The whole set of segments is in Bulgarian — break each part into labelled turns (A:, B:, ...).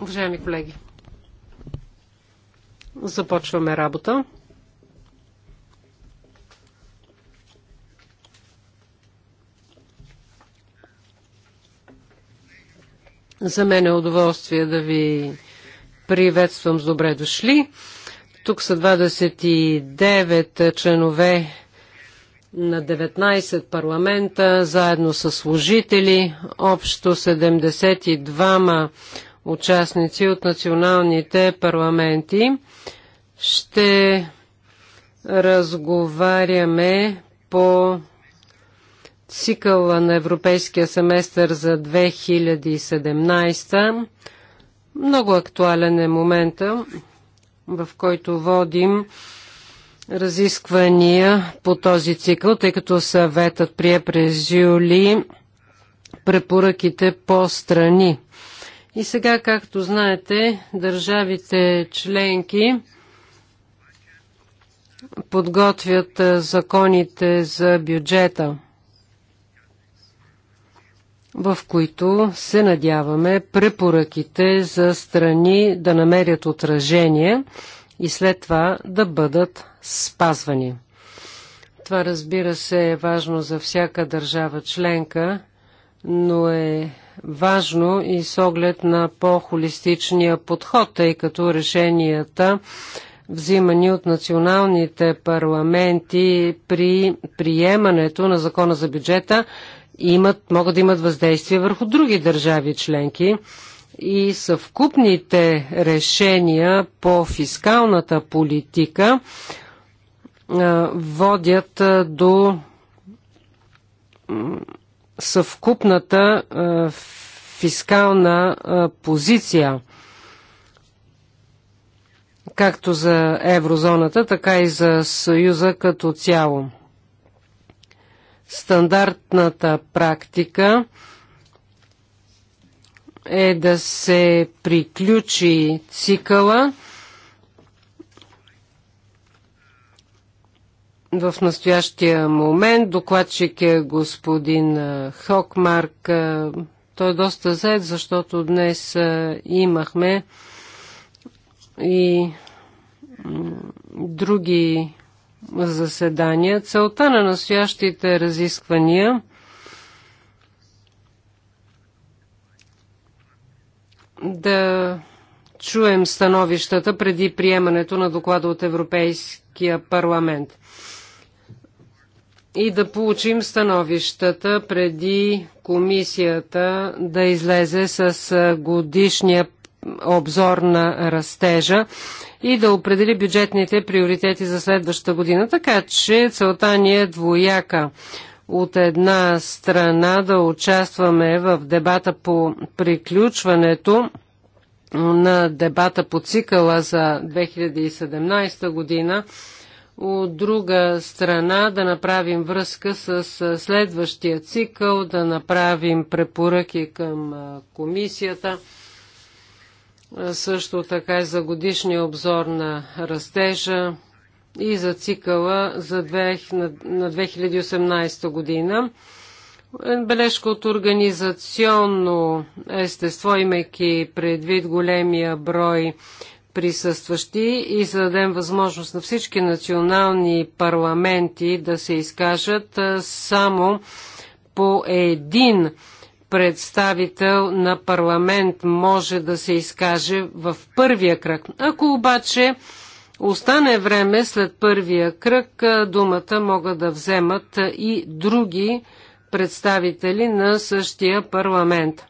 A: Уважаеми колеги, започваме работа. За мен е удоволствие да ви приветствам с добре дошли. Тук са 29 членове на 19 парламента, заедно с служители, общо 72 участници от националните парламенти. Ще разговаряме по цикъла на Европейския семестър за 2017. Много актуален е момента, в който водим разисквания по този цикъл, тъй като съветът прие през юли препоръките по страни. И сега, както знаете, държавите членки подготвят законите за бюджета, в които се надяваме препоръките за страни да намерят отражение – и след това да бъдат спазвани. Това разбира се е важно за всяка държава членка, но е важно и с оглед на по-холистичния подход, тъй като решенията взимани от националните парламенти при приемането на закона за бюджета имат, могат да имат въздействие върху други държави членки и съвкупните решения по фискалната политика водят до съвкупната фискална позиция както за еврозоната, така и за Съюза като цяло. Стандартната практика е да се приключи цикъла в настоящия момент. Докладчик е господин Хокмарк. Той е доста заед, защото днес имахме и други заседания. Целта на настоящите разисквания – да чуем становищата преди приемането на доклада от Европейския парламент и да получим становищата преди комисията да излезе с годишния обзор на растежа и да определи бюджетните приоритети за следващата година. Така че целта ни е двояка от една страна да участваме в дебата по приключването на дебата по цикъла за 2017 година, от друга страна да направим връзка с следващия цикъл, да направим препоръки към комисията, също така и за годишния обзор на растежа, и за цикъла за 2, на 2018 година. Бележка от организационно естество, имайки предвид големия брой присъстващи и за да дадем възможност на всички национални парламенти да се изкажат само по един представител на парламент може да се изкаже в първия кръг. Ако обаче остане време след първия кръг, думата могат да вземат и други представители на същия парламент.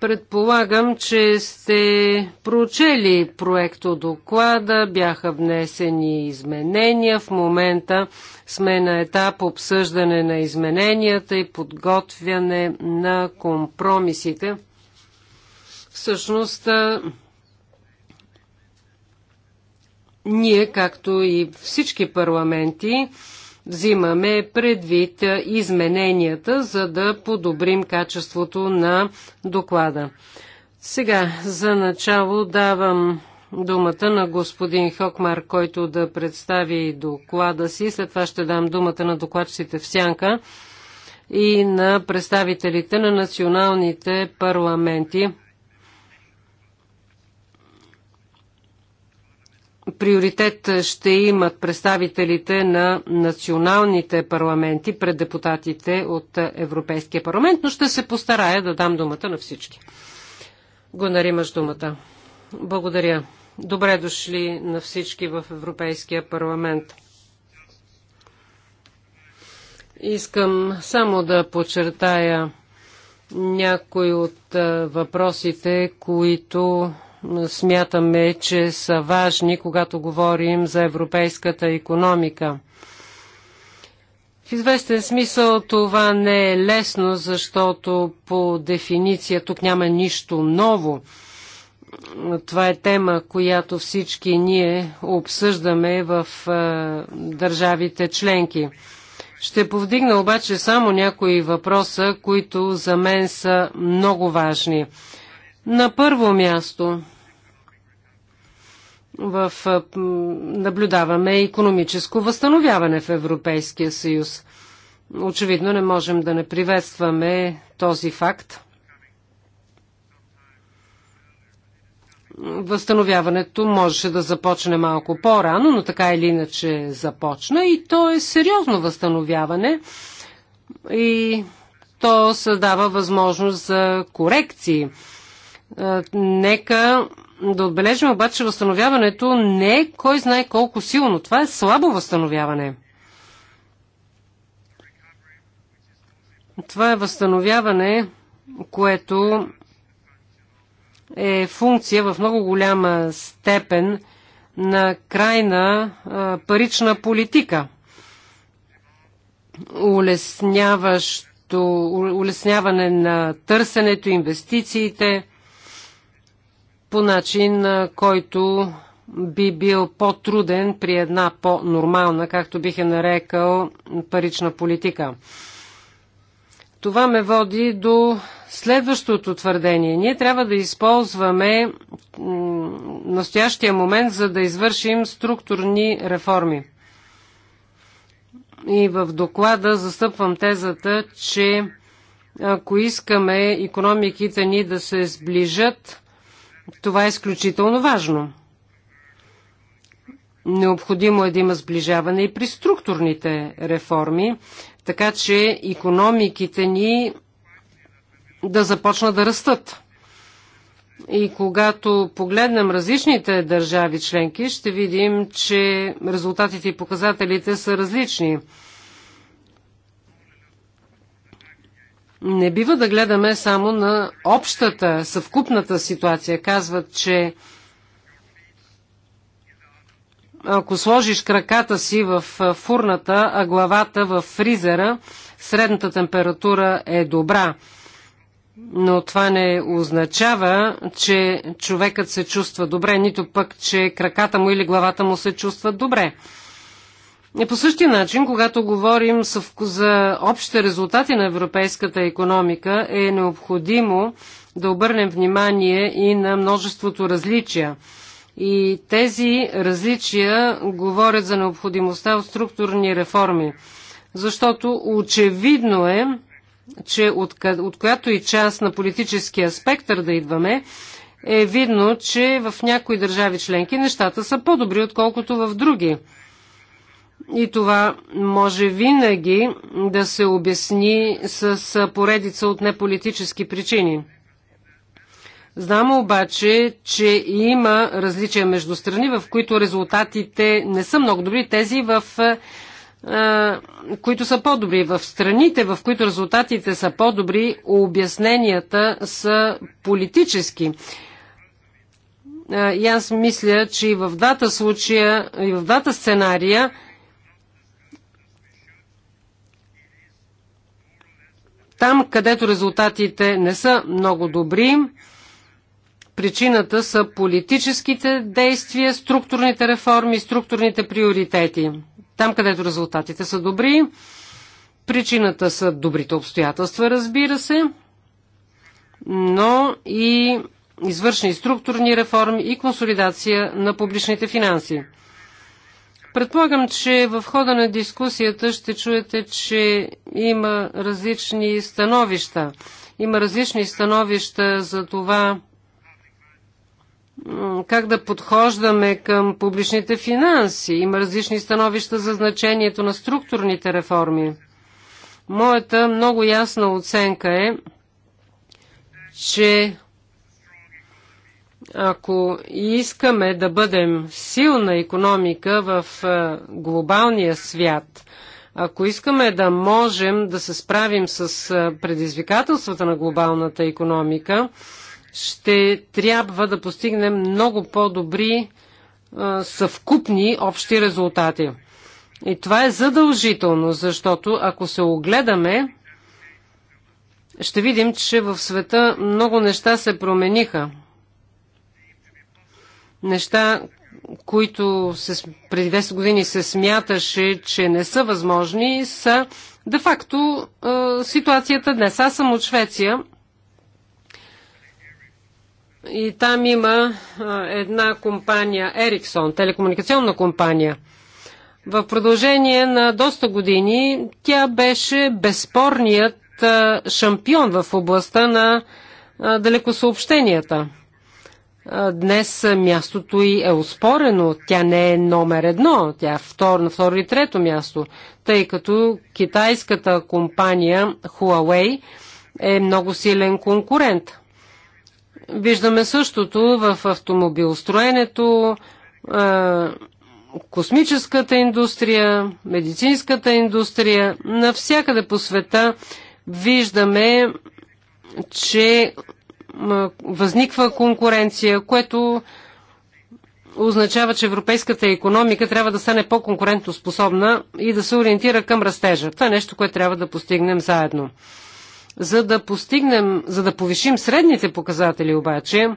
A: Предполагам, че сте проучели проекто доклада, бяха внесени изменения. В момента сме на етап обсъждане на измененията и подготвяне на компромисите. Всъщност, ние, както и всички парламенти, взимаме предвид измененията, за да подобрим качеството на доклада. Сега, за начало давам думата на господин Хокмар, който да представи доклада си. След това ще дам думата на докладчиците в Сянка и на представителите на националните парламенти. приоритет ще имат представителите на националните парламенти пред депутатите от Европейския парламент, но ще се постарая да дам думата на всички. Гонар, имаш думата. Благодаря. Добре дошли на всички в Европейския парламент. Искам само да подчертая някои от въпросите, които смятаме, че са важни, когато говорим за европейската економика. В известен смисъл това не е лесно, защото по дефиниция тук няма нищо ново. Това е тема, която всички ние обсъждаме в е, държавите членки. Ще повдигна обаче само някои въпроса, които за мен са много важни. На първо място, в, наблюдаваме економическо възстановяване в Европейския съюз. Очевидно не можем да не приветстваме този факт. Възстановяването можеше да започне малко по-рано, но така или иначе започна и то е сериозно възстановяване и то създава възможност за корекции. Нека да отбележим обаче, възстановяването не е кой знае колко силно. Това е слабо възстановяване. Това е възстановяване, което е функция в много голяма степен на крайна парична политика. Улесняващо, улесняване на търсенето, инвестициите – по начин, който би бил по-труден при една по-нормална, както бих е нарекал, парична политика. Това ме води до следващото твърдение. Ние трябва да използваме настоящия момент, за да извършим структурни реформи. И в доклада застъпвам тезата, че ако искаме економиките ни да се сближат, това е изключително важно. Необходимо е да има сближаване и при структурните реформи, така че економиките ни да започнат да растат. И когато погледнем различните държави членки, ще видим, че резултатите и показателите са различни. не бива да гледаме само на общата, съвкупната ситуация. Казват, че ако сложиш краката си в фурната, а главата в фризера, средната температура е добра. Но това не означава, че човекът се чувства добре, нито пък, че краката му или главата му се чувстват добре. Е, по същия начин, когато говорим за общите резултати на европейската економика, е необходимо да обърнем внимание и на множеството различия. И тези различия говорят за необходимостта от структурни реформи. Защото очевидно е, че от, от която и част на политическия спектър да идваме, е видно, че в някои държави членки нещата са по-добри, отколкото в други. И това може винаги да се обясни с поредица от неполитически причини. Знам обаче, че има различия между страни, в които резултатите не са много добри. Тези, в които са по-добри. В страните, в които резултатите са по-добри, обясненията са политически. И аз мисля, че и в двата случая, и в двата сценария, Там, където резултатите не са много добри, причината са политическите действия, структурните реформи, структурните приоритети. Там, където резултатите са добри, причината са добрите обстоятелства, разбира се, но и извършени структурни реформи и консолидация на публичните финанси. Предполагам, че в хода на дискусията ще чуете, че има различни становища. Има различни становища за това как да подхождаме към публичните финанси. Има различни становища за значението на структурните реформи. Моята много ясна оценка е, че ако искаме да бъдем силна економика в е, глобалния свят, ако искаме да можем да се справим с е, предизвикателствата на глобалната економика, ще трябва да постигнем много по-добри е, съвкупни общи резултати. И това е задължително, защото ако се огледаме, ще видим, че в света много неща се промениха. Неща, които се, преди 10 години се смяташе, че не са възможни, са де-факто ситуацията днес. Аз съм от Швеция и там има една компания Ericsson, телекомуникационна компания. В продължение на доста години тя беше безспорният шампион в областта на далекосъобщенията – Днес мястото й е успорено. Тя не е номер едно, тя е втор, на второ и трето място, тъй като китайската компания Huawei е много силен конкурент. Виждаме същото в автомобилстроенето, космическата индустрия, медицинската индустрия. Навсякъде по света виждаме, че възниква конкуренция, което означава, че европейската економика трябва да стане по-конкурентоспособна и да се ориентира към растежа. Това е нещо, което трябва да постигнем заедно. За да постигнем, за да повишим средните показатели обаче,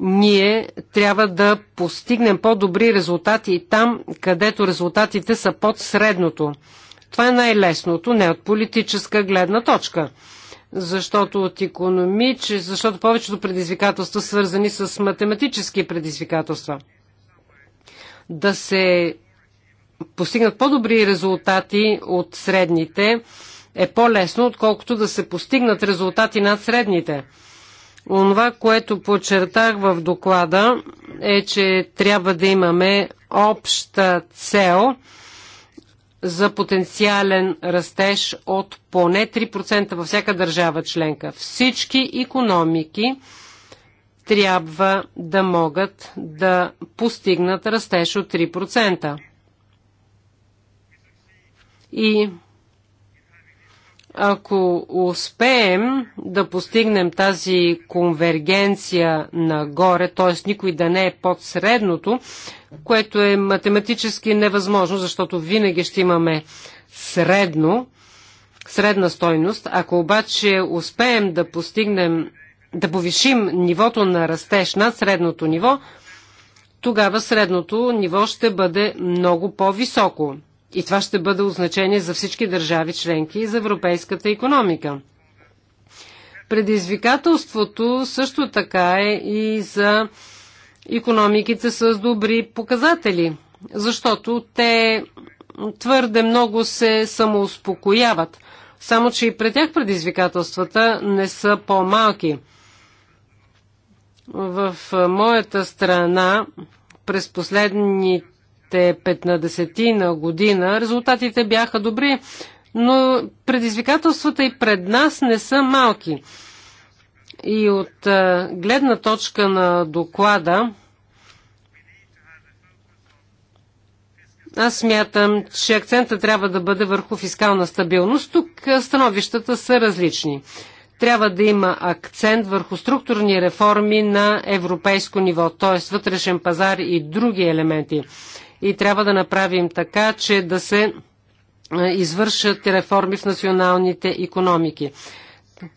A: ние трябва да постигнем по-добри резултати там, където резултатите са под средното. Това е най-лесното, не от политическа гледна точка защото, от економиче, защото повечето предизвикателства свързани с математически предизвикателства. Да се постигнат по-добри резултати от средните е по-лесно, отколкото да се постигнат резултати над средните. Онова, което подчертах в доклада е, че трябва да имаме обща цел – за потенциален растеж от поне 3% във всяка държава членка. Всички економики трябва да могат да постигнат растеж от 3%. И ако успеем да постигнем тази конвергенция нагоре, т.е. никой да не е под средното, което е математически невъзможно, защото винаги ще имаме средно, средна стойност. Ако обаче успеем да постигнем, да повишим нивото на растеж над средното ниво, тогава средното ниво ще бъде много по-високо. И това ще бъде означение за всички държави членки и за европейската економика. Предизвикателството също така е и за економиките с добри показатели, защото те твърде много се самоуспокояват. Само, че и пред тях предизвикателствата не са по-малки. В моята страна през последните последните 15 на година резултатите бяха добри, но предизвикателствата и пред нас не са малки. И от гледна точка на доклада, Аз смятам, че акцента трябва да бъде върху фискална стабилност. Тук становищата са различни. Трябва да има акцент върху структурни реформи на европейско ниво, т.е. вътрешен пазар и други елементи и трябва да направим така, че да се е, извършат реформи в националните економики. Е,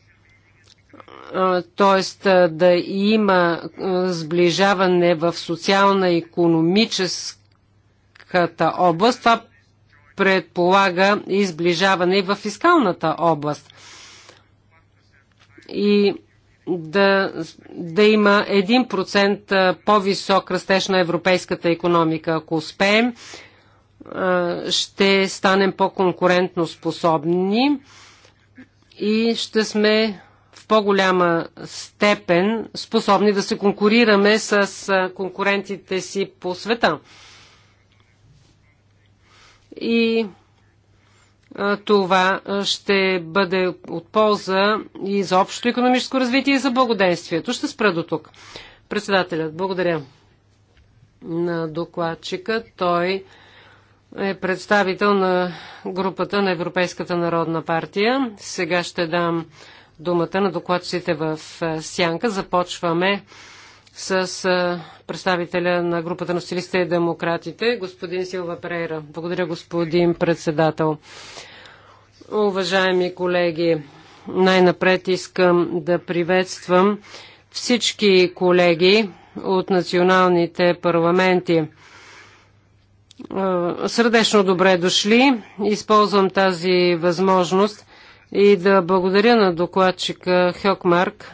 A: тоест е, да има сближаване в социална и економическата област. Това предполага и сближаване и в фискалната област. И да, да има 1% по-висок растеж на европейската економика. Ако успеем, ще станем по-конкурентно способни и ще сме в по-голяма степен способни да се конкурираме с конкурентите си по света. И това ще бъде от полза и за общото економическо развитие и за благоденствието. Ще спра до тук. Председателят, благодаря на докладчика. Той е представител на групата на Европейската народна партия. Сега ще дам думата на докладчите в Сянка. Започваме с представителя на групата на стилистите и демократите, господин Силва Прейра. Благодаря, господин председател. Уважаеми колеги, най-напред искам да приветствам всички колеги от националните парламенти. Сърдечно добре дошли. Използвам тази възможност и да благодаря на докладчика Хьокмарк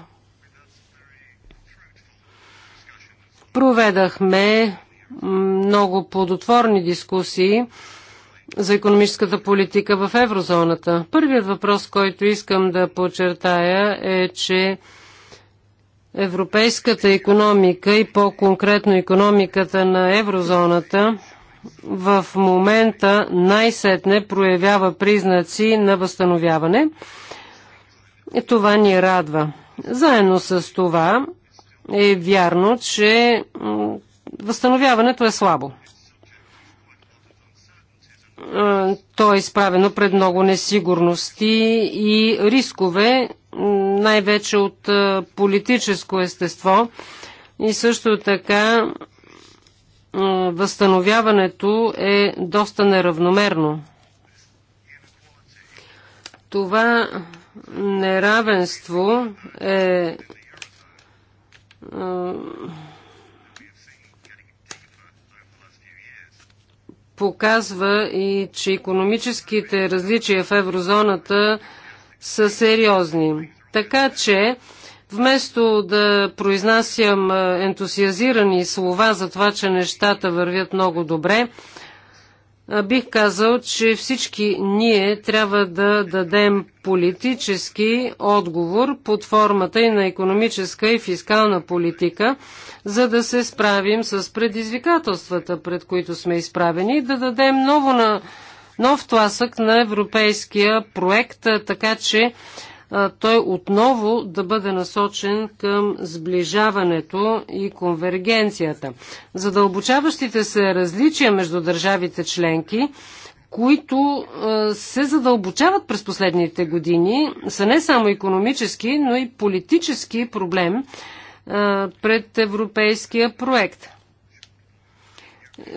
A: Проведахме много плодотворни дискусии за економическата политика в еврозоната. Първият въпрос, който искам да подчертая е, че европейската економика и по-конкретно економиката на еврозоната в момента най-сетне проявява признаци на възстановяване. И това ни радва. Заедно с това е вярно, че възстановяването е слабо. То е изправено пред много несигурности и рискове, най-вече от политическо естество и също така възстановяването е доста неравномерно. Това неравенство е показва и, че економическите различия в еврозоната са сериозни. Така че, вместо да произнасям ентусиазирани слова за това, че нещата вървят много добре, Бих казал, че всички ние трябва да дадем политически отговор под формата и на економическа и фискална политика, за да се справим с предизвикателствата, пред които сме изправени, и да дадем ново на, нов тласък на европейския проект, така че той отново да бъде насочен към сближаването и конвергенцията. Задълбочаващите се различия между държавите членки, които се задълбочават през последните години, са не само економически, но и политически проблем пред европейския проект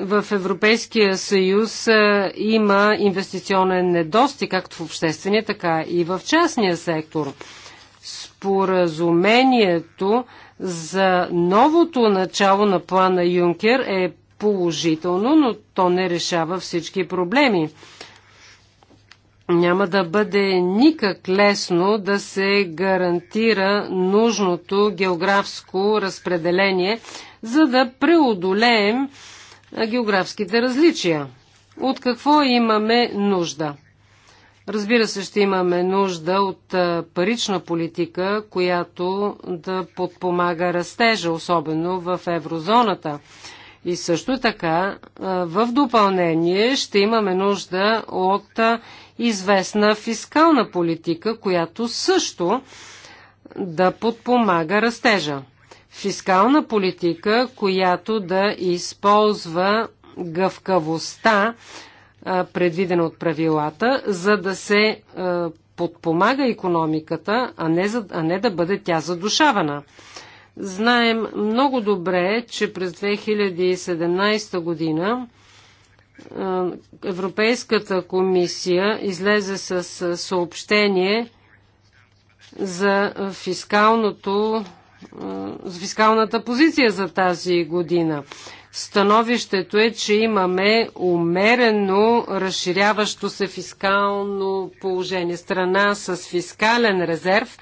A: в Европейския съюз е, има инвестиционен недостиг, както в обществения, така и в частния сектор. Споразумението за новото начало на плана Юнкер е положително, но то не решава всички проблеми. Няма да бъде никак лесно да се гарантира нужното географско разпределение, за да преодолеем географските различия. От какво имаме нужда? Разбира се, ще имаме нужда от парична политика, която да подпомага растежа, особено в еврозоната. И също така, в допълнение, ще имаме нужда от известна фискална политика, която също да подпомага растежа фискална политика, която да използва гъвкавостта, предвидена от правилата, за да се подпомага економиката, а не, за, а не да бъде тя задушавана. Знаем много добре, че през 2017 година Европейската комисия излезе с съобщение за фискалното за фискалната позиция за тази година. Становището е, че имаме умерено разширяващо се фискално положение. Страна с фискален резерв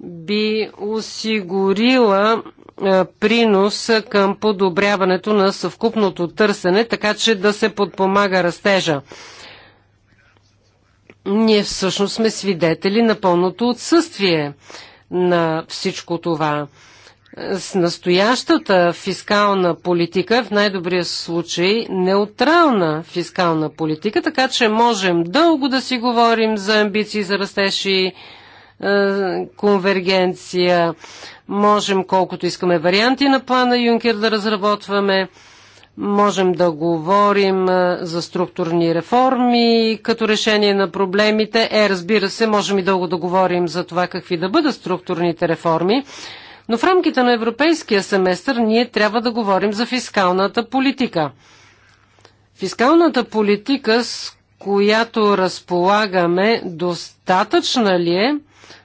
A: би осигурила е, принос към подобряването на съвкупното търсене, така че да се подпомага растежа. Ние всъщност сме свидетели на пълното отсъствие на всичко това. С настоящата фискална политика в най-добрия случай неутрална фискална политика, така че можем дълго да си говорим за амбиции, за растеж и е, конвергенция. Можем колкото искаме варианти на плана Юнкер да разработваме. Можем да говорим за структурни реформи като решение на проблемите. Е, разбира се, можем и дълго да говорим за това какви да бъдат структурните реформи. Но в рамките на европейския семестър ние трябва да говорим за фискалната политика. Фискалната политика, с която разполагаме, достатъчна ли е,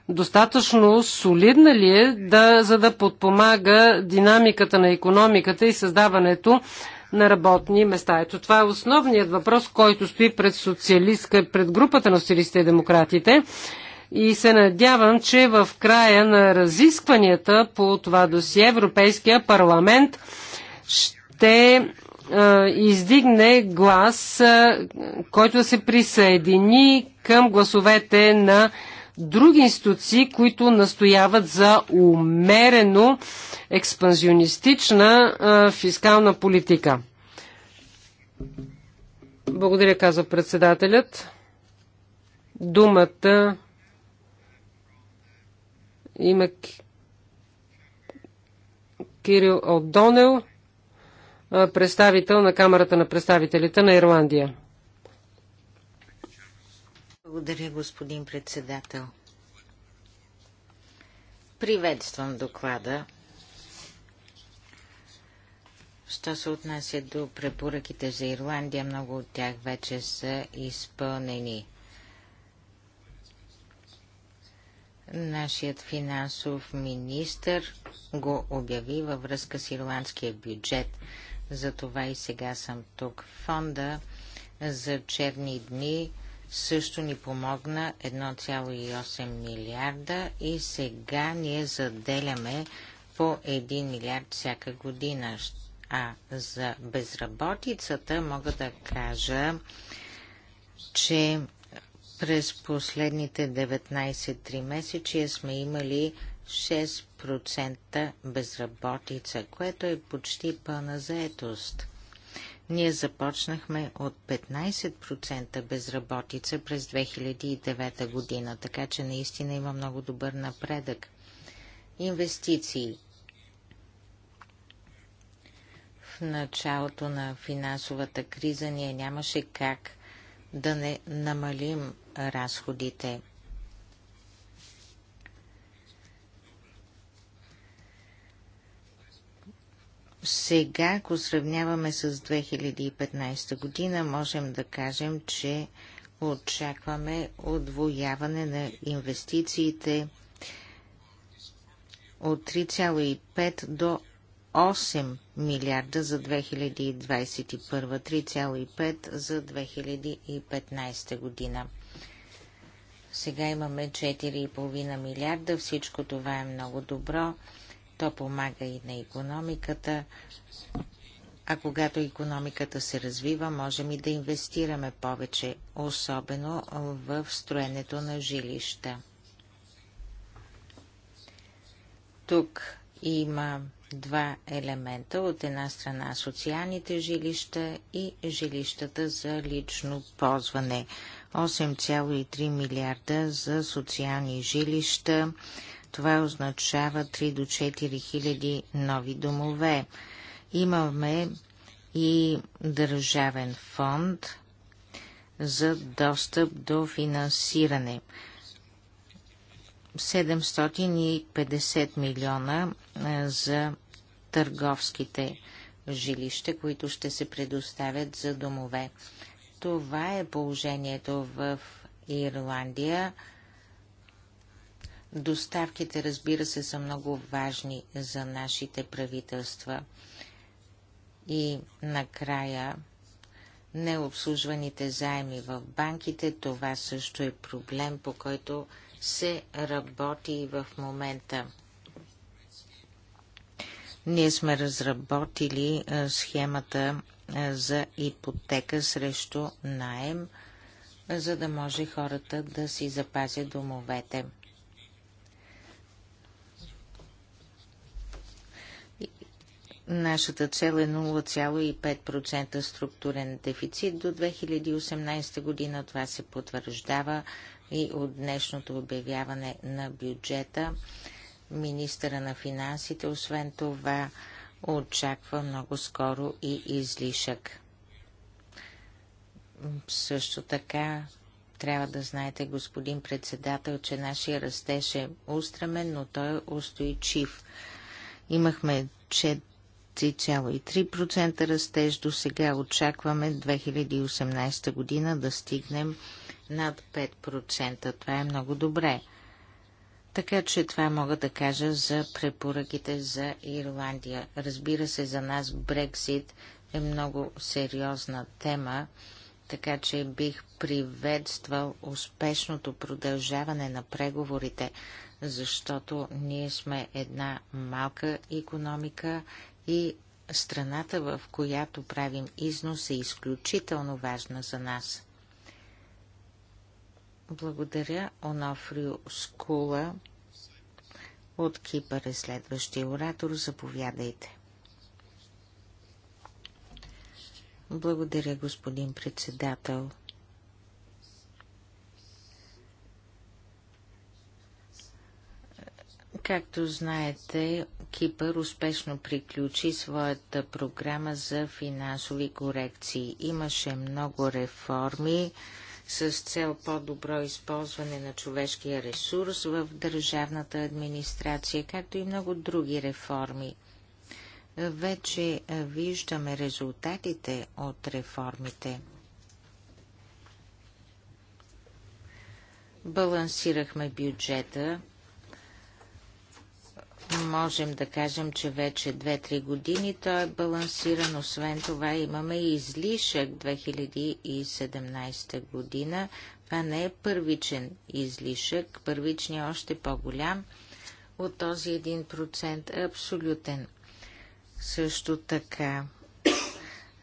A: достатъчно солидна ли е, да, за да подпомага динамиката на економиката и създаването на работни места. Ето това е основният въпрос, който стои пред, пред групата на социалистите и демократите. И се надявам, че в края на разискванията по това досие Европейския парламент ще е, издигне глас, е, който да се присъедини към гласовете на други институции, които настояват за умерено експанзионистична фискална политика. Благодаря, каза председателят. Думата има Кирил Одонел, представител на Камерата на представителите на Ирландия.
B: Благодаря, господин председател. Приветствам доклада. Що се отнася до препоръките за Ирландия, много от тях вече са изпълнени. Нашият финансов министр го обяви във връзка с ирландския бюджет. Затова и сега съм тук. Фонда за черни дни също ни помогна 1,8 милиарда и сега ние заделяме по 1 милиард всяка година. А за безработицата мога да кажа, че през последните 19-3 месечи сме имали 6% безработица, което е почти пълна заетост. Ние започнахме от 15% безработица през 2009 година, така че наистина има много добър напредък. Инвестиции. началото на финансовата криза ние нямаше как да не намалим разходите. Сега, ако сравняваме с 2015 година, можем да кажем, че очакваме отвояване на инвестициите от 3,5 до 8 милиарда за 2021, 3,5 за 2015 година. Сега имаме 4,5 милиарда. Всичко това е много добро. То помага и на економиката. А когато економиката се развива, можем и да инвестираме повече, особено в строенето на жилища. Тук има два елемента. От една страна социалните жилища и жилищата за лично ползване. 8,3 милиарда за социални жилища. Това означава 3 до 4 хиляди нови домове. Имаме и държавен фонд за достъп до финансиране – 750 милиона за търговските жилища, които ще се предоставят за домове. Това е положението в Ирландия. Доставките, разбира се, са много важни за нашите правителства. И накрая необслужваните заеми в банките, това също е проблем, по който се работи и в момента. Ние сме разработили схемата за ипотека срещу найем, за да може хората да си запазят домовете. Нашата цел е 0,5% структурен дефицит до 2018 година. Това се потвърждава и от днешното обявяване на бюджета. Министъра на финансите, освен това, очаква много скоро и излишък. Също така трябва да знаете, господин председател, че нашия растеж е устремен, но той е устойчив. Имахме 4,3% растеж, до сега очакваме 2018 година да стигнем над 5%. Това е много добре. Така че това мога да кажа за препоръките за Ирландия. Разбира се, за нас Брексит е много сериозна тема, така че бих приветствал успешното продължаване на преговорите, защото ние сме една малка економика и страната, в която правим износ е изключително важна за нас. Благодаря, Онофрио Скула. От Кипър е следващия оратор. Заповядайте. Благодаря, господин председател. Както знаете, Кипър успешно приключи своята програма за финансови корекции. Имаше много реформи, с цел по-добро използване на човешкия ресурс в държавната администрация, както и много други реформи. Вече виждаме резултатите от реформите. Балансирахме бюджета можем да кажем, че вече 2-3 години той е балансиран. Освен това имаме и излишък 2017 година. Това не е първичен излишък. Първичният е още по-голям от този 1% е абсолютен. Също така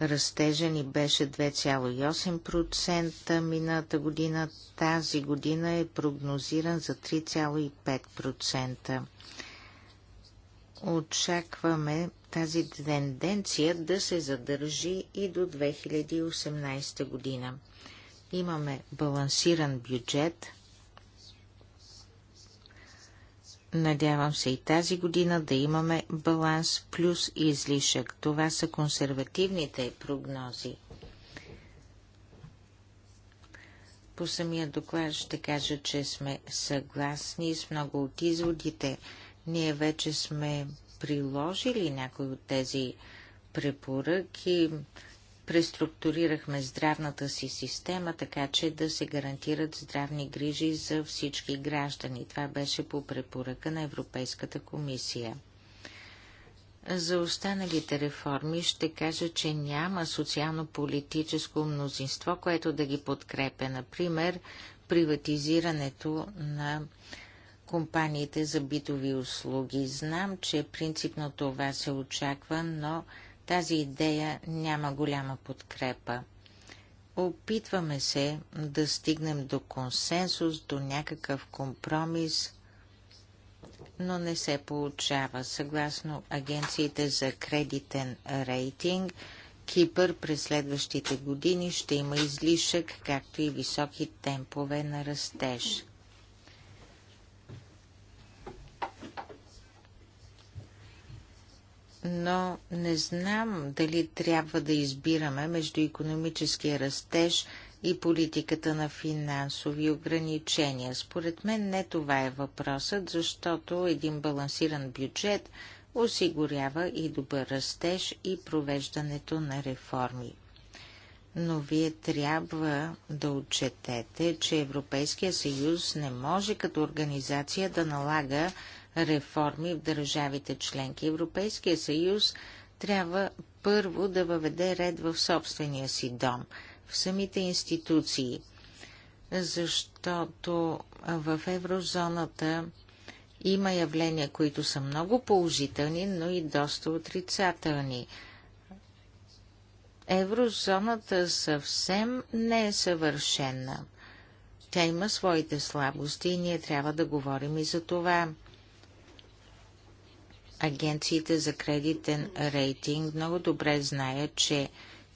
B: растежен и беше 2,8% миналата година. Тази година е прогнозиран за 3,5% очакваме тази тенденция да се задържи и до 2018 година. Имаме балансиран бюджет. Надявам се и тази година да имаме баланс плюс излишък. Това са консервативните прогнози. По самия доклад ще кажа, че сме съгласни с много от изводите – ние вече сме приложили някои от тези препоръки, преструктурирахме здравната си система, така че да се гарантират здравни грижи за всички граждани. Това беше по препоръка на Европейската комисия. За останалите реформи ще кажа, че няма социално-политическо мнозинство, което да ги подкрепя. Например, приватизирането на компаниите за битови услуги. Знам, че принципно това се очаква, но тази идея няма голяма подкрепа. Опитваме се да стигнем до консенсус, до някакъв компромис, но не се получава. Съгласно агенциите за кредитен рейтинг, Кипър през следващите години ще има излишък, както и високи темпове на растеж. но не знам дали трябва да избираме между економическия растеж и политиката на финансови ограничения. Според мен не това е въпросът, защото един балансиран бюджет осигурява и добър растеж и провеждането на реформи. Но вие трябва да отчетете, че Европейския съюз не може като организация да налага реформи в държавите членки. Европейския съюз трябва първо да въведе ред в собствения си дом, в самите институции, защото в еврозоната има явления, които са много положителни, но и доста отрицателни. Еврозоната съвсем не е съвършена. Тя има своите слабости и ние трябва да говорим и за това агенциите за кредитен рейтинг много добре знаят, че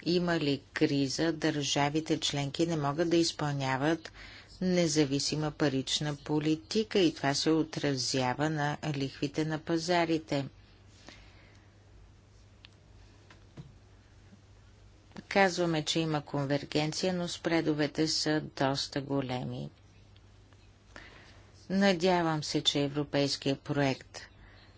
B: има ли криза, държавите членки не могат да изпълняват независима парична политика и това се отразява на лихвите на пазарите. Казваме, че има конвергенция, но спредовете са доста големи. Надявам се, че европейският проект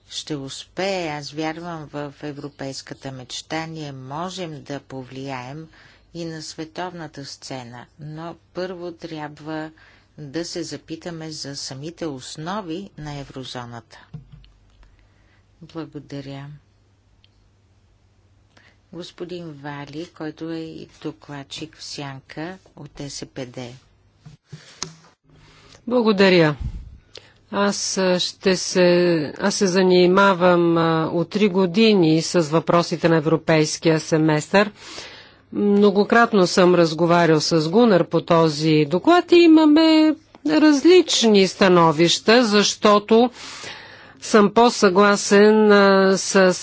B: ще успее. Аз вярвам в европейската мечта. Ние можем да повлияем и на световната сцена, но първо трябва да се запитаме за самите основи на еврозоната. Благодаря. Господин Вали, който е и докладчик в Сянка от СПД.
A: Благодаря. Аз ще се, аз се занимавам от три години с въпросите на европейския семестър. Многократно съм разговарял с Гунър по този доклад и имаме различни становища, защото съм по-съгласен с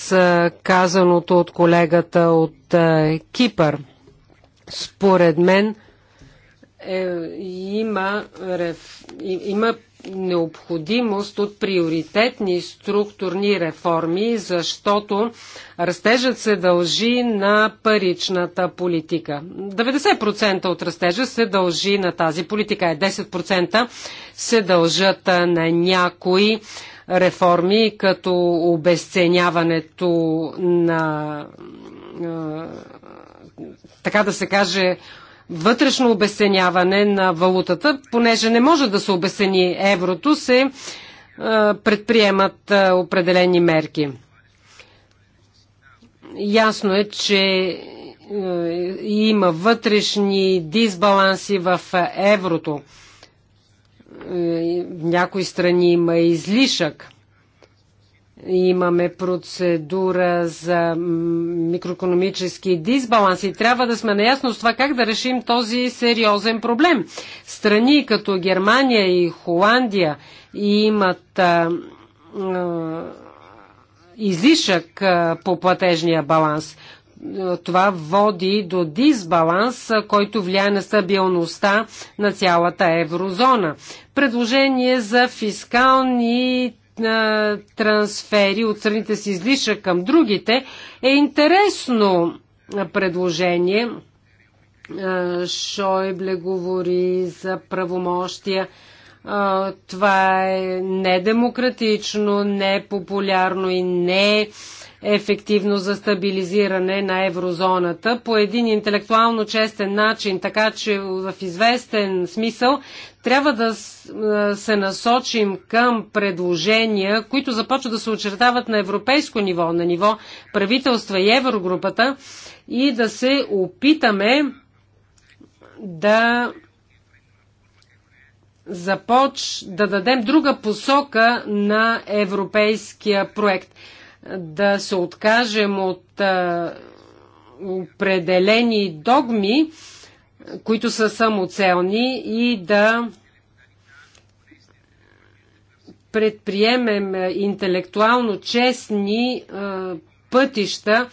A: казаното от колегата от Кипър. Според мен е, има, реф, има необходимост от приоритетни структурни реформи, защото растежът се дължи на паричната политика. 90% от растежа се дължи на тази политика, е 10% се дължат на някои реформи, като обесценяването на така да се каже, вътрешно обесеняване на валутата, понеже не може да се обесени еврото, се е, предприемат е, определени мерки. Ясно е, че е, има вътрешни дисбаланси в еврото. В някои страни има излишък имаме процедура за микроекономически дисбаланс и трябва да сме наясно с това как да решим този сериозен проблем. Страни като Германия и Холандия имат а, а, излишък а, по платежния баланс. Това води до дисбаланс, който влияе на стабилността на цялата еврозона. Предложение за фискални трансфери от страните с излиша към другите, е интересно предложение. Шойбле говори за правомощия. Това е недемократично, непопулярно и не ефективно за стабилизиране на еврозоната по един интелектуално честен начин, така че в известен смисъл трябва да се насочим към предложения, които започват да се очертават на европейско ниво, на ниво правителства и еврогрупата и да се опитаме да започ да дадем друга посока на европейския проект да се откажем от определени догми, които са самоцелни и да предприемем интелектуално честни пътища.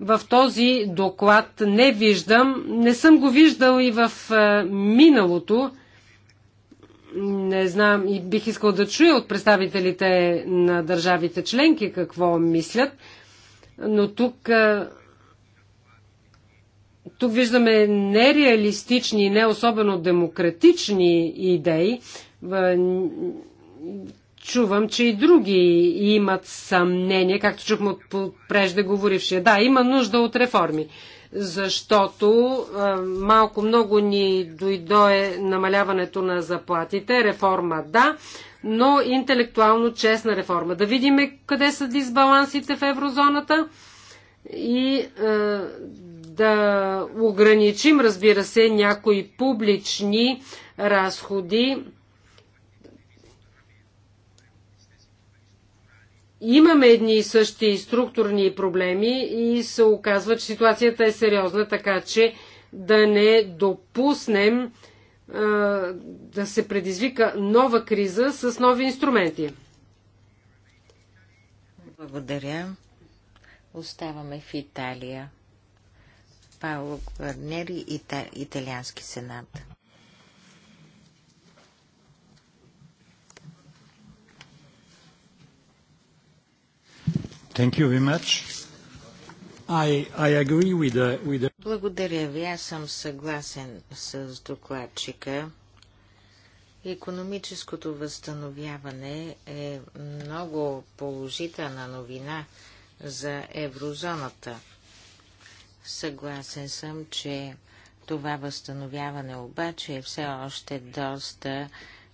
A: В този доклад не виждам, не съм го виждал и в миналото, не знам и бих искал да чуя от представителите на държавите членки какво мислят, но тук, тук виждаме нереалистични и не особено демократични идеи. Чувам, че и други имат съмнение, както чухме от преждеговорившия. Да, има нужда от реформи защото малко много ни е намаляването на заплатите. Реформа да, но интелектуално честна реформа. Да видим къде са дисбалансите в еврозоната и а, да ограничим, разбира се, някои публични разходи имаме едни и същи структурни проблеми и се оказва, че ситуацията е сериозна, така че да не допуснем а, да се предизвика нова криза с нови инструменти. Благодаря. Оставаме в
B: Италия. Пауло Гварнери, Ита... Италиански сенат.
A: Thank you very much. I, I agree with the, with the...
B: Благодаря ви. Аз съм съгласен с докладчика. Економическото възстановяване е много положителна новина за еврозоната. Съгласен съм, че това възстановяване обаче е все още доста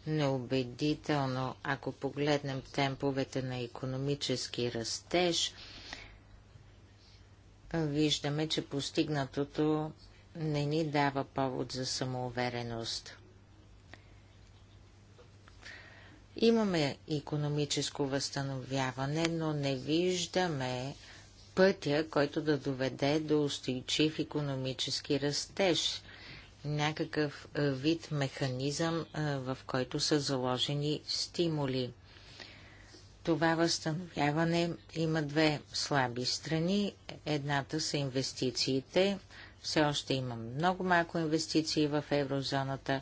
B: неубедително, ако погледнем темповете на економически растеж, виждаме, че постигнатото не ни дава повод за самоувереност. Имаме економическо възстановяване, но не виждаме пътя, който да доведе до устойчив економически растеж някакъв вид механизъм, в който са заложени стимули. Това възстановяване има две слаби страни. Едната са инвестициите. Все още има много малко инвестиции в еврозоната.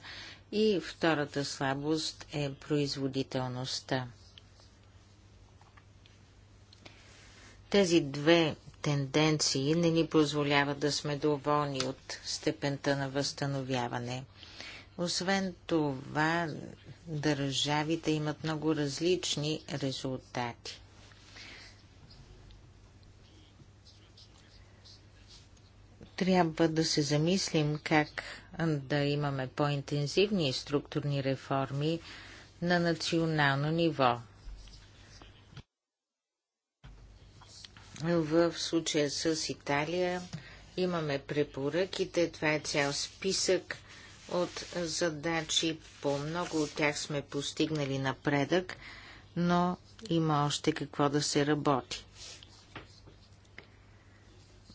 B: И втората слабост е производителността. Тези две тенденции не ни позволяват да сме доволни от степента на възстановяване. Освен това, държавите имат много различни резултати. Трябва да се замислим как да имаме по-интензивни структурни реформи на национално ниво. В случая с Италия имаме препоръките. Това е цял списък от задачи. По много от тях сме постигнали напредък, но има още какво да се работи.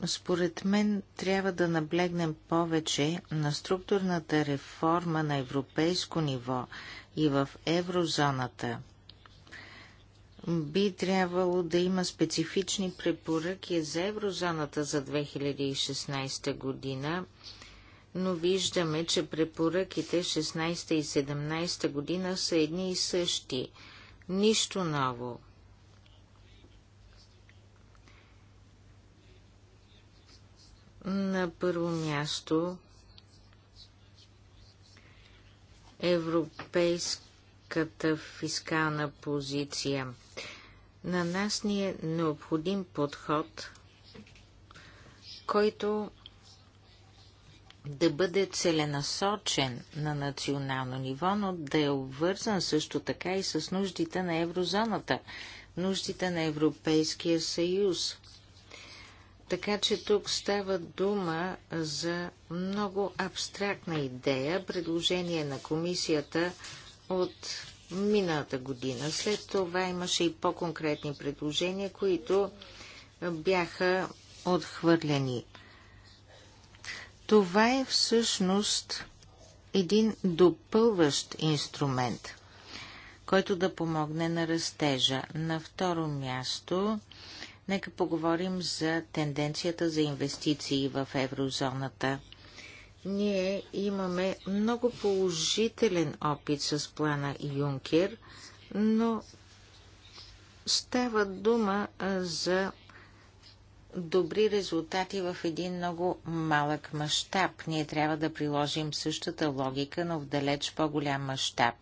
B: Според мен трябва да наблегнем повече на структурната реформа на европейско ниво и в еврозоната – би трябвало да има специфични препоръки за еврозоната за 2016 година, но виждаме, че препоръките 16 и 17 година са едни и същи. Нищо ново. На първо място европейски гъвката фискална позиция. На нас ни е необходим подход, който да бъде целенасочен на национално ниво, но да е обвързан също така и с нуждите на еврозоната, нуждите на Европейския съюз. Така че тук става дума за много абстрактна идея, предложение на комисията от миналата година. След това имаше и по-конкретни предложения, които бяха отхвърлени. Това е всъщност един допълващ инструмент, който да помогне на растежа. На второ място, нека поговорим за тенденцията за инвестиции в еврозоната – ние имаме много положителен опит с плана Юнкер, но става дума за добри резултати в един много малък мащаб. Ние трябва да приложим същата логика, но в далеч по-голям мащаб.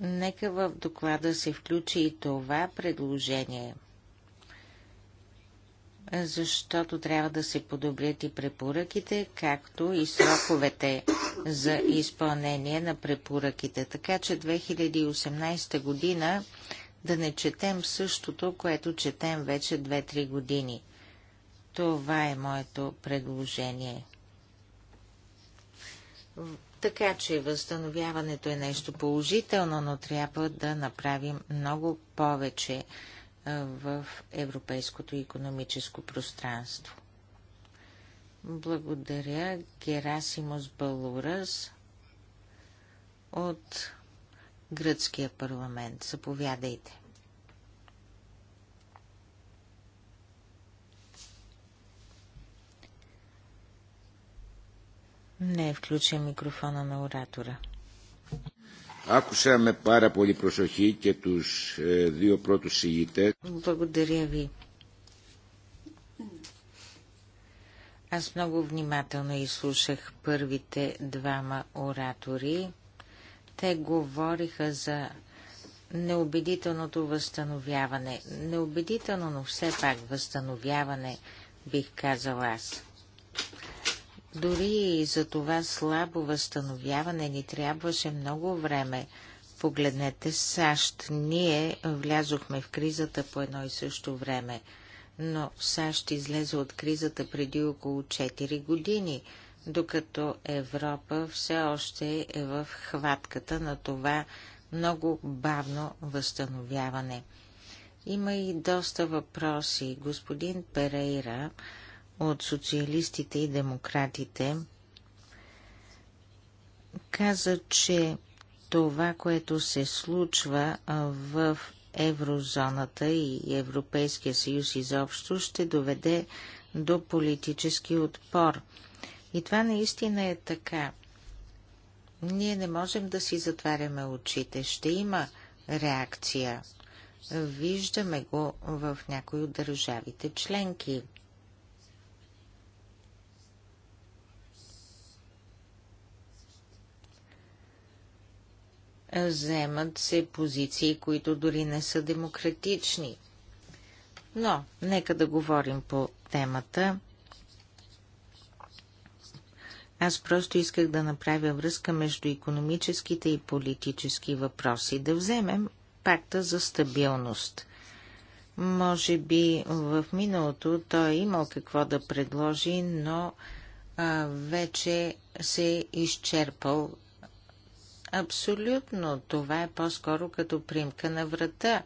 B: Нека в доклада се включи и това предложение – защото трябва да се подобрят и препоръките, както и сроковете за изпълнение на препоръките. Така че 2018 година да не четем същото, което четем вече 2-3 години. Това е моето предложение. Така че възстановяването е нещо положително, но трябва да направим много повече в европейското економическо пространство. Благодаря Герасимос Балурас от гръцкия парламент. Заповядайте. Не е включен микрофона на оратора.
A: Άκουσα με πάρα πολύ προσοχή και τους δύο πρώτους συγητές.
B: Благодаря ви. Аз много внимателно изслушах първите двама оратори. Те говориха за неубедителното възстановяване. Неубедително, но все пак възстановяване, бих казал аз. Дори и за това слабо възстановяване ни трябваше много време. Погледнете САЩ. Ние влязохме в кризата по едно и също време, но САЩ излезе от кризата преди около 4 години, докато Европа все още е в хватката на това много бавно възстановяване. Има и доста въпроси. Господин Перейра от социалистите и демократите каза, че това, което се случва в еврозоната и Европейския съюз изобщо, ще доведе до политически отпор. И това наистина е така. Ние не можем да си затваряме очите. Ще има реакция. Виждаме го в някои от държавите членки. Вземат се позиции, които дори не са демократични. Но, нека да говорим по темата. Аз просто исках да направя връзка между економическите и политически въпроси. Да вземем пакта за стабилност. Може би в миналото той е имал какво да предложи, но а, вече се е изчерпал Абсолютно. Това е по-скоро като примка на врата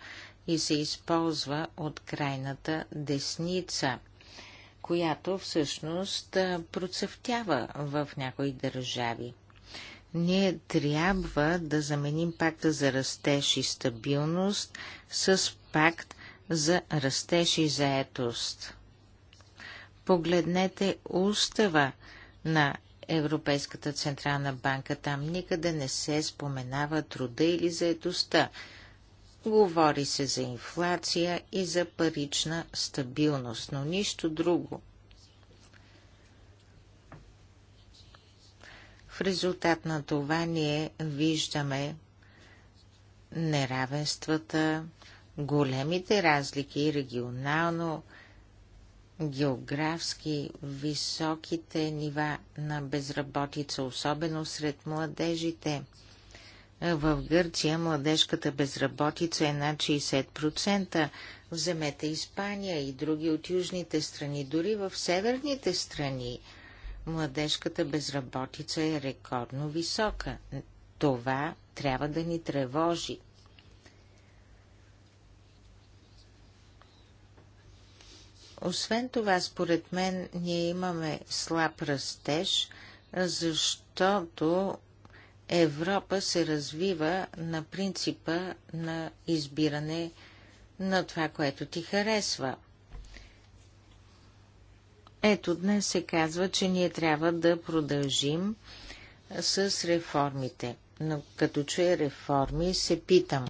B: и се използва от крайната десница, която всъщност процъфтява в някои държави. Ние трябва да заменим пакта за растеж и стабилност с пакт за растеж и заетост. Погледнете устава на Европейската централна банка. Там никъде не се споменава труда или заедостта. Говори се за инфлация и за парична стабилност, но нищо друго. В резултат на това ние виждаме неравенствата, големите разлики регионално, географски високите нива на безработица, особено сред младежите. В Гърция младежката безработица е над 60%. Вземете Испания и други от южните страни, дори в северните страни. Младежката безработица е рекордно висока. Това трябва да ни тревожи. Освен това, според мен, ние имаме слаб растеж, защото Европа се развива на принципа на избиране на това, което ти харесва. Ето днес се казва, че ние трябва да продължим с реформите. Но като чуя реформи, се питам.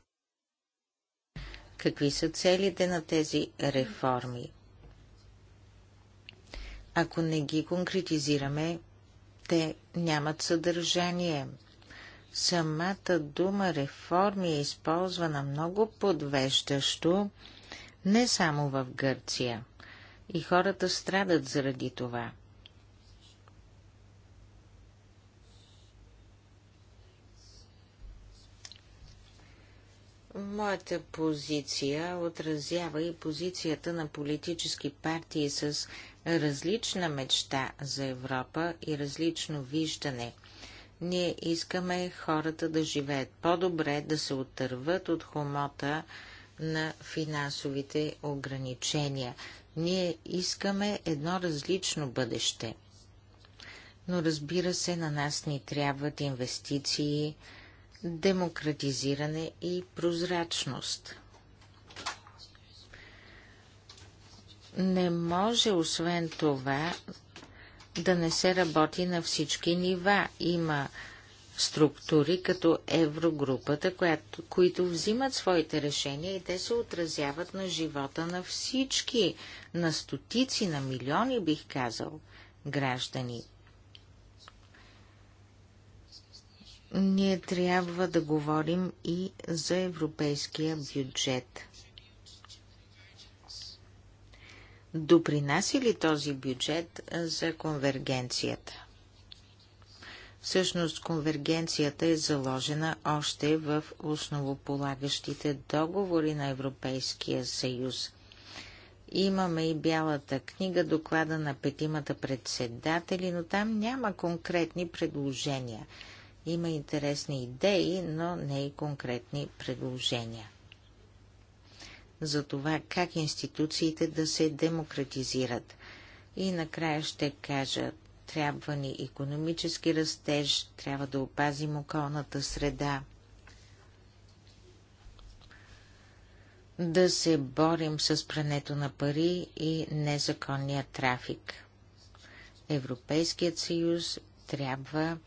B: Какви са целите на тези реформи? Ако не ги конкретизираме, те нямат съдържание. Самата дума реформи е използвана много подвеждащо, не само в Гърция. И хората страдат заради това. Моята позиция отразява и позицията на политически партии с различна мечта за Европа и различно виждане. Ние искаме хората да живеят по-добре, да се отърват от хомота на финансовите ограничения. Ние искаме едно различно бъдеще. Но разбира се, на нас ни трябват инвестиции, демократизиране и прозрачност. Не може освен това да не се работи на всички нива. Има структури като Еврогрупата, която, които взимат своите решения и те се отразяват на живота на всички, на стотици, на милиони, бих казал, граждани. ние трябва да говорим и за европейския бюджет. Допринася ли този бюджет за конвергенцията? Всъщност конвергенцията е заложена още в основополагащите договори на Европейския съюз. Имаме и бялата книга, доклада на петимата председатели, но там няма конкретни предложения – има интересни идеи, но не и конкретни предложения. За това как институциите да се демократизират. И накрая ще кажа, трябва ни економически растеж, трябва да опазим околната среда, да се борим с прането на пари и незаконния трафик. Европейският съюз трябва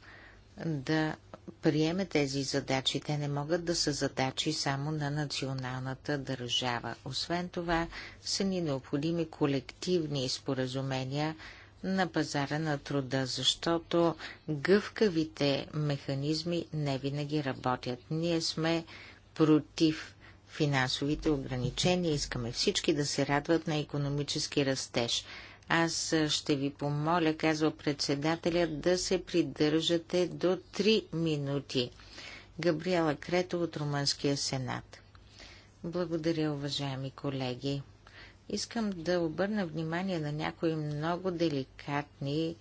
B: да приеме тези задачи. Те не могат да са задачи само на националната държава. Освен това, са ни необходими колективни споразумения на пазара на труда, защото гъвкавите механизми не винаги работят. Ние сме против финансовите ограничения, искаме всички да се радват на економически растеж. Аз ще ви помоля, казва председателя, да се придържате до 3 минути. Габриела Крето от Румънския сенат. Благодаря, уважаеми колеги. Искам да обърна внимание на някои много деликатни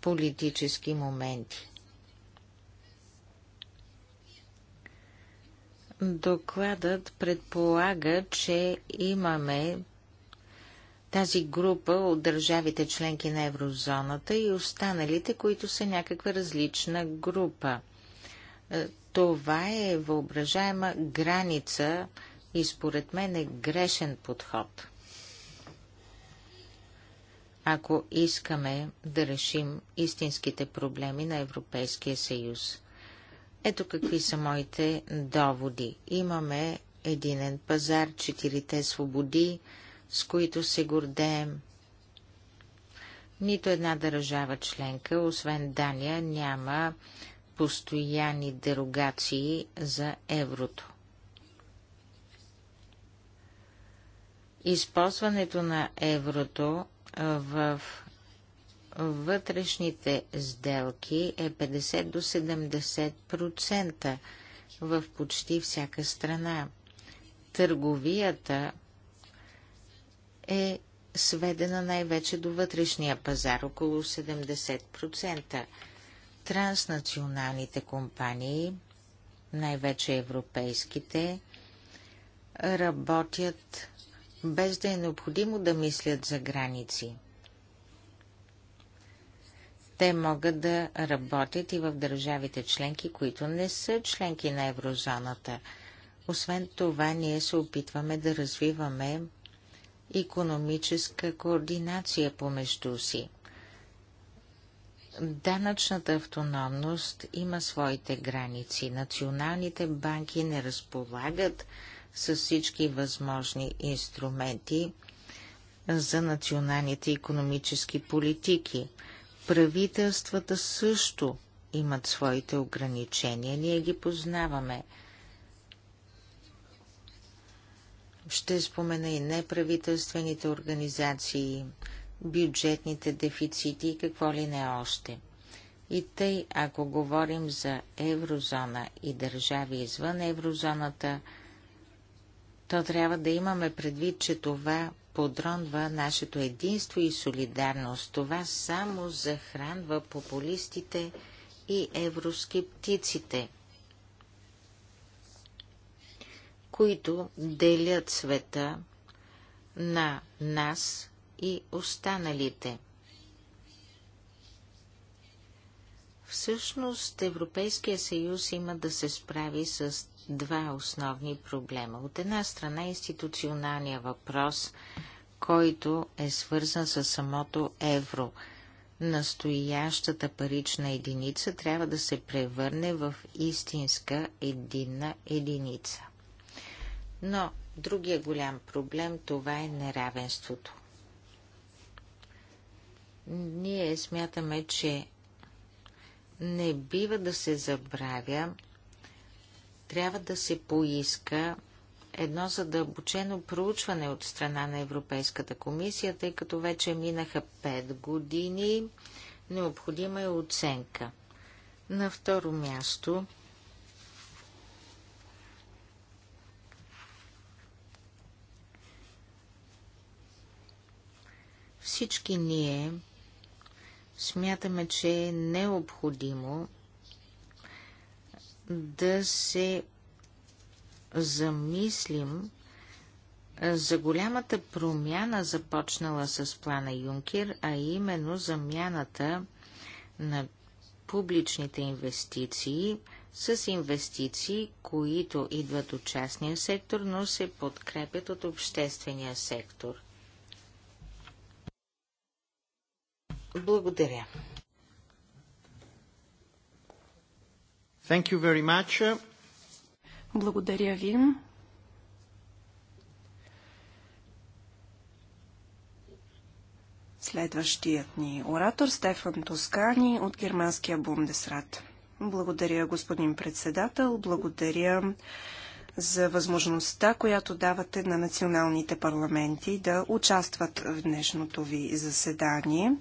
B: политически моменти. Докладът предполага, че имаме тази група от държавите членки на еврозоната и останалите, които са някаква различна група. Е, това е въображаема граница и според мен е грешен подход. Ако искаме да решим истинските проблеми на Европейския съюз. Ето какви са моите доводи. Имаме единен пазар, четирите свободи, с които се гордеем. Нито една държава членка, освен Дания, няма постоянни дерогации за еврото. Използването на еврото в вътрешните сделки е 50 до 70% в почти всяка страна. Търговията е сведена най-вече до вътрешния пазар, около 70%. Транснационалните компании, най-вече европейските, работят без да е необходимо да мислят за граници. Те могат да работят и в държавите членки, които не са членки на еврозоната. Освен това, ние се опитваме да развиваме економическа координация помежду си. Данъчната автономност има своите граници. Националните банки не разполагат с всички възможни инструменти за националните економически политики. Правителствата също имат своите ограничения. Ние ги познаваме. Ще спомена и неправителствените организации, бюджетните дефицити и какво ли не още. И тъй, ако говорим за еврозона и държави извън еврозоната, то трябва да имаме предвид, че това подронва нашето единство и солидарност. Това само захранва популистите и евроскептиците – които делят света на нас и останалите. Всъщност Европейския съюз има да се справи с два основни проблема. От една страна институционалния въпрос, който е свързан с самото евро. Настоящата парична единица трябва да се превърне в истинска единна единица. Но другия голям проблем това е неравенството. Ние смятаме, че не бива да се забравя, трябва да се поиска едно задълбочено проучване от страна на Европейската комисия, тъй като вече минаха 5 години, необходима е оценка. На второ място Всички ние смятаме, че е необходимо да се замислим за голямата промяна, започнала с плана Юнкер, а именно замяната на публичните инвестиции с инвестиции, които идват от частния сектор, но се подкрепят от обществения сектор – Благодаря. Thank you very much.
C: Благодаря ви. Следващият ни оратор Стефан Тоскани от германския Бундесрат. Благодаря, господин председател. Благодаря за възможността, която давате на националните парламенти да участват в днешното ви заседание.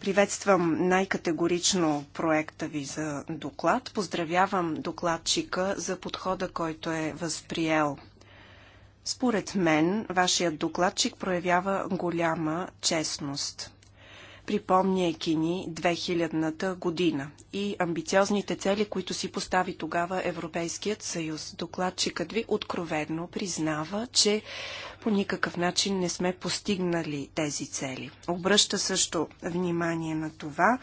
C: Приветствам най-категорично проекта ви за доклад. Поздравявам докладчика за подхода, който е възприел. Според мен, вашият докладчик проявява голяма честност припомняйки ни 2000-та година и амбициозните цели, които си постави тогава Европейският съюз. Докладчикът ви откровенно признава, че по никакъв начин не сме постигнали тези цели. Обръща също внимание на това,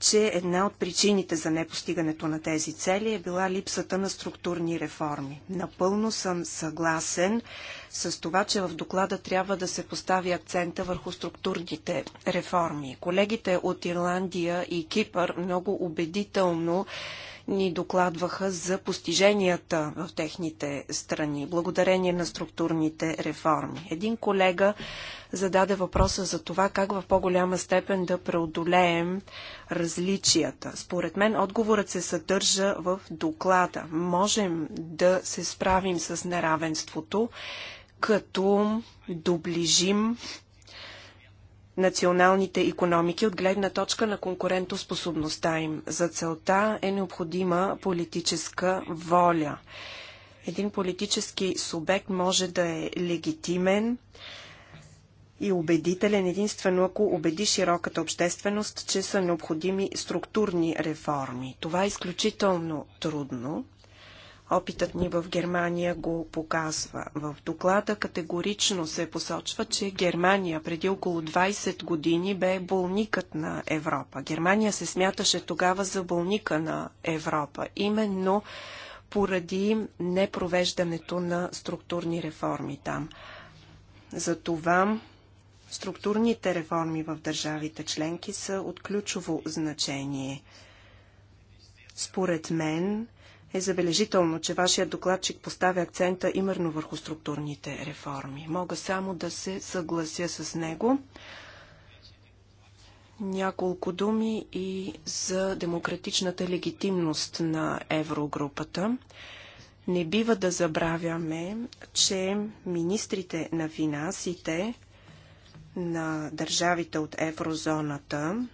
C: че една от причините за непостигането на тези цели е била липсата на структурни реформи. Напълно съм съгласен с това, че в доклада трябва да се постави акцента върху структурните реформи. Колегите от Ирландия и Кипър много убедително ни докладваха за постиженията в техните страни, благодарение на структурните реформи. Един колега зададе въпроса за това как в по-голяма степен да преодолеем различията. Според мен отговорът се съдържа в доклада. Можем да се справим с неравенството като доближим националните економики от гледна точка на конкурентоспособността им. За целта е необходима политическа воля. Един политически субект може да е легитимен и убедителен единствено ако убеди широката общественост, че са необходими структурни реформи. Това е изключително трудно. Опитът ни в Германия го показва. В доклада категорично се посочва, че Германия преди около 20 години бе болникът на Европа. Германия се смяташе тогава за болника на Европа. Именно поради непровеждането на структурни реформи там. Затова структурните реформи в държавите членки са от ключово значение. Според мен, е забележително, че вашият докладчик поставя акцента именно върху структурните реформи. Мога само да се съглася с него. Няколко думи и за демократичната легитимност на еврогрупата. Не бива да забравяме, че министрите на финансите на държавите от еврозоната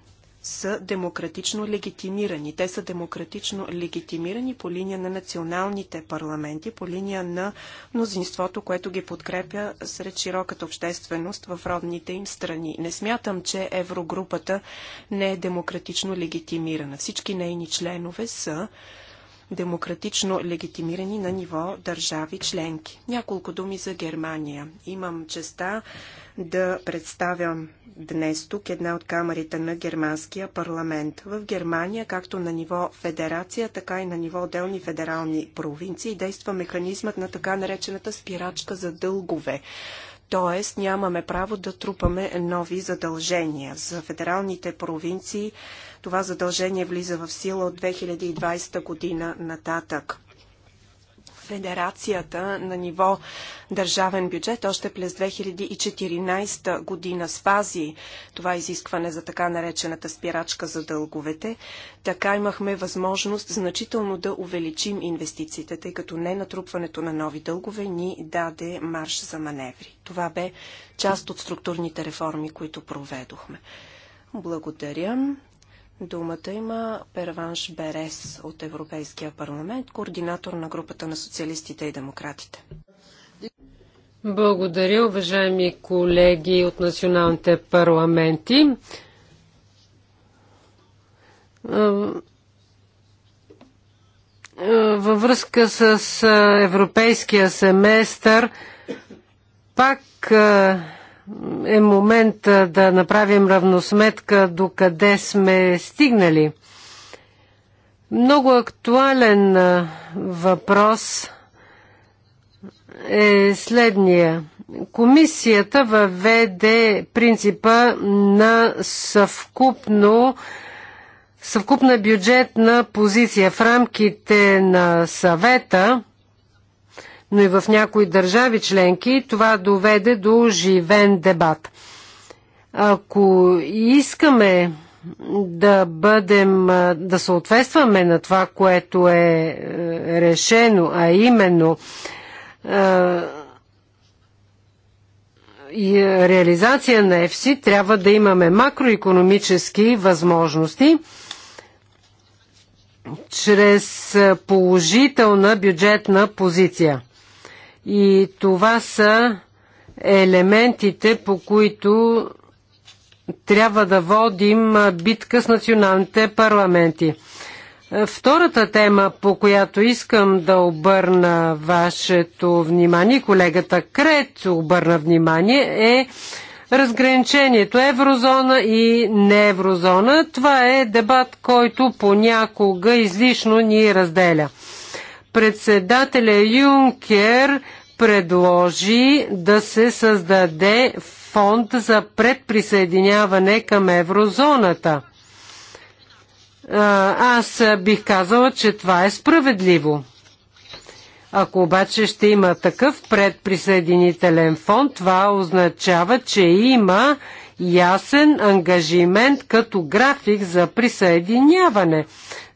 C: са демократично легитимирани. Те са демократично легитимирани по линия на националните парламенти, по линия на мнозинството, което ги подкрепя сред широката общественост в родните им страни. Не смятам, че еврогрупата не е демократично легитимирана. Всички нейни членове са демократично легитимирани на ниво държави членки. Няколко думи за Германия. Имам честа да представям днес тук една от камерите на германския парламент. В Германия, както на ниво федерация, така и на ниво отделни федерални провинции, действа механизмът на така наречената спирачка за дългове Тоест, нямаме право да трупаме нови задължения. За федералните провинции това задължение влиза в сила от 2020 година нататък. Федерацията на ниво държавен бюджет още през 2014 година спази това изискване за така наречената спирачка за дълговете. Така имахме възможност значително да увеличим инвестициите, тъй като не натрупването на нови дългове ни даде марш за маневри. Това бе част от структурните реформи, които проведохме. Благодаря. Думата има Перванш Берес от Европейския парламент, координатор на групата на социалистите и демократите.
A: Благодаря, уважаеми колеги от националните парламенти. Във връзка с европейския семестър, пак е момент да направим равносметка до къде сме стигнали. Много актуален въпрос е следния. Комисията въведе принципа на съвкупно съвкупна бюджетна позиция в рамките на съвета – но и в някои държави членки това доведе до живен дебат. Ако искаме да бъдем, да съответстваме на това, което е, е решено, а именно и реализация на ЕФСИ, трябва да имаме макроекономически възможности чрез положителна бюджетна позиция. И това са елементите, по които трябва да водим битка с националните парламенти. Втората тема, по която искам да обърна вашето внимание, колегата Крет обърна внимание, е разграничението еврозона и не еврозона. Това е дебат, който понякога излишно ни разделя. Председателя Юнкер предложи да се създаде фонд за предприсъединяване към еврозоната. Аз бих казала, че това е справедливо. Ако обаче ще има такъв предприсъединителен фонд, това означава, че има ясен ангажимент като график за присъединяване,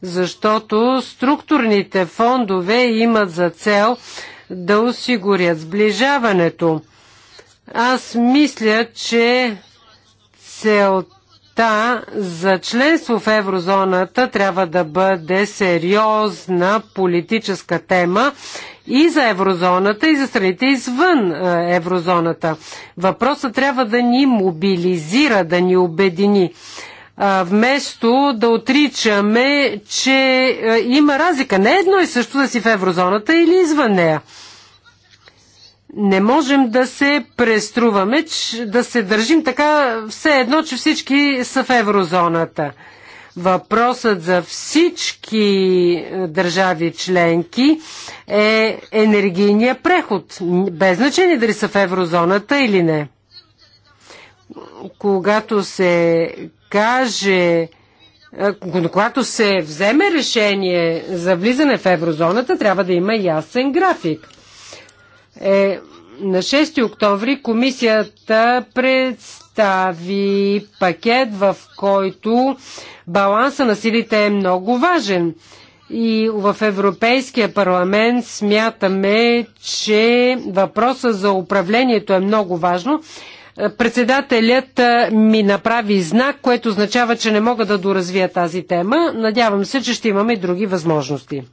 A: защото структурните фондове имат за цел да осигурят сближаването. Аз мисля, че целта за членство в еврозоната трябва да бъде сериозна политическа тема и за еврозоната, и за страните извън е, еврозоната. Въпросът трябва да ни мобилизира, да ни обедини. Вместо да отричаме, че е, има разлика. Не едно и също да си в еврозоната или извън нея. Не можем да се преструваме, да се държим така все едно, че всички са в еврозоната. Въпросът за всички е, държави членки е енергийния преход, без значение дали са в еврозоната или не. Когато се каже, е, когато се вземе решение за влизане в еврозоната, трябва да има ясен график е на 6 октомври комисията представи пакет, в който баланса на силите е много важен. И в Европейския парламент смятаме, че въпроса за управлението е много важно. Е, председателят е, ми направи знак, което означава, че не мога да доразвия тази тема. Надявам се, че ще имаме и други възможности.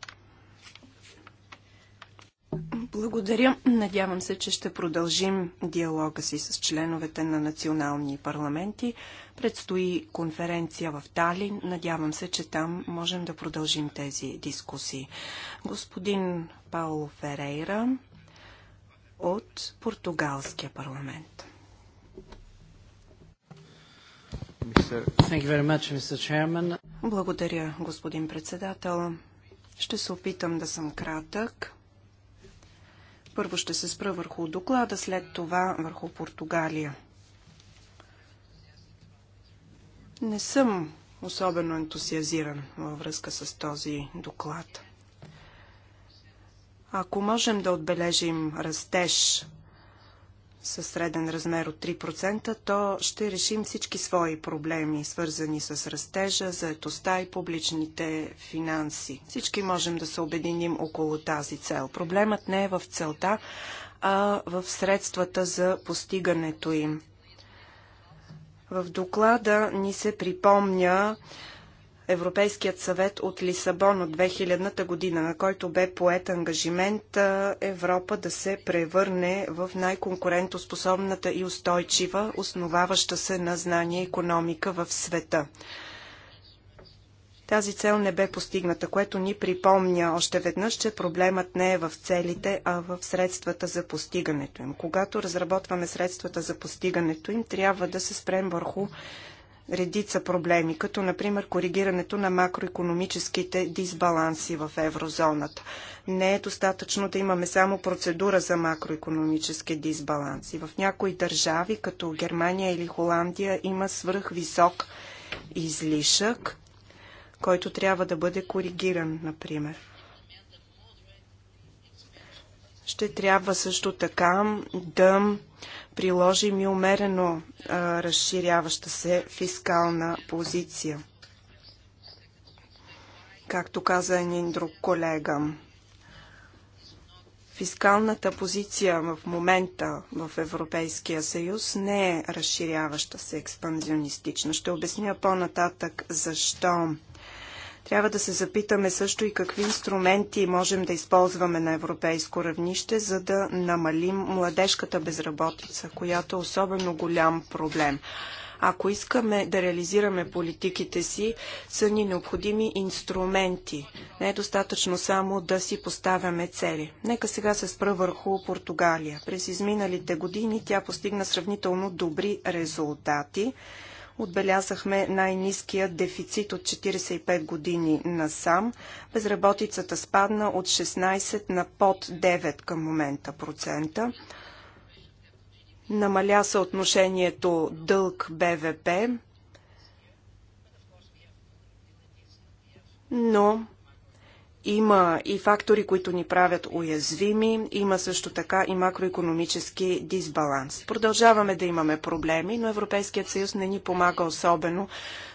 C: Благодаря. Надявам се, че ще продължим диалога си с членовете на национални парламенти. Предстои конференция в Талин. Надявам се, че там можем да продължим тези дискусии. Господин Пауло Ферейра от Португалския парламент. Благодаря, господин председател. Ще се опитам да съм кратък. Първо ще се спра върху доклада, след това върху Португалия. Не съм особено ентусиазиран във връзка с този доклад. Ако можем да отбележим растеж със среден размер от 3%, то ще решим всички свои проблеми, свързани с растежа, заетостта и публичните финанси. Всички можем да се обединим около тази цел. Проблемът не е в целта, а в средствата за постигането им. В доклада ни се припомня, Европейският съвет от Лисабон от 2000-та година, на който бе поет ангажимент Европа да се превърне в най-конкурентоспособната и устойчива, основаваща се на знание економика в света. Тази цел не бе постигната, което ни припомня още веднъж, че проблемът не е в целите, а в средствата за постигането им. Когато разработваме средствата за постигането им, трябва да се спрем върху редица проблеми, като например коригирането на макроекономическите дисбаланси в еврозоната. Не е достатъчно да имаме само процедура за макроекономически дисбаланси. В някои държави, като Германия или Холандия, има свръхвисок излишък, който трябва да бъде коригиран, например. Ще трябва също така да приложим и умерено а, разширяваща се фискална позиция. Както каза един друг колега, фискалната позиция в момента в Европейския съюз не е разширяваща се експанзионистична. Ще обясня по-нататък защо. Трябва да се запитаме също и какви инструменти можем да използваме на европейско равнище, за да намалим младежката безработица, която е особено голям проблем. Ако искаме да реализираме политиките си, са ни необходими инструменти. Не е достатъчно само да си поставяме цели. Нека сега се спра върху Португалия. През изминалите години тя постигна сравнително добри резултати. Отбелязахме най-низкия дефицит от 45 години насам. Безработицата спадна от 16 на под 9 към момента процента. Намаля съотношението дълг-БВП, но има и фактори, които ни правят уязвими, има също така и макроекономически дисбаланс. Продължаваме да имаме проблеми, но Европейският съюз не ни помага особено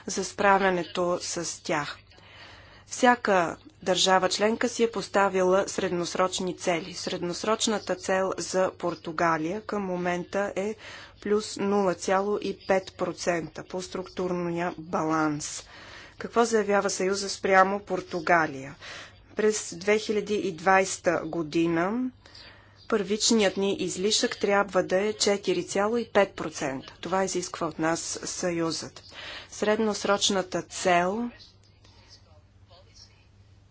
C: за справянето с тях. Всяка държава членка си е поставила средносрочни цели. Средносрочната цел за Португалия към момента е плюс 0,5% по структурния баланс. Какво заявява Съюза спрямо Португалия? През 2020 година първичният ни излишък трябва да е 4,5%. Това изисква от нас Съюзът. Средносрочната цел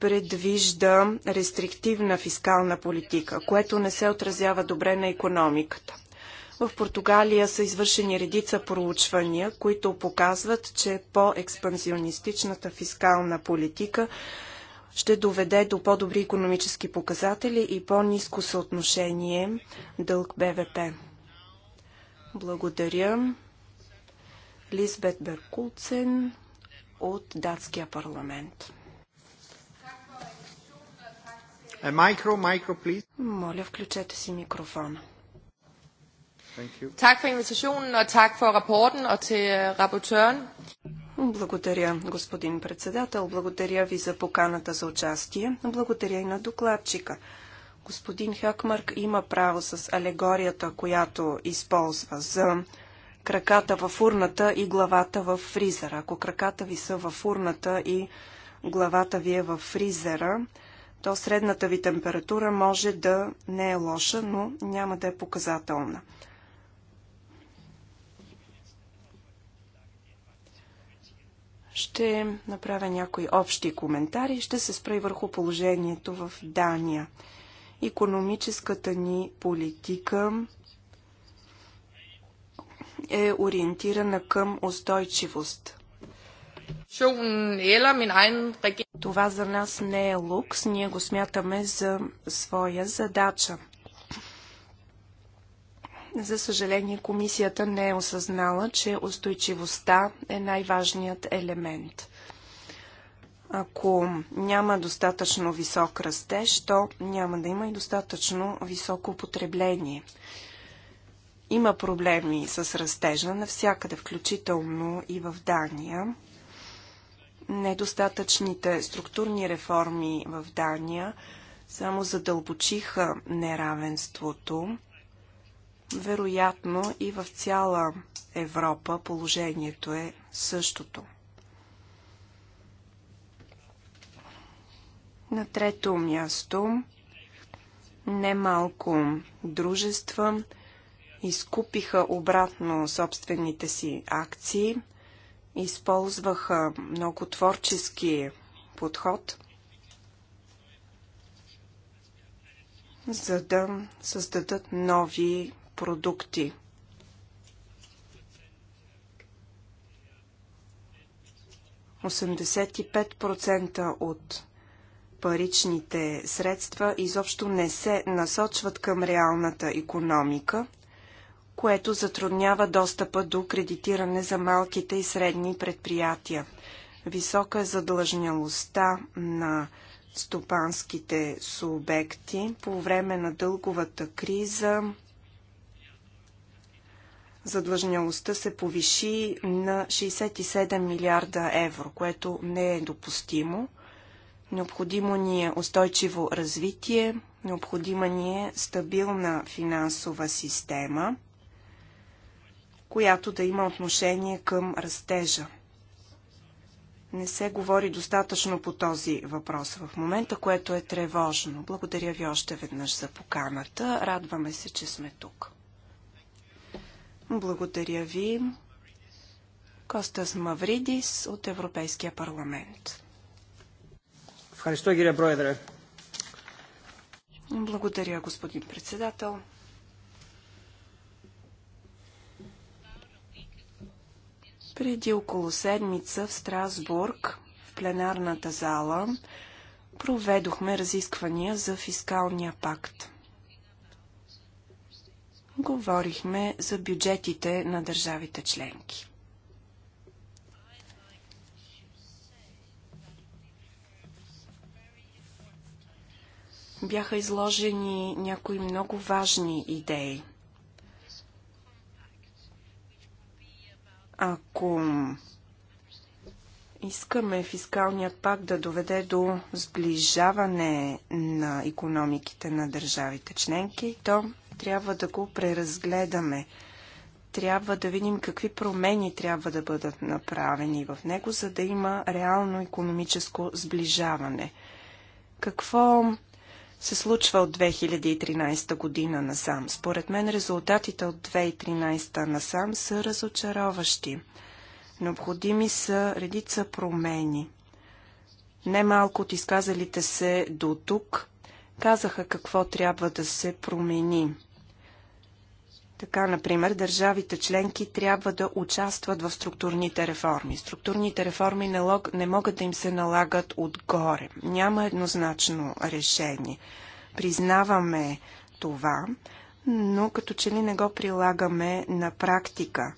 C: предвижда рестриктивна фискална политика, което не се отразява добре на економиката. В Португалия са извършени редица проучвания, които показват, че по-експанзионистичната фискална политика – ще доведе до по-добри економически показатели и по-низко съотношение дълг БВП. Благодаря. Лизбет Беркулцен от датския парламент. Micro, е, micro, Моля, включете си микрофона. Tak for invitationen, og tak for рапорта, og til øh, rapportøren. Благодаря, господин председател. Благодаря ви за поканата за участие. Благодаря и на докладчика. Господин Хакмарк има право с алегорията, която използва за краката в урната и главата в фризера. Ако краката ви са в урната и главата ви е в фризера, то средната ви температура може да не е лоша, но няма да е показателна. Ще направя някои общи коментари и ще се спра и върху положението в Дания. Економическата ни политика е ориентирана към устойчивост. Това за нас не е лукс, ние го смятаме за своя задача. За съжаление, комисията не е осъзнала, че устойчивостта е най-важният елемент. Ако няма достатъчно висок растеж, то няма да има и достатъчно високо потребление. Има проблеми с растежа навсякъде, включително и в Дания. Недостатъчните структурни реформи в Дания само задълбочиха неравенството. Вероятно и в цяла Европа положението е същото. На трето място немалко дружества изкупиха обратно собствените си акции, използваха много творчески подход, за да създадат нови продукти. Осемдесет и пет процента от паричните средства изобщо не се насочват към реалната економика, което затруднява достъпа до кредитиране за малките и средни предприятия. Висока е задлъжнялостта на стопанските субекти по време на дълговата криза задлъжнялостта се повиши на 67 милиарда евро, което не е допустимо. Необходимо ни е устойчиво развитие, необходима ни е стабилна финансова система, която да има отношение към растежа. Не се говори достатъчно по този въпрос в момента, което е тревожно. Благодаря ви още веднъж за поканата. Радваме се, че сме тук. Благодаря ви. Костас Мавридис от Европейския парламент. Благодаря, господин председател. Преди около седмица в Страсбург, в пленарната зала, проведохме разисквания за фискалния пакт говорихме за бюджетите на държавите членки. Бяха изложени някои много важни идеи. Ако искаме фискалният пакт да доведе до сближаване на економиките на държавите членки, то трябва да го преразгледаме. Трябва да видим какви промени трябва да бъдат направени в него, за да има реално економическо сближаване. Какво се случва от 2013 година насам? Според мен резултатите от 2013 насам са разочароващи. Необходими са редица промени. Немалко от изказалите се до тук казаха какво трябва да се промени. Така, например, държавите членки трябва да участват в структурните реформи. Структурните реформи не, лог, не могат да им се налагат отгоре. Няма еднозначно решение. Признаваме това, но като че ли не го прилагаме на практика.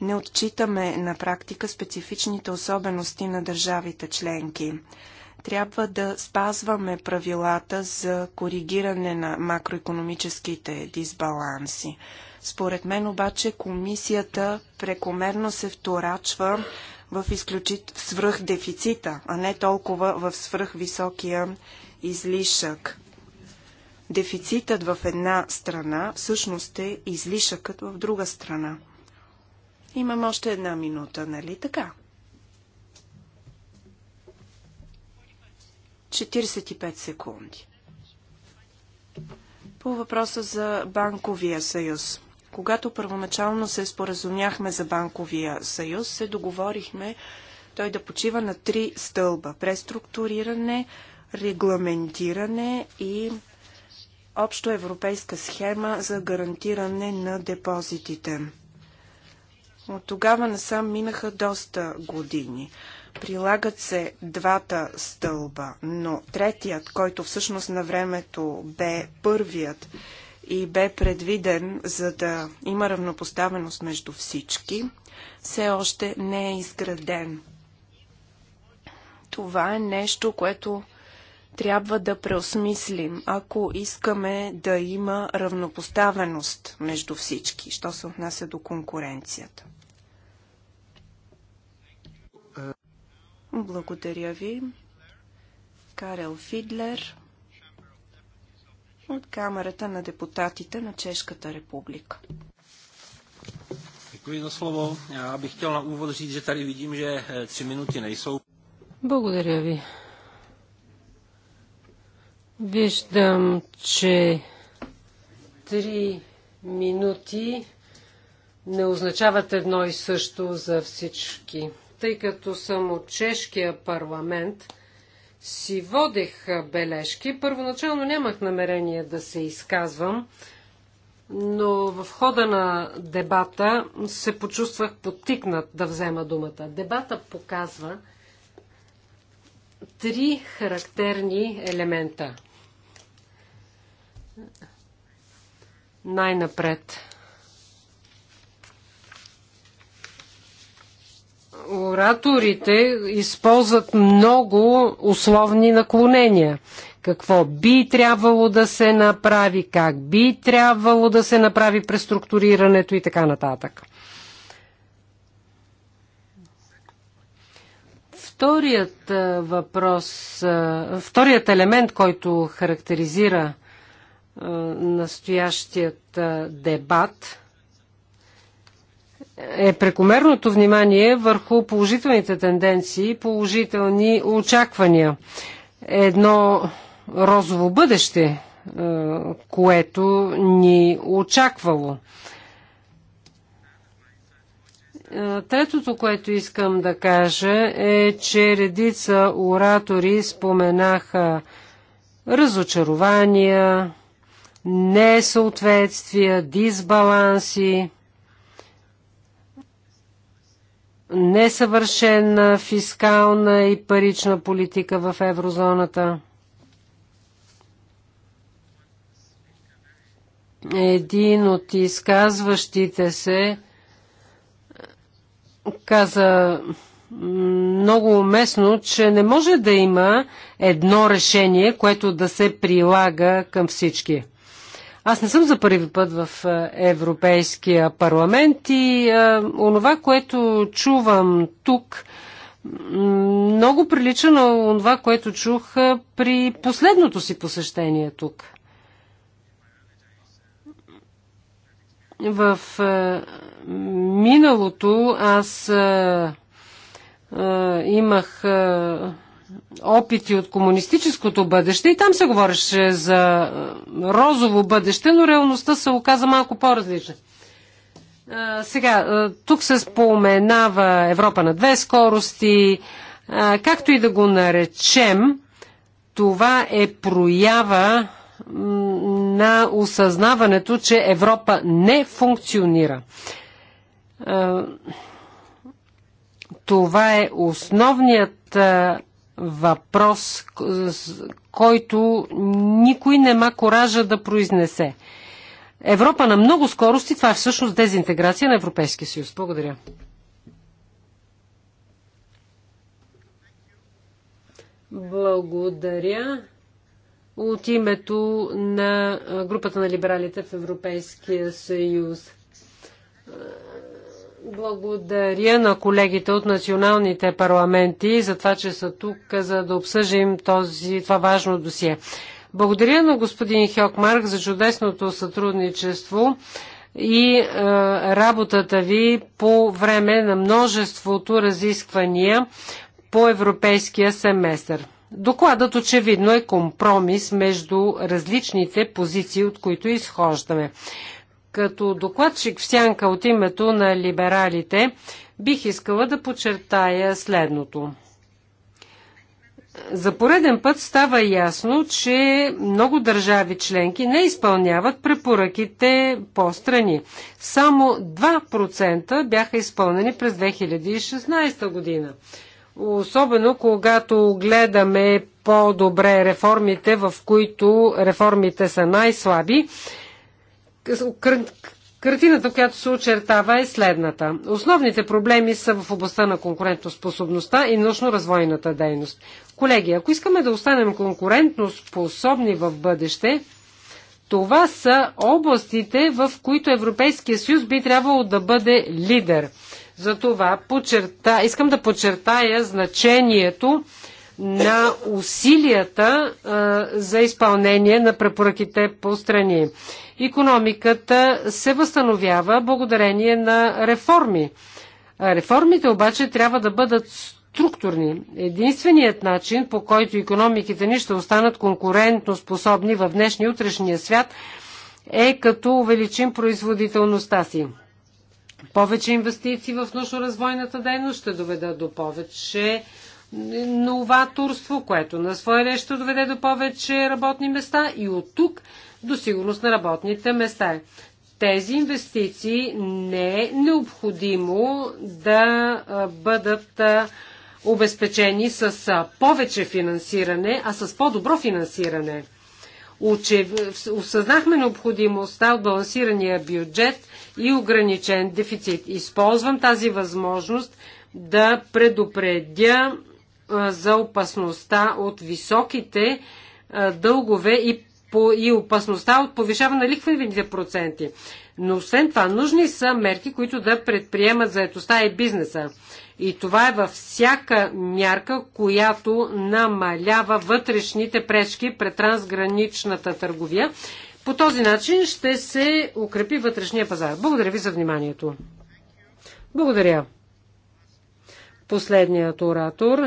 C: Не отчитаме на практика специфичните особености на държавите членки. Трябва да спазваме правилата за коригиране на макроекономическите дисбаланси. Според мен обаче комисията прекомерно се вторачва в изключит... свръхдефицита, а не толкова в свръхвисокия излишък. Дефицитът в една страна всъщност е излишъкът в друга страна. Имам още една минута, нали така? 45 секунди. По въпроса за банковия съюз. Когато първоначално се споразумяхме за банковия съюз, се договорихме той да почива на три стълба – преструктуриране, регламентиране и общо европейска схема за гарантиране на депозитите. От тогава насам минаха доста години. Прилагат се двата стълба, но третият, който всъщност на времето бе първият и бе предвиден за да има равнопоставеност между всички, все още не е изграден. Това е нещо, което трябва да преосмислим, ако искаме да има равнопоставеност между всички, що се отнася до конкуренцията. Благодаря ви. Карел Фидлер от Камерата на депутатите на Чешката република.
A: Děkuji za slovo. Já bych chtěl
C: na úvod říct, že tady vidím, že eh, tři minuty nejsou. Благодаря ви.
A: Виждам, че три минути не означават едно и също за всички. Тъй като съм от чешкия парламент, си водех бележки. Първоначално нямах намерение да се изказвам, но в хода на дебата се почувствах подтикнат да взема думата. Дебата показва три характерни елемента. Най-напред – ораторите използват много условни наклонения. Какво би трябвало да се направи, как би трябвало да се направи преструктурирането и така нататък. Вторият въпрос, вторият елемент, който характеризира настоящият дебат – е прекомерното внимание върху положителните тенденции, положителни очаквания. Едно розово бъдеще, е, което ни очаквало. Е, третото, което искам да кажа е, че редица оратори споменаха разочарования, несъответствия, дисбаланси. несъвършена фискална и парична политика в еврозоната. Един от изказващите се каза много уместно, че не може да има едно решение, което да се прилага към всички. Аз не съм за първи път в е, Европейския парламент и а, е, онова, което чувам тук, много прилича на това, което чух е, при последното си посещение тук. В миналото аз а, а, имах а, опити от комунистическото бъдеще и там се говореше за е, розово бъдеще, но реалността се оказа малко по-различна. Сега, е, тук се споменава Европа на две скорости, е, както и да го наречем, това е проява на осъзнаването, че Европа не функционира. Това е основният въпрос, който никой нема коража да произнесе. Европа на много скорости, това е всъщност дезинтеграция на Европейския съюз. Благодаря. Благодаря. От името на групата на либералите в Европейския съюз. Благодаря на колегите от националните парламенти за това, че са тук, за да обсъжим този, това важно досие. Благодаря на господин Хьокмарк за чудесното сътрудничество и е, работата ви по време на множеството разисквания по европейския семестър. Докладът очевидно е компромис между различните позиции, от които изхождаме. Като докладчик в сянка от името на либералите, бих искала да подчертая следното. За пореден път става ясно, че много държави членки не изпълняват препоръките по страни. Само 2% бяха изпълнени през 2016 година. Особено когато гледаме по-добре реформите, в които реформите са най-слаби Картината, която се очертава е следната. Основните проблеми са в областта на конкурентоспособността и научно-развойната дейност. Колеги, ако искаме да останем конкурентоспособни в бъдеще, това са областите, в които Европейския съюз би трябвало да бъде лидер. Затова подчерта, искам да подчертая значението на усилията а, за изпълнение на препоръките по страни економиката се възстановява благодарение на реформи. Реформите обаче трябва да бъдат структурни. Единственият начин, по който економиките ни ще останат конкурентно способни в днешния утрешния свят, е като увеличим производителността си. Повече инвестиции в научно-развойната дейност ще доведат до повече новаторство, което на своя ред ще доведе до повече работни места и от тук до сигурност на работните места. Тези инвестиции не е необходимо да бъдат обезпечени с повече финансиране, а с по-добро финансиране. Осъзнахме необходимостта от балансирания бюджет и ограничен дефицит. Използвам тази възможност да предупредя за опасността от високите дългове и и опасността от повишаване на лихвените проценти. Но освен това, нужни са мерки, които да предприемат заетостта и бизнеса. И това е във всяка мярка, която намалява вътрешните пречки пред трансграничната търговия. По този начин ще се укрепи вътрешния пазар. Благодаря ви за вниманието. Благодаря. Последният оратор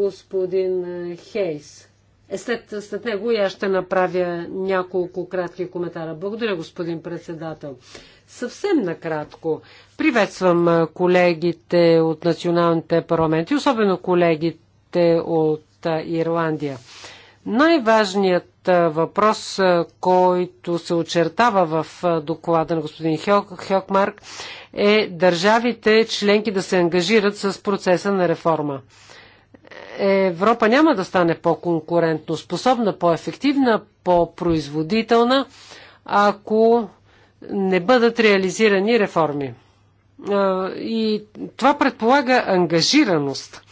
A: господин Хейс. Е, след, след него и аз ще направя няколко кратки коментара. Благодаря, господин председател. Съвсем накратко. Приветствам колегите от националните парламенти, особено колегите от Ирландия. Най-важният въпрос, който се очертава в доклада на господин Хьок, Хьокмарк, е държавите членки да се ангажират с процеса на реформа. Европа няма да стане по-конкурентно способна, по-ефективна, по-производителна, ако не бъдат реализирани реформи. И това предполага ангажираност.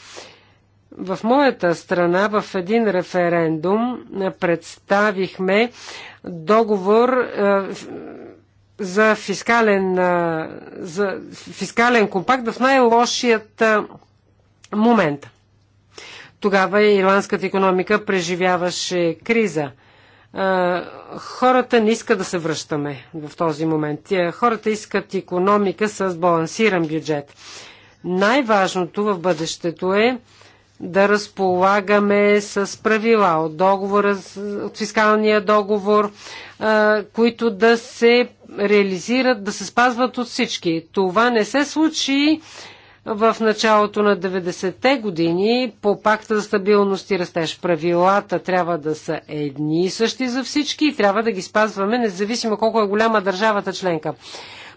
A: В моята страна, в един референдум, представихме договор за фискален, за фискален компакт в най-лошият момент. Тогава ирландската економика преживяваше криза. Хората не искат да се връщаме в този момент. Хората искат економика с балансиран бюджет. Най-важното в бъдещето е да разполагаме с правила от, договора, от фискалния договор, които да се реализират, да се спазват от всички. Това не се случи в началото на 90-те години по пакта за стабилност и растеж. Правилата трябва да са едни и същи за всички и трябва да ги спазваме, независимо колко е голяма държавата членка.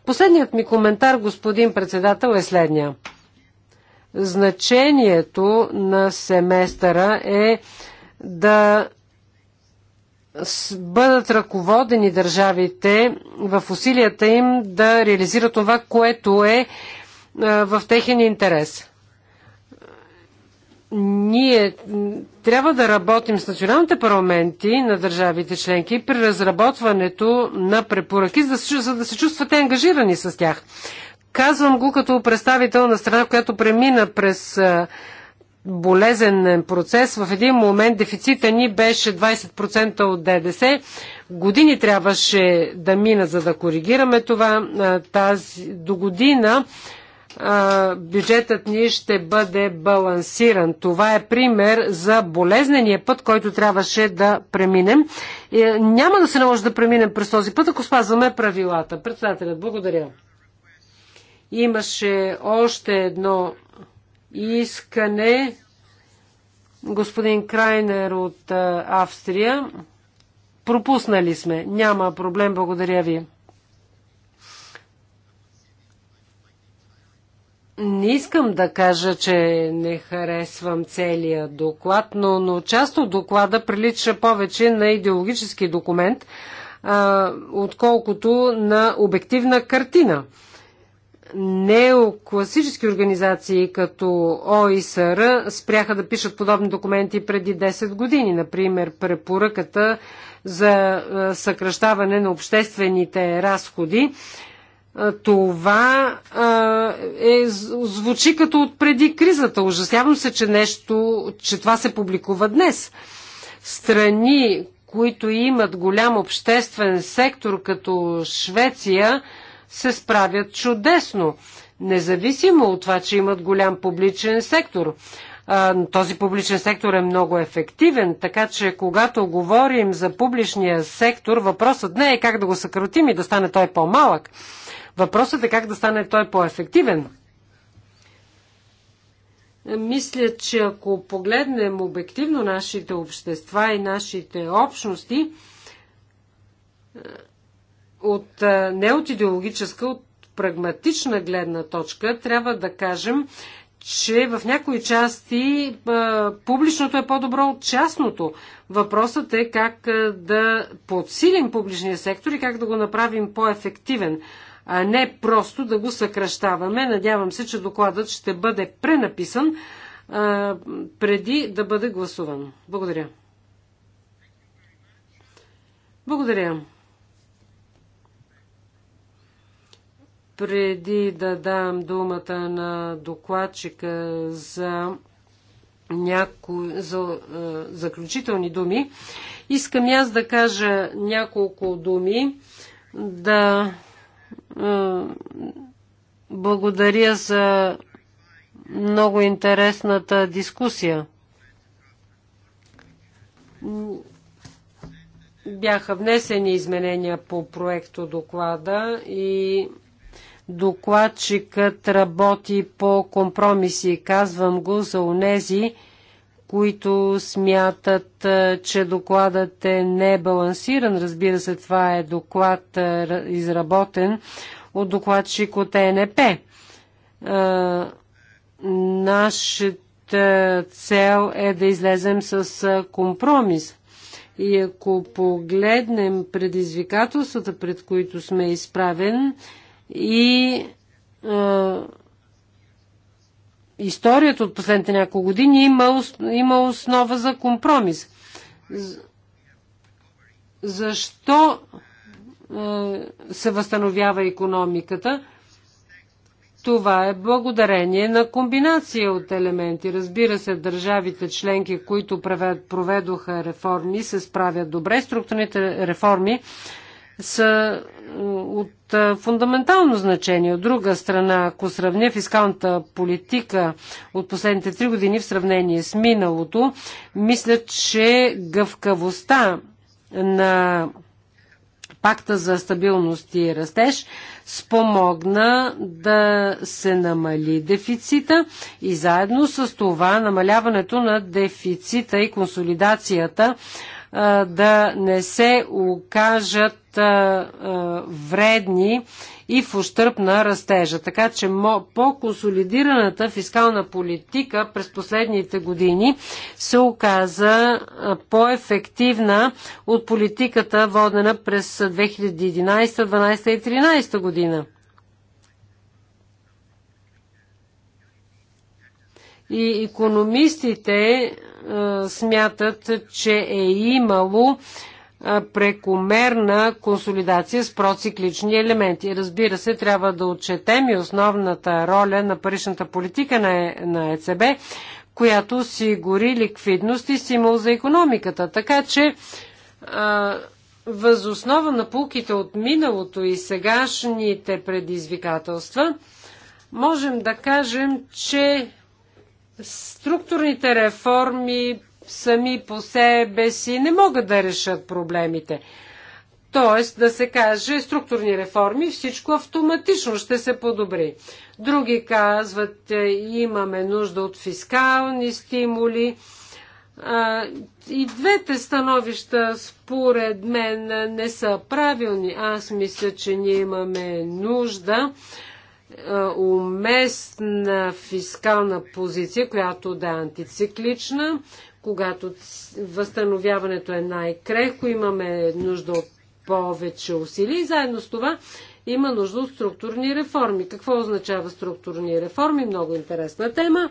A: Последният ми коментар, господин председател, е следния. Значението на семестъра е да бъдат ръководени държавите в усилията им да реализират това, което е в техен интерес. Ние трябва да работим с националните парламенти на държавите членки при разработването на препоръки, за да се чувствате ангажирани с тях. Казвам го като представител на страна, която премина през болезнен процес. В един момент дефицита ни беше 20% от ДДС. Години трябваше да мина, за да коригираме това. Тази, до година бюджетът ни ще бъде балансиран. Това е пример за болезнения път, който трябваше да преминем. Е, няма да се наложи да преминем през този път, ако спазваме правилата. Председателят, благодаря. Имаше още едно искане. Господин Крайнер от е, Австрия. Пропуснали сме. Няма проблем. Благодаря ви. Не искам да кажа, че не харесвам целия доклад, но, но част от доклада прилича повече на идеологически документ, а, отколкото на обективна картина. Неокласически организации като ОИСР спряха да пишат подобни документи преди 10 години. Например, препоръката за съкръщаване на обществените разходи това е, звучи като от преди кризата. Ужасявам се, че нещо, че това се публикува днес. Страни, които имат голям обществен сектор, като Швеция, се справят чудесно, независимо от това, че имат голям публичен сектор. Този публичен сектор е много ефективен, така че когато говорим за публичния сектор, въпросът не е как да го съкратим и да стане той по-малък Въпросът е как да стане той по-ефективен. Мисля, че ако погледнем обективно нашите общества и нашите общности, е, от, е, не от идеологическа, от прагматична гледна точка, трябва да кажем, че в някои части е, публичното е по-добро от частното. Въпросът е как да подсилим публичния сектор и как да го направим по-ефективен а не просто да го съкръщаваме. Надявам се, че докладът ще бъде пренаписан а, преди да бъде гласуван. Благодаря. Благодаря. Преди да дам думата на докладчика за няко... за е, заключителни думи, искам аз да кажа няколко думи да е, благодаря за много интересната дискусия. Бяха внесени изменения по проекто доклада и докладчикът работи по компромиси. Казвам го за унези, които смятат, че докладът е небалансиран. Разбира се, това е доклад изработен от докладчик от ЕНП. Нашата цел е да излезем с компромис. И ако погледнем предизвикателствата, пред които сме изправен и историята от последните няколко години има, има основа за компромис. Защо е, се възстановява економиката? Това е благодарение на комбинация от елементи. Разбира се, държавите членки, които проведоха реформи, се справят добре. Структурните реформи са е, от е, фундаментално значение. От друга страна, ако сравня фискалната политика от последните три години в сравнение с миналото, мисля, че гъвкавостта на пакта за стабилност и растеж спомогна да се намали дефицита и заедно с това намаляването на дефицита и консолидацията да не се окажат вредни и в ущърп на растежа. Така че по консолидираната фискална политика през последните години се оказа по-ефективна от политиката водена през 2011, 2012 и 2013 година. И економистите е, смятат, че е имало е, прекомерна консолидация с проциклични елементи. Разбира се, трябва да отчетем и основната роля на паричната политика на, е, на ЕЦБ, която осигури ликвидност и стимул за економиката. Така че възоснова на пулките от миналото и сегашните предизвикателства, можем да кажем, че Структурните реформи сами по себе си не могат да решат проблемите. Тоест да се каже структурни реформи, всичко автоматично ще се подобри. Други казват, е, имаме нужда от фискални стимули. И двете становища, според мен, не са правилни. Аз мисля, че ние имаме нужда е, уместна фискална позиция, която да е антициклична, когато възстановяването е най-крехко, имаме нужда от повече усилия и заедно с това има нужда от структурни реформи. Какво означава структурни реформи? Много интересна тема.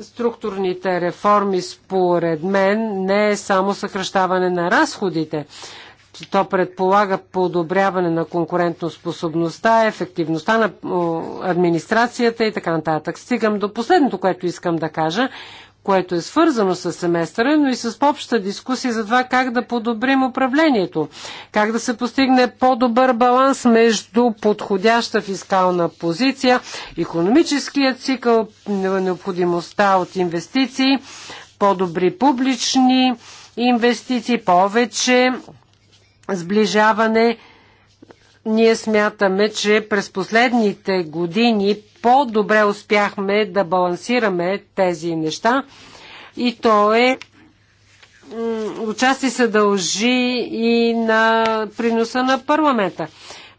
A: Структурните реформи, според мен, не е само съкръщаване на разходите. То предполага подобряване на конкурентоспособността, ефективността на администрацията и така нататък. Стигам до последното, което искам да кажа, което е свързано с семестъра, но и с обща дискусия за това как да подобрим управлението, как да се постигне по-добър баланс между подходяща фискална позиция, економическия цикъл, необходимостта от инвестиции, по-добри публични инвестиции, повече сближаване. Ние смятаме, че през последните години по-добре успяхме да балансираме тези неща и то е участи се дължи и на приноса на парламента.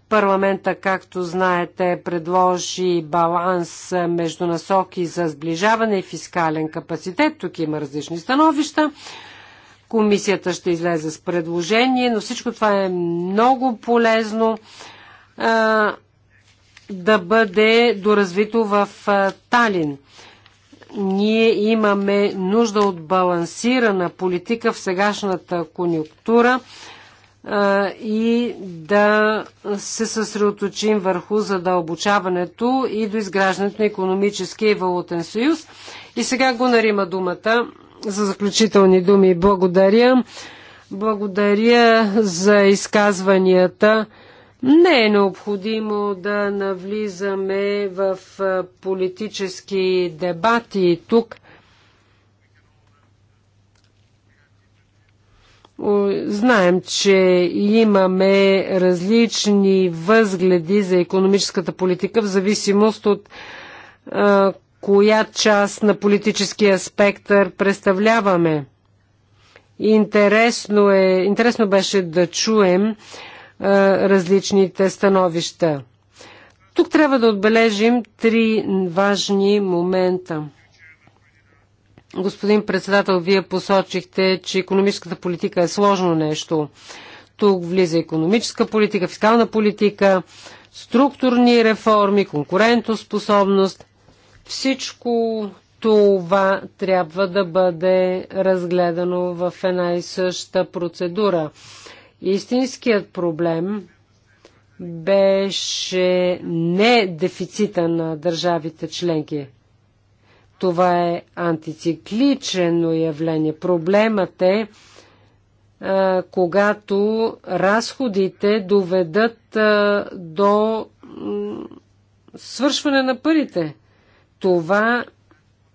A: Парламента, както знаете, предложи баланс между насоки за сближаване и фискален капацитет. Тук има различни становища. Комисията ще излезе с предложение, но всичко това е много полезно а, да бъде доразвито в а, Талин. Ние имаме нужда от балансирана политика в сегашната конюнктура и да се съсредоточим върху задълбочаването и до изграждането на економическия и валутен съюз. И сега го нарима думата за заключителни думи. Благодаря. Благодаря за изказванията. Не е необходимо да навлизаме в политически дебати тук. Знаем, че имаме различни възгледи за економическата политика в зависимост от коя част на политическия спектър представляваме. Интересно, е, интересно беше да чуем е, различните становища. Тук трябва да отбележим три важни момента. Господин председател, вие посочихте, че економическата политика е сложно нещо. Тук влиза економическа политика, фискална политика, структурни реформи, конкурентоспособност – всичко това трябва да бъде разгледано в една и съща процедура. Истинският проблем беше не дефицита на държавите членки. Това е антицикличено явление. Проблемът е, когато разходите доведат до свършване на парите. Това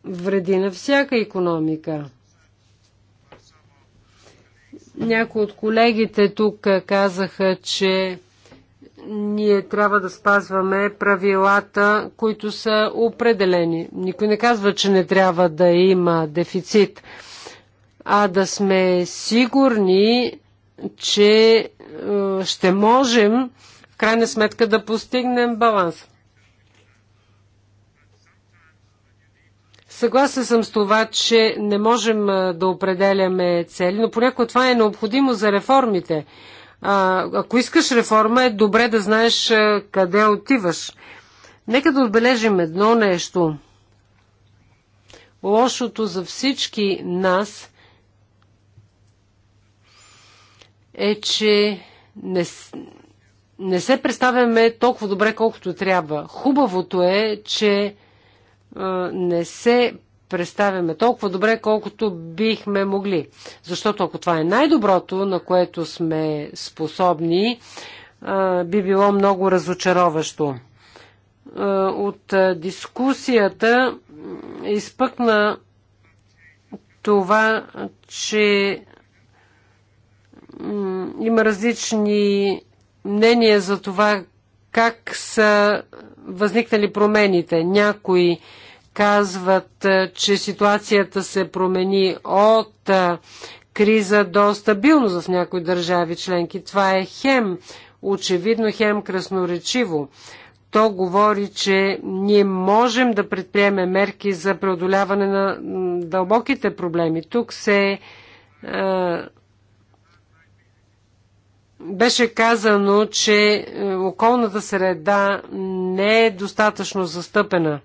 A: вреди на всяка економика. Някои от колегите тук казаха, че ние трябва да спазваме правилата, които са определени. Никой не казва, че не трябва да има дефицит, а да сме сигурни, че е, ще можем в крайна сметка да постигнем баланс. Съгласен съм с това, че не можем да определяме цели, но понякога това е необходимо за реформите. А, ако искаш реформа, е добре да знаеш къде отиваш. Нека да отбележим едно нещо. Лошото за всички нас е, че не, не се представяме толкова добре, колкото трябва. Хубавото е, че не се представяме толкова добре, колкото бихме могли. Защото ако това е най-доброто, на което сме способни, би било много разочароващо. От дискусията изпъкна това, че има различни мнения за това как са възникнали промените. Някои казват, че ситуацията се промени от криза до стабилност в някои държави членки. Това е хем очевидно, хем красноречиво. То говори, че ние можем да предприемем мерки за преодоляване на дълбоките проблеми. Тук се беше казано, че е, околната среда не е достатъчно застъпена.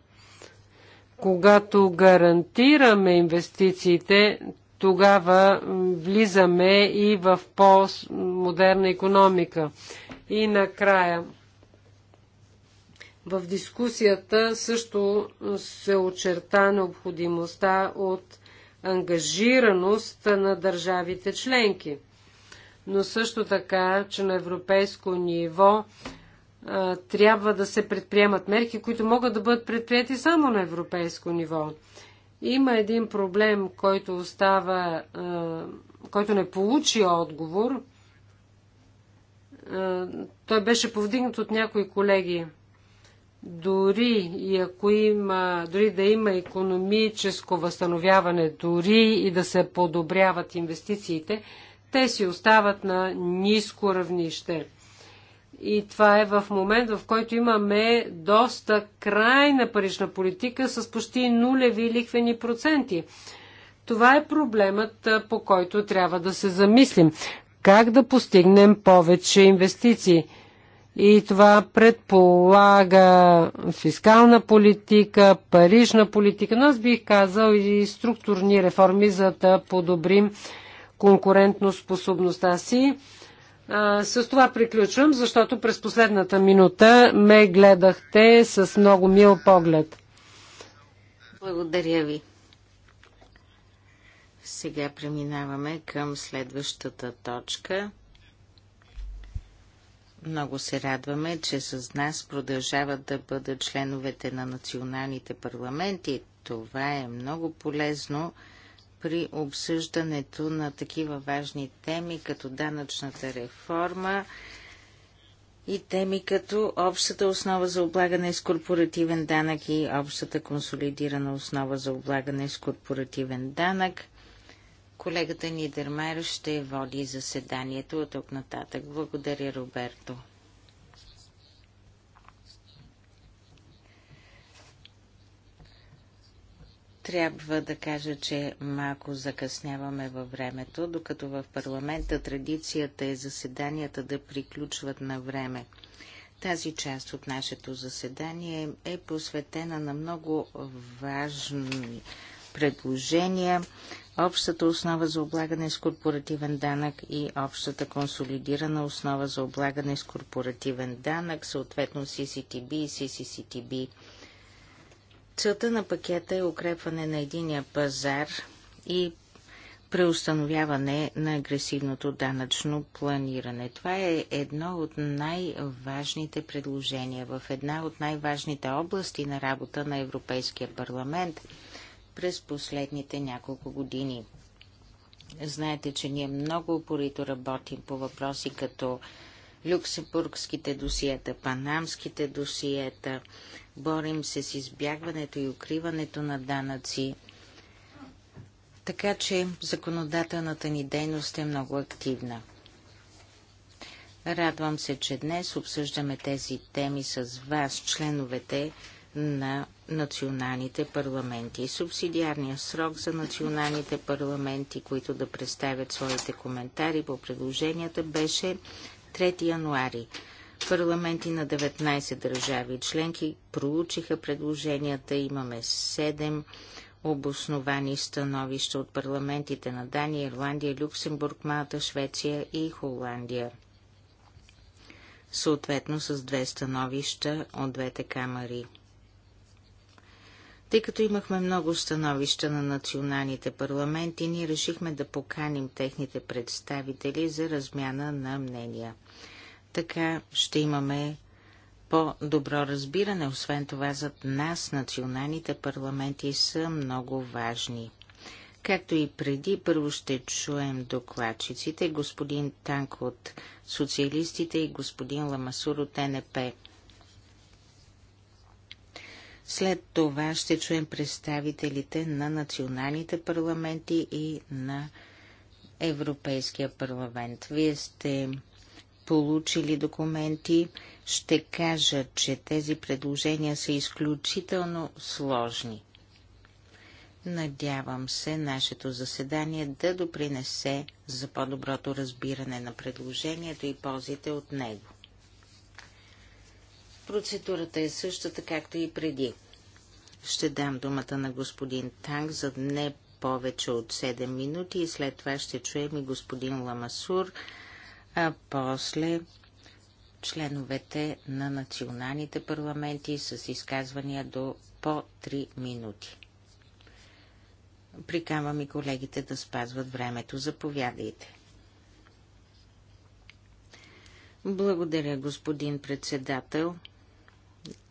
A: Когато гарантираме инвестициите, тогава влизаме и в по-модерна економика. И накрая, в дискусията също се очерта необходимостта от ангажираност на държавите членки – но също така, че на европейско ниво а, трябва да се предприемат мерки, които могат да бъдат предприяти само на европейско ниво. Има един проблем, който остава, а, който не получи отговор. А, той беше повдигнат от някои колеги. Дори и ако има, дори да има економическо възстановяване, дори и да се подобряват инвестициите, те си остават на ниско равнище. И това е в момент, в който имаме доста крайна парична политика с почти нулеви лихвени проценти. Това е проблемът, по който трябва да се замислим. Как да постигнем повече инвестиции? И това предполага фискална политика, парична политика, но аз бих казал и структурни реформи, за да подобрим конкурентноспособността си. А, с това приключвам, защото през последната минута ме гледахте с много мил поглед.
B: Благодаря ви. Сега преминаваме към следващата точка. Много се радваме, че с нас продължават да бъдат членовете на националните парламенти. Това е много полезно при обсъждането на такива важни теми, като данъчната реформа и теми като общата основа за облагане с корпоративен данък и общата консолидирана основа за облагане с корпоративен данък. Колегата Нидермайер ще води заседанието от тук нататък. Благодаря, Роберто. Трябва да кажа, че малко закъсняваме във времето, докато в парламента традицията е заседанията да приключват на време. Тази част от нашето заседание е посветена на много важни предложения, общата основа за облагане с корпоративен данък и общата консолидирана основа за облагане с корпоративен данък, съответно CCTB и CCCTB. Целта на пакета е укрепване на единия пазар и преустановяване на агресивното данъчно планиране. Това е едно от най-важните предложения в една от най-важните области на работа на Европейския парламент през последните няколко години. Знаете, че ние много упорито работим по въпроси като люксембургските досиета, панамските досиета. Борим се с избягването и укриването на данъци. Така че законодателната ни дейност е много активна. Радвам се, че днес обсъждаме тези теми с вас, членовете на националните парламенти. Субсидиарния срок за националните парламенти, които да представят своите коментари по предложенията, беше 3 януари. Парламенти на 19 държави членки проучиха предложенията. Имаме 7 обосновани становища от парламентите на Дания, Ирландия, Люксембург, Малта, Швеция и Холандия. Съответно с две становища от двете камари. Тъй като имахме много становища на националните парламенти, ние решихме да поканим техните представители за размяна на мнения. Така ще имаме по-добро разбиране, освен това за нас националните парламенти са много важни. Както и преди, първо ще чуем докладчиците, господин Танко от социалистите и господин Ламасур от НП. След това ще чуем представителите на националните парламенти и на Европейския парламент. Вие сте получили документи, ще кажа, че тези предложения са изключително сложни. Надявам се нашето заседание да допринесе за по-доброто разбиране на предложението и ползите от него. Процедурата е същата, както и преди. Ще дам думата на господин Танк за не повече от 7 минути и след това ще чуем и господин Ламасур, а после членовете на националните парламенти с изказвания до по 3 минути. Прикамвам и колегите да спазват времето. Заповядайте. Благодаря, господин председател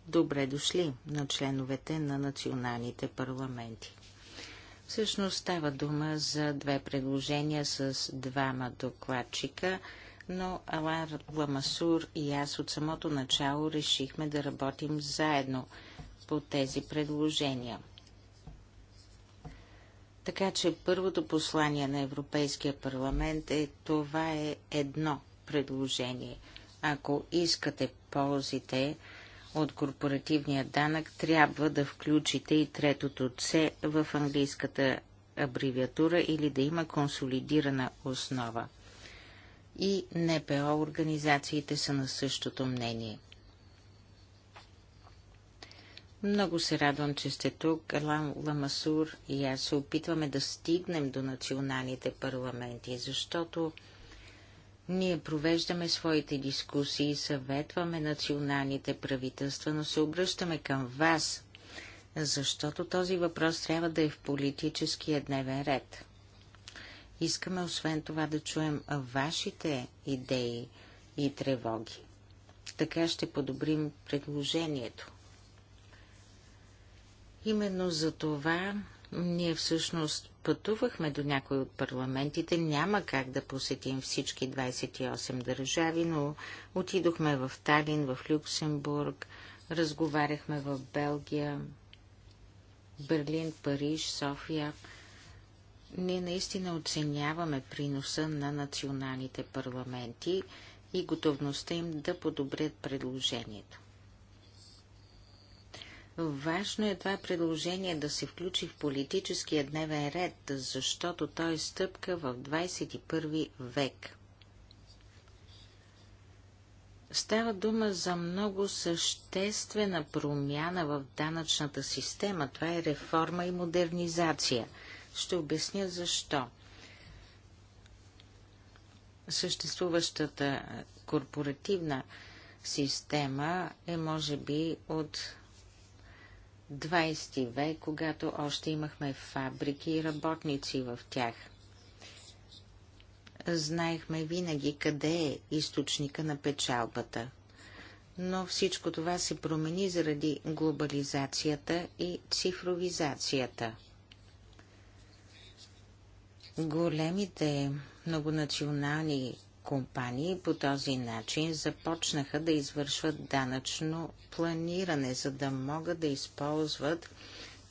B: добре дошли на членовете на националните парламенти. Всъщност става дума за две предложения с двама докладчика, но Алар Ламасур и аз от самото начало решихме да работим заедно по тези предложения. Така че първото послание на Европейския парламент е това е едно предложение. Ако искате ползите от корпоративния данък, трябва да включите и третото С в английската абревиатура или да има консолидирана основа. И НПО организациите са на същото мнение. Много се радвам, че сте тук. Лам, Ламасур и аз се опитваме да стигнем до националните парламенти, защото ние провеждаме своите дискусии, съветваме националните правителства, но се обръщаме към вас, защото този въпрос трябва да е в политическия дневен ред. Искаме освен това да чуем вашите идеи и тревоги. Така ще подобрим предложението. Именно за това ние всъщност пътувахме до някой от парламентите. Няма как да посетим всички 28 държави, но отидохме в Талин, в Люксембург, разговаряхме в Белгия, Берлин, Париж, София. Ние наистина оценяваме приноса на националните парламенти и готовността им да подобрят предложението. Важно е това предложение да се включи в политическия дневен ред, защото той е стъпка в 21 век. Става дума за много съществена промяна в данъчната система. Това е реформа и модернизация. Ще обясня защо. Съществуващата корпоративна система е, може би, от 20 век, когато още имахме фабрики и работници в тях. Знаехме винаги къде е източника на печалбата. Но всичко това се промени заради глобализацията и цифровизацията. Големите многонационални компании по този начин започнаха да извършват данъчно планиране, за да могат да използват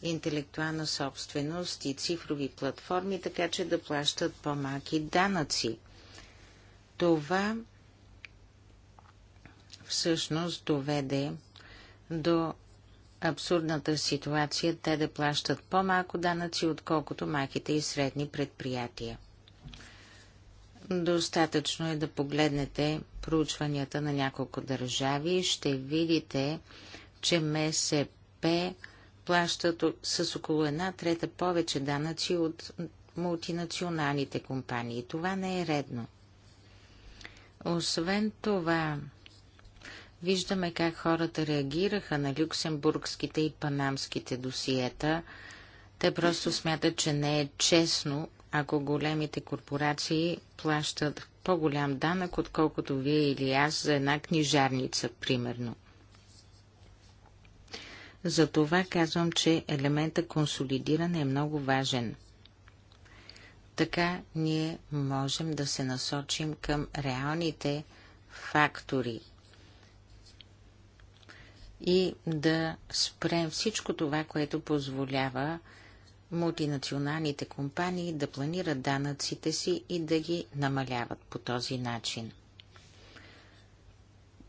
B: интелектуална собственост и цифрови платформи, така че да плащат по-малки данъци. Това всъщност доведе до абсурдната ситуация те да плащат по-малко данъци, отколкото малките и средни предприятия. Достатъчно е да погледнете проучванията на няколко държави. и Ще видите, че МСП плащат с около една трета повече данъци от мултинационалните компании. Това не е редно. Освен това, виждаме как хората реагираха на люксембургските и панамските досиета. Те просто смятат, че не е честно ако големите корпорации плащат по-голям данък, отколкото вие или аз за една книжарница, примерно. Затова казвам, че елемента консолидиране е много важен. Така ние можем да се насочим към реалните фактори и да спрем всичко това, което позволява мултинационалните компании да планират данъците си и да ги намаляват по този начин.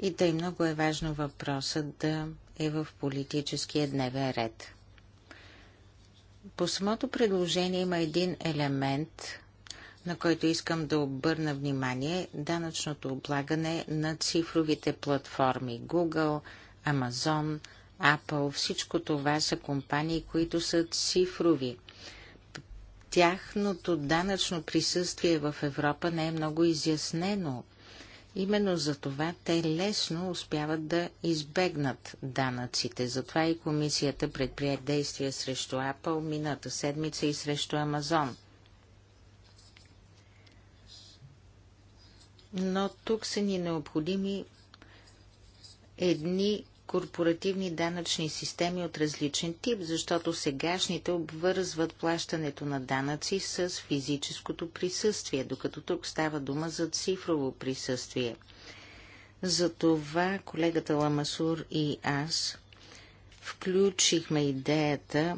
B: И тъй много е важно въпросът да е в политическия дневен ред. По самото предложение има един елемент, на който искам да обърна внимание – данъчното облагане на цифровите платформи Google, Amazon – Apple. Всичко това са компании, които са цифрови. Тяхното данъчно присъствие в Европа не е много изяснено. Именно за това те лесно успяват да избегнат данъците. Затова и комисията предприе действия срещу Apple мината седмица и срещу Амазон. Но тук са ни необходими едни корпоративни данъчни системи от различен тип, защото сегашните обвързват плащането на данъци с физическото присъствие, докато тук става дума за цифрово присъствие. Затова колегата Ламасур и аз включихме идеята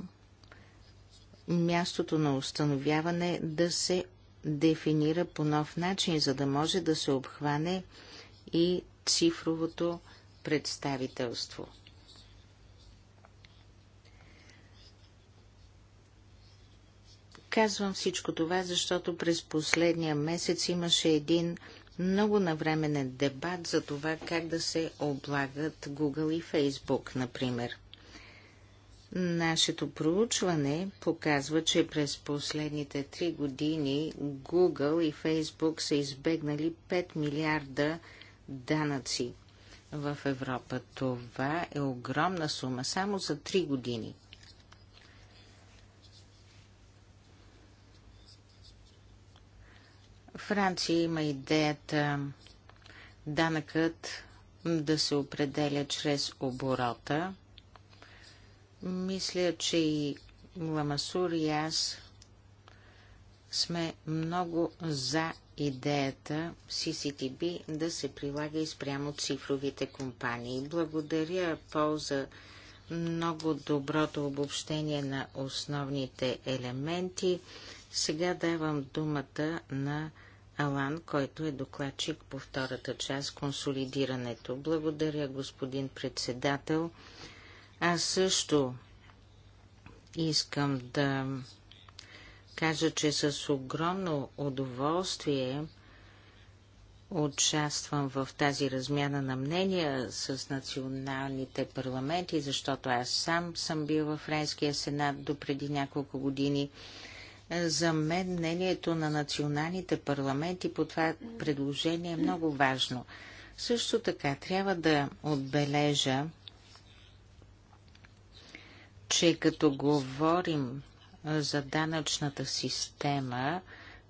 B: мястото на установяване да се дефинира по нов начин, за да може да се обхване и цифровото представителство. Казвам всичко това, защото през последния месец имаше един много навременен дебат за това как да се облагат Google и Facebook, например. Нашето проучване показва, че през последните три години Google и Facebook са избегнали 5 милиарда данъци в Европа. Това е огромна сума, само за 3 години. Франция има идеята данъкът да се определя чрез оборота. Мисля, че и Ламасур и аз сме много за идеята CCTB да се прилага и спрямо цифровите компании. Благодаря полза много доброто обобщение на основните елементи. Сега давам думата на Алан, който е докладчик по втората част консолидирането. Благодаря, господин председател. Аз също искам да кажа, че с огромно удоволствие участвам в тази размяна на мнения с националните парламенти, защото аз сам съм бил в Френския сенат до преди няколко години. За мен мнението на националните парламенти по това предложение е много важно. Също така трябва да отбележа, че като говорим за данъчната система,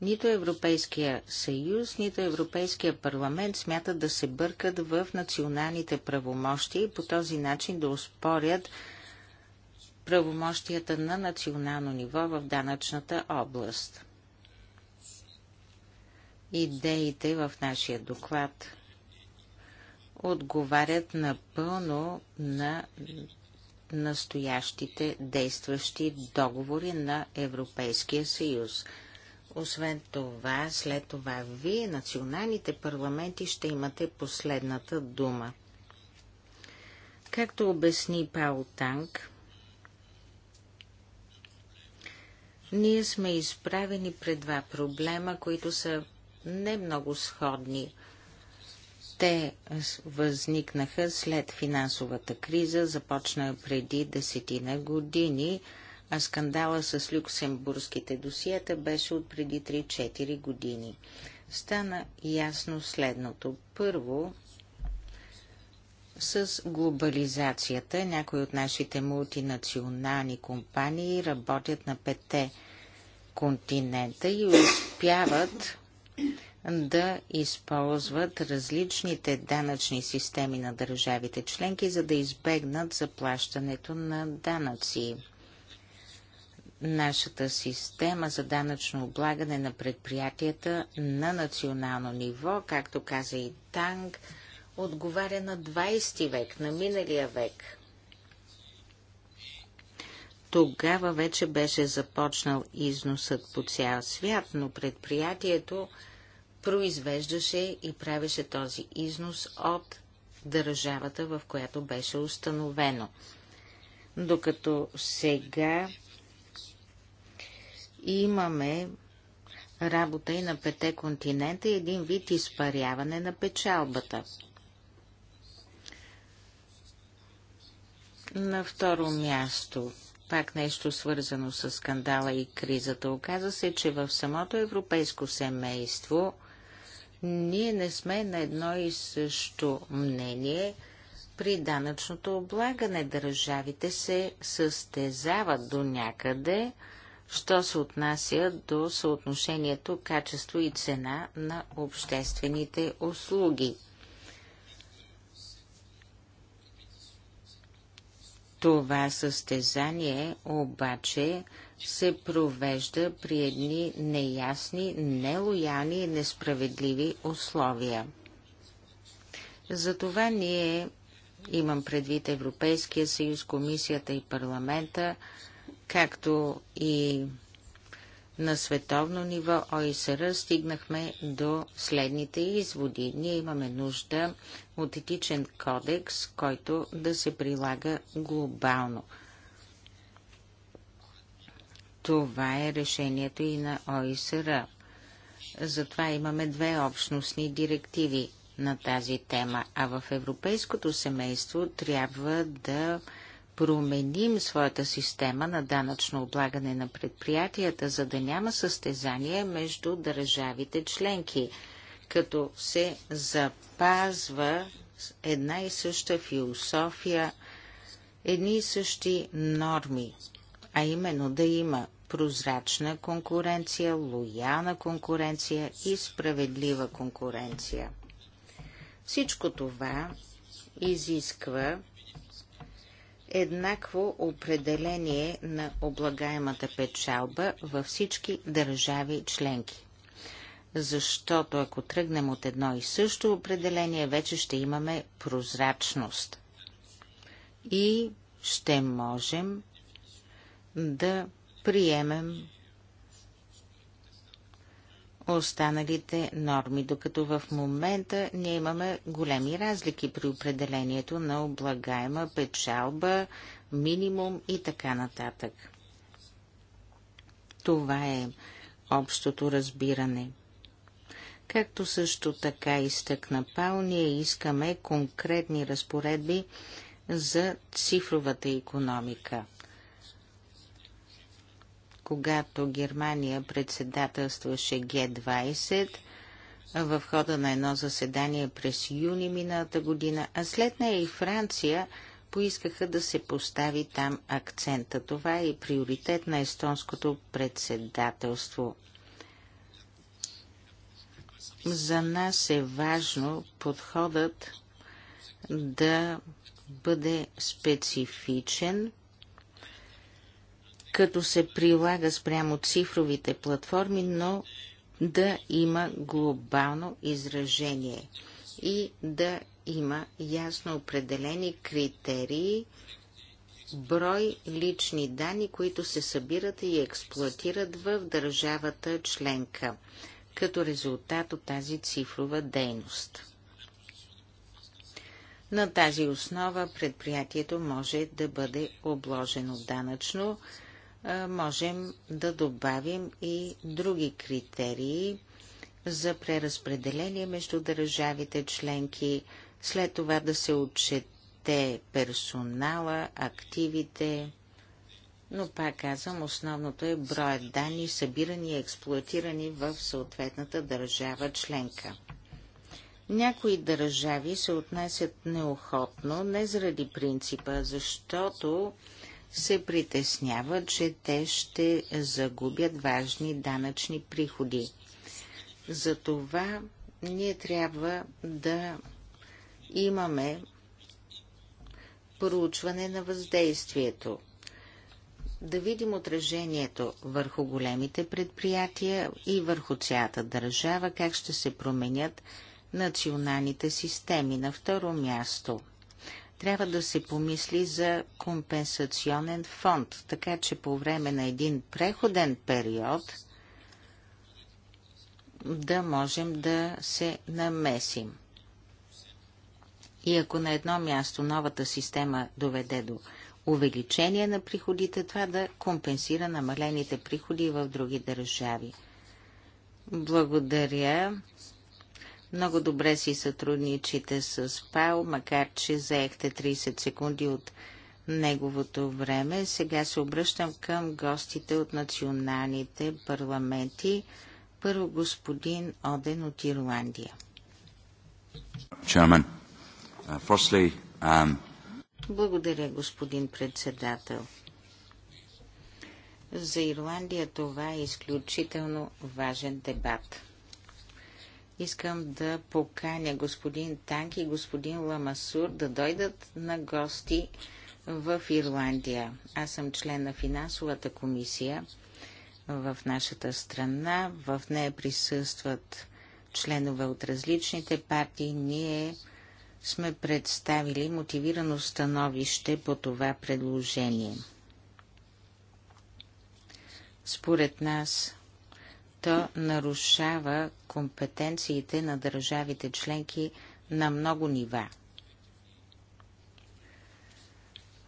B: нито Европейския съюз, нито Европейския парламент смятат да се бъркат в националните правомощи и по този начин да успорят правомощията на национално ниво в данъчната област. Идеите в нашия доклад отговарят напълно на настоящите действащи договори на Европейския съюз. Освен това, след това вие, националните парламенти, ще имате последната дума. Както обясни Паул Танк, ние сме изправени пред два проблема, които са не много сходни. Те възникнаха след финансовата криза, започна преди десетина години, а скандала с люксембургските досиета беше от преди 3-4 години. Стана ясно следното. Първо, с глобализацията някои от нашите мултинационални компании работят на пете континента и успяват да използват различните данъчни системи на държавите членки, за да избегнат заплащането на данъци. Нашата система за данъчно облагане на предприятията на национално ниво, както каза и Танг, отговаря на 20 век, на миналия век. Тогава вече беше започнал износът по цял свят, но предприятието – произвеждаше и правеше този износ от държавата, в която беше установено. Докато сега имаме работа и на пете континента и един вид изпаряване на печалбата. На второ място, пак нещо свързано с скандала и кризата, оказа се, че в самото европейско семейство ние не сме на едно и също мнение при данъчното облагане. Държавите се състезават до някъде, що се отнася до съотношението качество и цена на обществените услуги. Това състезание обаче се провежда при едни неясни, нелояни и несправедливи условия. Затова ние, имам предвид Европейския съюз, комисията и парламента, както и на световно ниво ОИСР стигнахме до следните изводи. Ние имаме нужда от етичен кодекс, който да се прилага глобално – това е решението и на ОИСР. Затова имаме две общностни директиви на тази тема, а в европейското семейство трябва да променим своята система на данъчно облагане на предприятията, за да няма състезание между държавите членки, като се запазва една и съща философия, едни и същи норми, а именно да има прозрачна конкуренция, лоялна конкуренция и справедлива конкуренция. Всичко това изисква еднакво определение на облагаемата печалба във всички държави членки. Защото ако тръгнем от едно и също определение, вече ще имаме прозрачност. И ще можем да приемем останалите норми, докато в момента ние имаме големи разлики при определението на облагаема печалба, минимум и така нататък. Това е общото разбиране. Както също така изтъкна Пал, ние искаме конкретни разпоредби за цифровата економика когато Германия председателстваше Г-20 в хода на едно заседание през юни миналата година, а след нея и Франция поискаха да се постави там акцента. Това е и приоритет на естонското председателство. За нас е важно подходът да бъде специфичен, като се прилага спрямо цифровите платформи, но да има глобално изражение и да има ясно определени критерии, брой лични данни, които се събират и експлуатират в държавата членка, като резултат от тази цифрова дейност. На тази основа предприятието може да бъде обложено данъчно, можем да добавим и други критерии за преразпределение между държавите членки, след това да се отчете персонала, активите, но пак казвам, основното е броя данни, събирани и експлуатирани в съответната държава членка. Някои държави се отнасят неохотно, не заради принципа, защото се притесняват, че те ще загубят важни данъчни приходи. Затова ние трябва да имаме проучване на въздействието. Да видим отражението върху големите предприятия и върху цялата държава, как ще се променят националните системи. На второ място – трябва да се помисли за компенсационен фонд, така че по време на един преходен период да можем да се намесим. И ако на едно място новата система доведе до увеличение на приходите, това да компенсира намалените приходи в други държави. Благодаря. Много добре си сътрудничите с Пао, макар че заехте 30 секунди от неговото време. Сега се обръщам към гостите от националните парламенти. Първо господин Оден от Ирландия.
C: Chairman, uh, firstly, um...
B: Благодаря, господин председател. За Ирландия това е изключително важен дебат. Искам да поканя господин Танки и господин Ламасур да дойдат на гости в Ирландия. Аз съм член на финансовата комисия в нашата страна. В нея присъстват членове от различните партии. Ние сме представили мотивирано становище по това предложение. Според нас то нарушава компетенциите на държавите членки на много нива.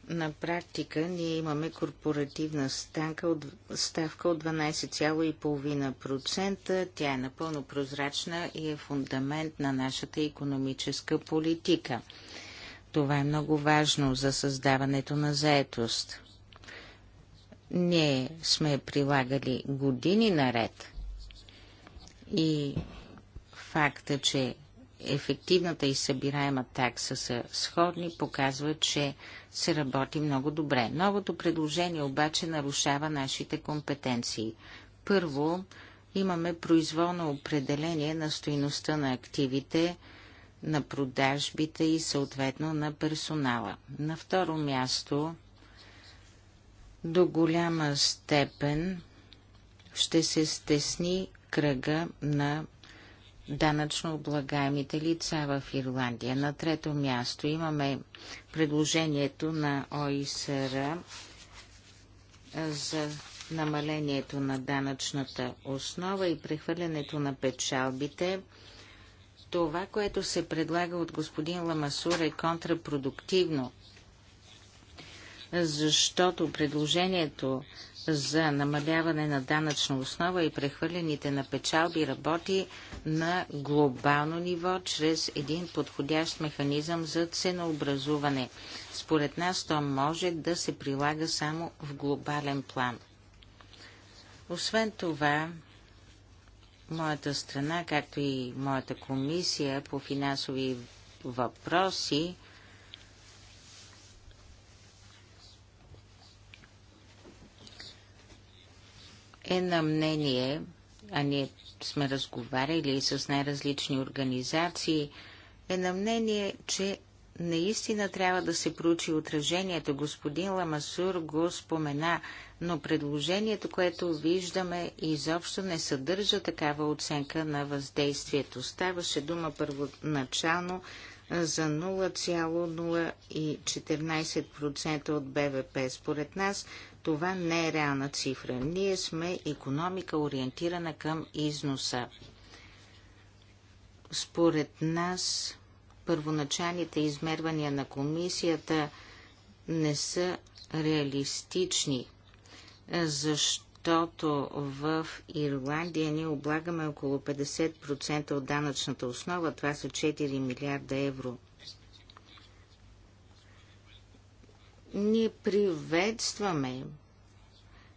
B: На практика ние имаме корпоративна станка от, ставка от 12,5%. Тя е напълно прозрачна и е фундамент на нашата економическа политика. Това е много важно за създаването на заетост. Ние сме прилагали години наред и факта, че ефективната и събираема такса са сходни, показва, че се работи много добре. Новото предложение обаче нарушава нашите компетенции. Първо, имаме произволно определение на стоиността на активите, на продажбите и съответно на персонала. На второ място, до голяма степен ще се стесни кръга на данъчно облагаемите лица в Ирландия. На трето място имаме предложението на ОИСР за намалението на данъчната основа и прехвърлянето на печалбите. Това, което се предлага от господин Ламасур е контрапродуктивно, защото предложението за намаляване на данъчна основа и прехвърлените на печалби работи на глобално ниво чрез един подходящ механизъм за ценообразуване. Според нас то може да се прилага само в глобален план. Освен това, моята страна, както и моята комисия по финансови въпроси, е на мнение, а ние сме разговаряли с най-различни организации, е на мнение, че наистина трябва да се проучи отражението. Господин Ламасур го спомена, но предложението, което виждаме, изобщо не съдържа такава оценка на въздействието. Ставаше дума първоначално за 0,014% от БВП. Според нас това не е реална цифра. Ние сме економика ориентирана към износа. Според нас, първоначалните измервания на комисията не са реалистични, защото в Ирландия ние облагаме около 50% от данъчната основа. Това са 4 милиарда евро. Ние приветстваме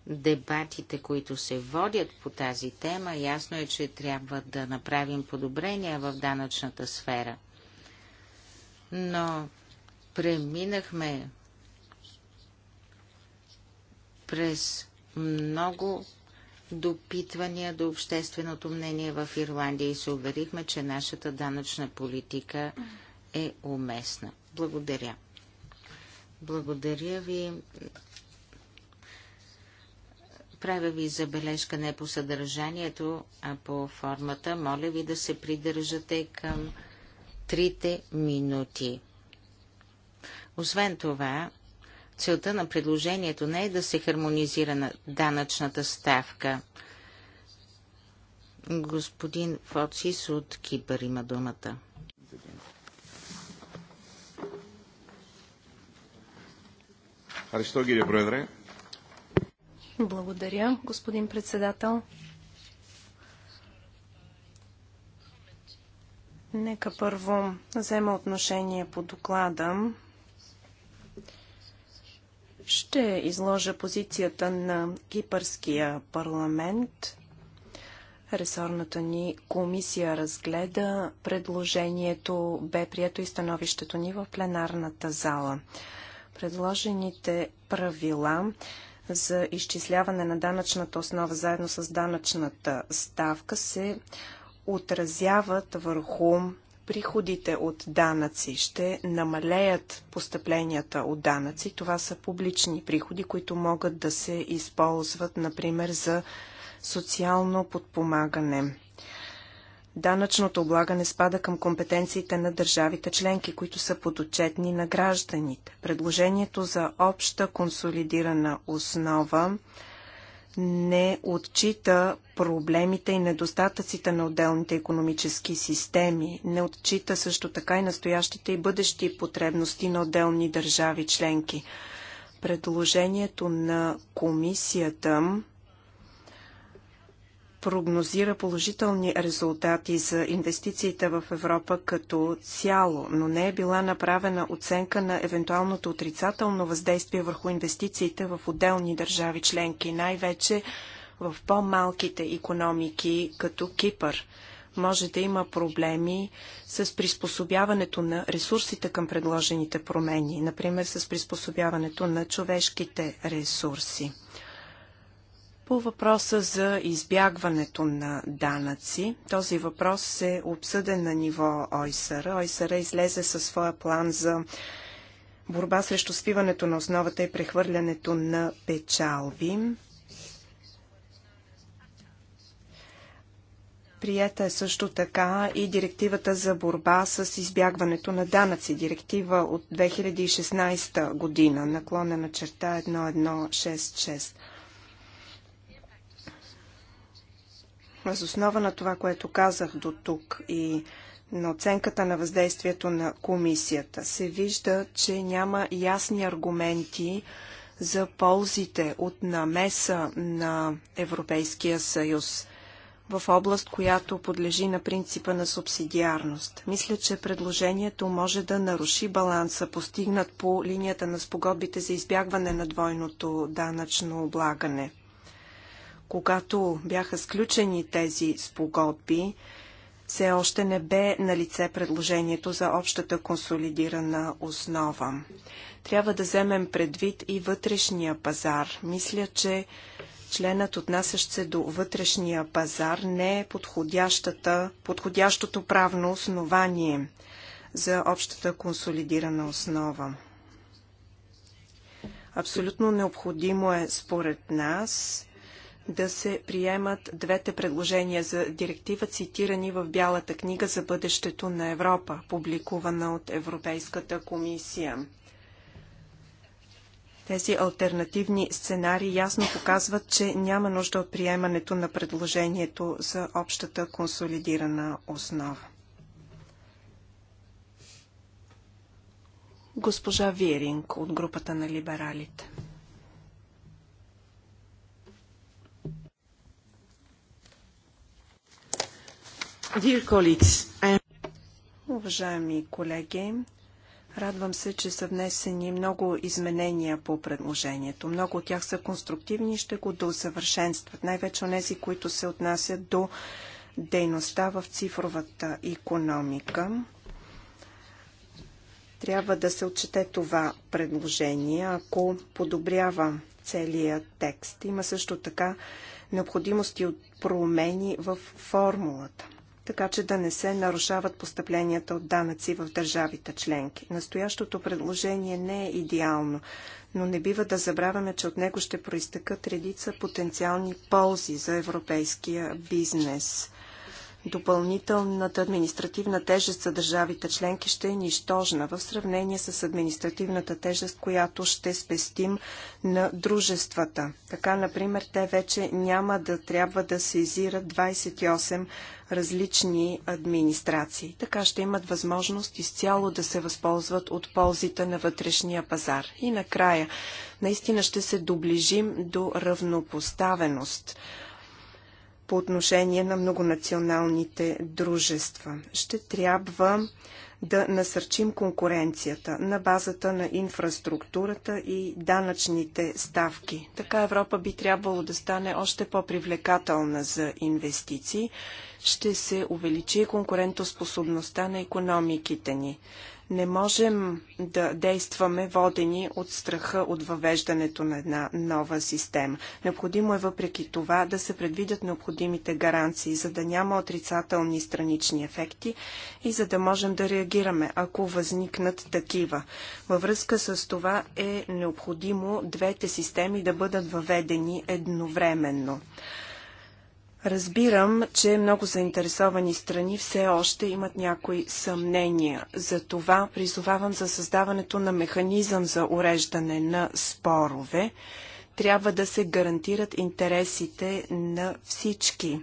B: дебатите, които се водят по тази тема. Ясно е, че трябва да направим подобрения в данъчната сфера. Но преминахме през много допитвания до общественото мнение в Ирландия и се уверихме, че нашата данъчна политика е уместна. Благодаря. Благодаря ви. Правя ви забележка не по съдържанието, а по формата. Моля ви да се придържате към трите минути. Освен това, целта на предложението не е да се хармонизира на данъчната ставка. Господин Фоцис от Кипър има думата.
C: Аристо, гире Проедре. Благодаря, господин председател. Нека първо взема отношение по доклада. Ще изложа позицията на Кипърския парламент. Ресорната ни комисия разгледа предложението, бе прието и становището ни в пленарната зала. Предложените правила за изчисляване на данъчната основа заедно с данъчната ставка се отразяват върху приходите от данъци. Ще намалеят постъпленията от данъци. Това са публични приходи, които могат да се използват, например, за социално подпомагане. Данъчното облагане спада към компетенциите на държавите членки, които са подотчетни на гражданите. Предложението за обща консолидирана основа не отчита проблемите и недостатъците на отделните економически системи, не отчита също така и настоящите и бъдещи потребности на отделни държави членки. Предложението на комисията прогнозира положителни резултати за инвестициите в Европа като цяло, но не е била направена оценка на евентуалното отрицателно въздействие върху инвестициите в отделни държави членки, най-вече в по-малките економики като Кипър. Може да има проблеми с приспособяването на ресурсите към предложените промени, например с приспособяването на човешките ресурси. По въпроса за избягването на данъци, този въпрос се обсъден на ниво ОИСР. ОИСР излезе със своя план за борба срещу свиването на основата и прехвърлянето на печалби. Приета е също така и директивата за борба с избягването на данъци. Директива от 2016 година, наклонена черта 1166. Въз основа на това, което казах до тук и на оценката на въздействието на комисията, се вижда, че няма ясни аргументи за ползите от намеса на Европейския съюз в област, която подлежи на принципа на субсидиарност. Мисля, че предложението може да наруши баланса, постигнат по линията на спогодбите за избягване на двойното данъчно облагане. Когато бяха сключени тези спогодби, все още не бе на лице предложението за общата консолидирана основа. Трябва да вземем предвид и вътрешния пазар. Мисля, че членът отнасящ се до вътрешния пазар не е подходящото правно основание за общата консолидирана основа. Абсолютно необходимо е според нас да се приемат двете предложения за директива, цитирани в Бялата книга за бъдещето на Европа, публикувана от Европейската комисия. Тези альтернативни сценари ясно показват, че няма нужда от приемането на предложението за общата консолидирана основа. Госпожа Виринг от групата на либералите. Уважаеми колеги, радвам се, че са внесени много изменения по предложението. Много от тях са конструктивни и ще го доусъвършенстват. Най-вече онези, които се отнасят до дейността в цифровата економика. Трябва да се отчете това предложение, ако подобрява целия текст. Има също така необходимости от промени в формулата така че да не се нарушават постъпленията от данъци в държавите членки. Настоящото предложение не е идеално, но не бива да забравяме, че от него ще проистъкат редица потенциални ползи за европейския бизнес допълнителната административна тежест за държавите членки ще е нищожна в сравнение с административната тежест, която ще спестим на дружествата. Така, например, те вече няма да трябва да сезират 28 различни администрации. Така ще имат възможност изцяло да се възползват от ползите на вътрешния пазар. И накрая, наистина ще се доближим до равнопоставеност по отношение на многонационалните дружества. Ще трябва да насърчим конкуренцията на базата на инфраструктурата и данъчните ставки. Така Европа би трябвало да стане още по-привлекателна за инвестиции. Ще се увеличи конкурентоспособността на економиките ни. Не можем да действаме водени от страха от въвеждането на една нова система. Необходимо е въпреки това да се предвидят необходимите гаранции, за да няма отрицателни странични ефекти и за да можем да реагираме, ако възникнат такива. Във връзка с това е необходимо двете системи да бъдат въведени едновременно. Разбирам, че много заинтересовани страни все още имат някои съмнения. За това призовавам за създаването на механизъм за уреждане на спорове. Трябва да се гарантират интересите на всички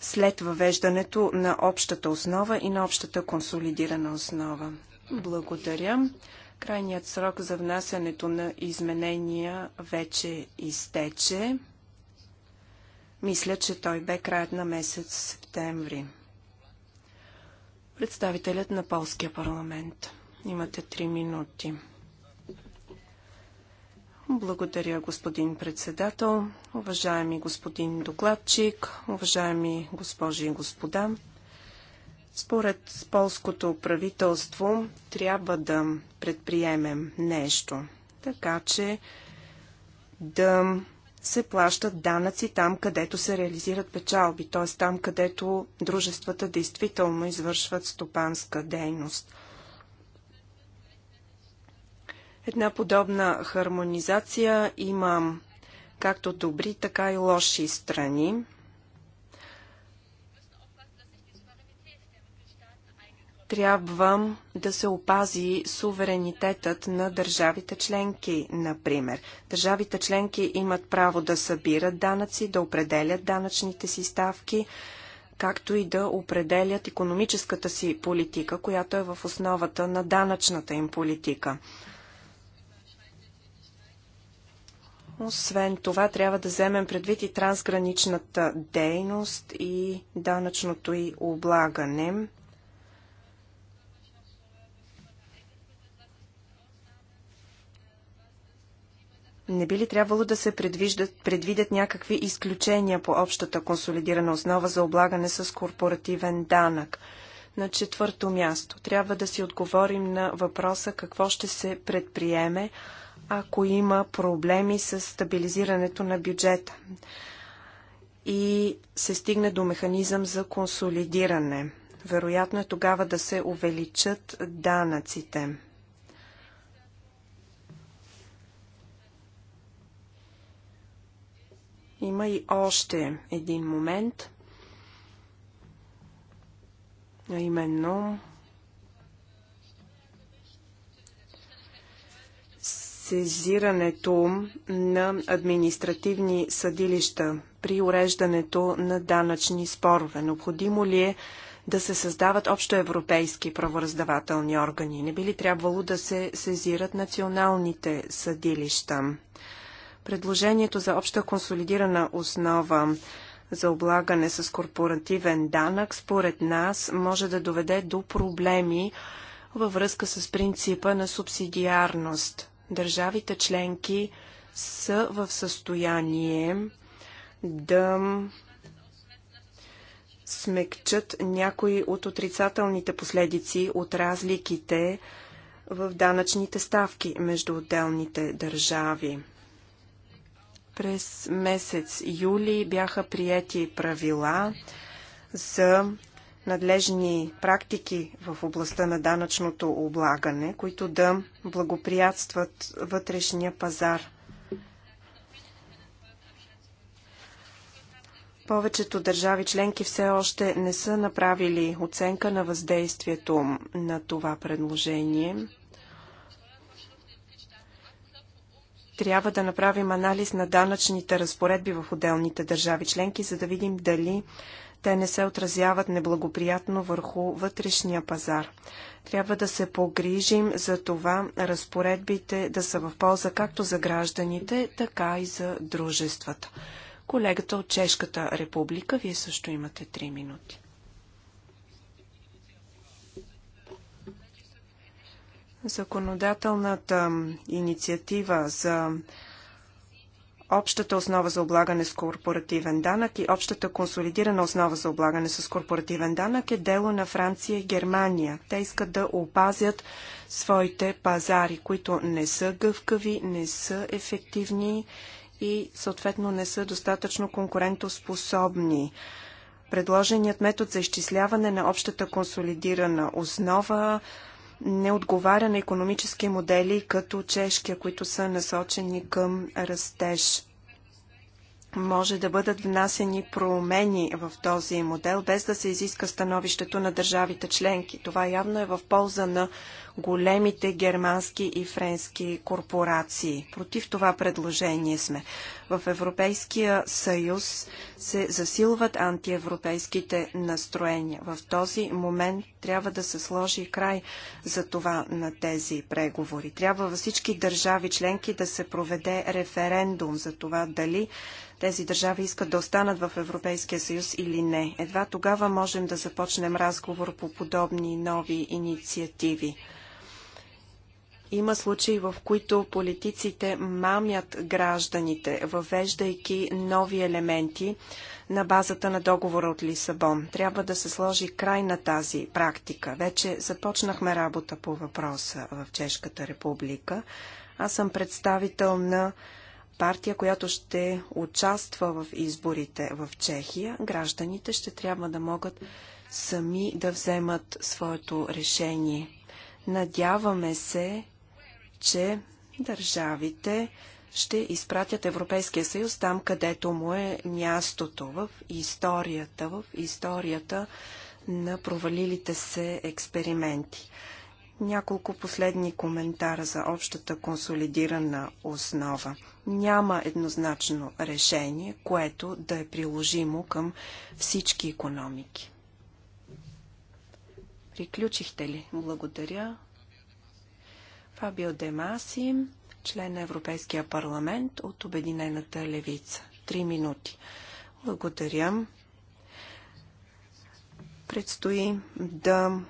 C: след въвеждането на общата основа и на общата консолидирана основа. Благодаря. Крайният срок за внасянето на изменения вече изтече. Мисля, че той бе краят на месец септември. Представителят на Полския парламент. Имате три минути. Благодаря, господин председател, уважаеми господин докладчик, уважаеми госпожи и господа. Според полското правителство трябва да предприемем нещо, така че да се плащат данъци там, където се реализират печалби, т.е. там, където дружествата действително извършват стопанска дейност. Една подобна хармонизация има както добри, така и лоши страни. трябва да се опази суверенитетът на държавите членки, например. Държавите членки имат право да събират данъци, да определят данъчните си ставки, както и да определят економическата си политика, която е в основата на данъчната им политика. Освен това, трябва да вземем предвид и трансграничната дейност и данъчното й облагане. Не би ли трябвало да се предвиждат, предвидят някакви изключения по общата консолидирана основа за облагане с корпоративен данък? На четвърто място трябва да си отговорим на въпроса какво ще се предприеме, ако има проблеми с стабилизирането на бюджета и се стигне до механизъм за консолидиране. Вероятно е тогава да се увеличат данъците. Има и още един момент, а именно сезирането на административни съдилища при уреждането на данъчни спорове. Необходимо ли е да се създават общоевропейски правораздавателни органи? Не би ли трябвало да се сезират националните съдилища? Предложението за обща консолидирана основа за облагане с корпоративен данък, според нас, може да доведе до проблеми във връзка с принципа на субсидиарност. Държавите членки са в състояние да смекчат някои от отрицателните последици от разликите в данъчните ставки между отделните държави. През месец юли бяха приети правила за надлежни практики в областта на данъчното облагане, които да благоприятстват вътрешния пазар. Повечето държави членки все още не са направили оценка на въздействието на това предложение. трябва да направим анализ на данъчните разпоредби в отделните държави членки, за да видим дали те не се отразяват неблагоприятно върху вътрешния пазар. Трябва да се погрижим за това разпоредбите да са в полза както за гражданите, така и за дружествата. Колегата от Чешката република, вие също имате 3 минути. Законодателната инициатива за общата основа за облагане с корпоративен данък и общата консолидирана основа за облагане с корпоративен данък е дело на Франция и Германия. Те искат да опазят своите пазари, които не са гъвкави, не са ефективни и съответно не са достатъчно конкурентоспособни. Предложеният метод за изчисляване на общата консолидирана основа не отговаря на економически модели като чешкия, които са насочени към растеж. Може да бъдат внасени промени в този модел, без да се изиска становището на държавите членки. Това явно е в полза на големите германски и френски корпорации. Против това предложение сме. В Европейския съюз се засилват антиевропейските настроения. В този момент трябва да се сложи край за това на тези преговори. Трябва във всички държави членки да се проведе референдум за това дали тези държави искат да останат в Европейския съюз или не. Едва тогава можем да започнем разговор по подобни нови инициативи. Има случаи, в които политиците мамят гражданите, въвеждайки нови елементи на базата на договора от Лисабон. Трябва да се сложи край на тази практика. Вече започнахме работа по въпроса в Чешката република. Аз съм представител на партия, която ще участва в изборите в Чехия. Гражданите ще трябва да могат сами да вземат своето решение. Надяваме се че държавите ще изпратят Европейския съюз там, където му е мястото в историята, в историята на провалилите се експерименти. Няколко последни коментара за общата консолидирана основа. Няма еднозначно решение, което да е приложимо към всички економики. Приключихте ли? Благодаря. Фабио Демаси, член на Европейския парламент от Обединената левица. Три минути. Благодаря. Предстои да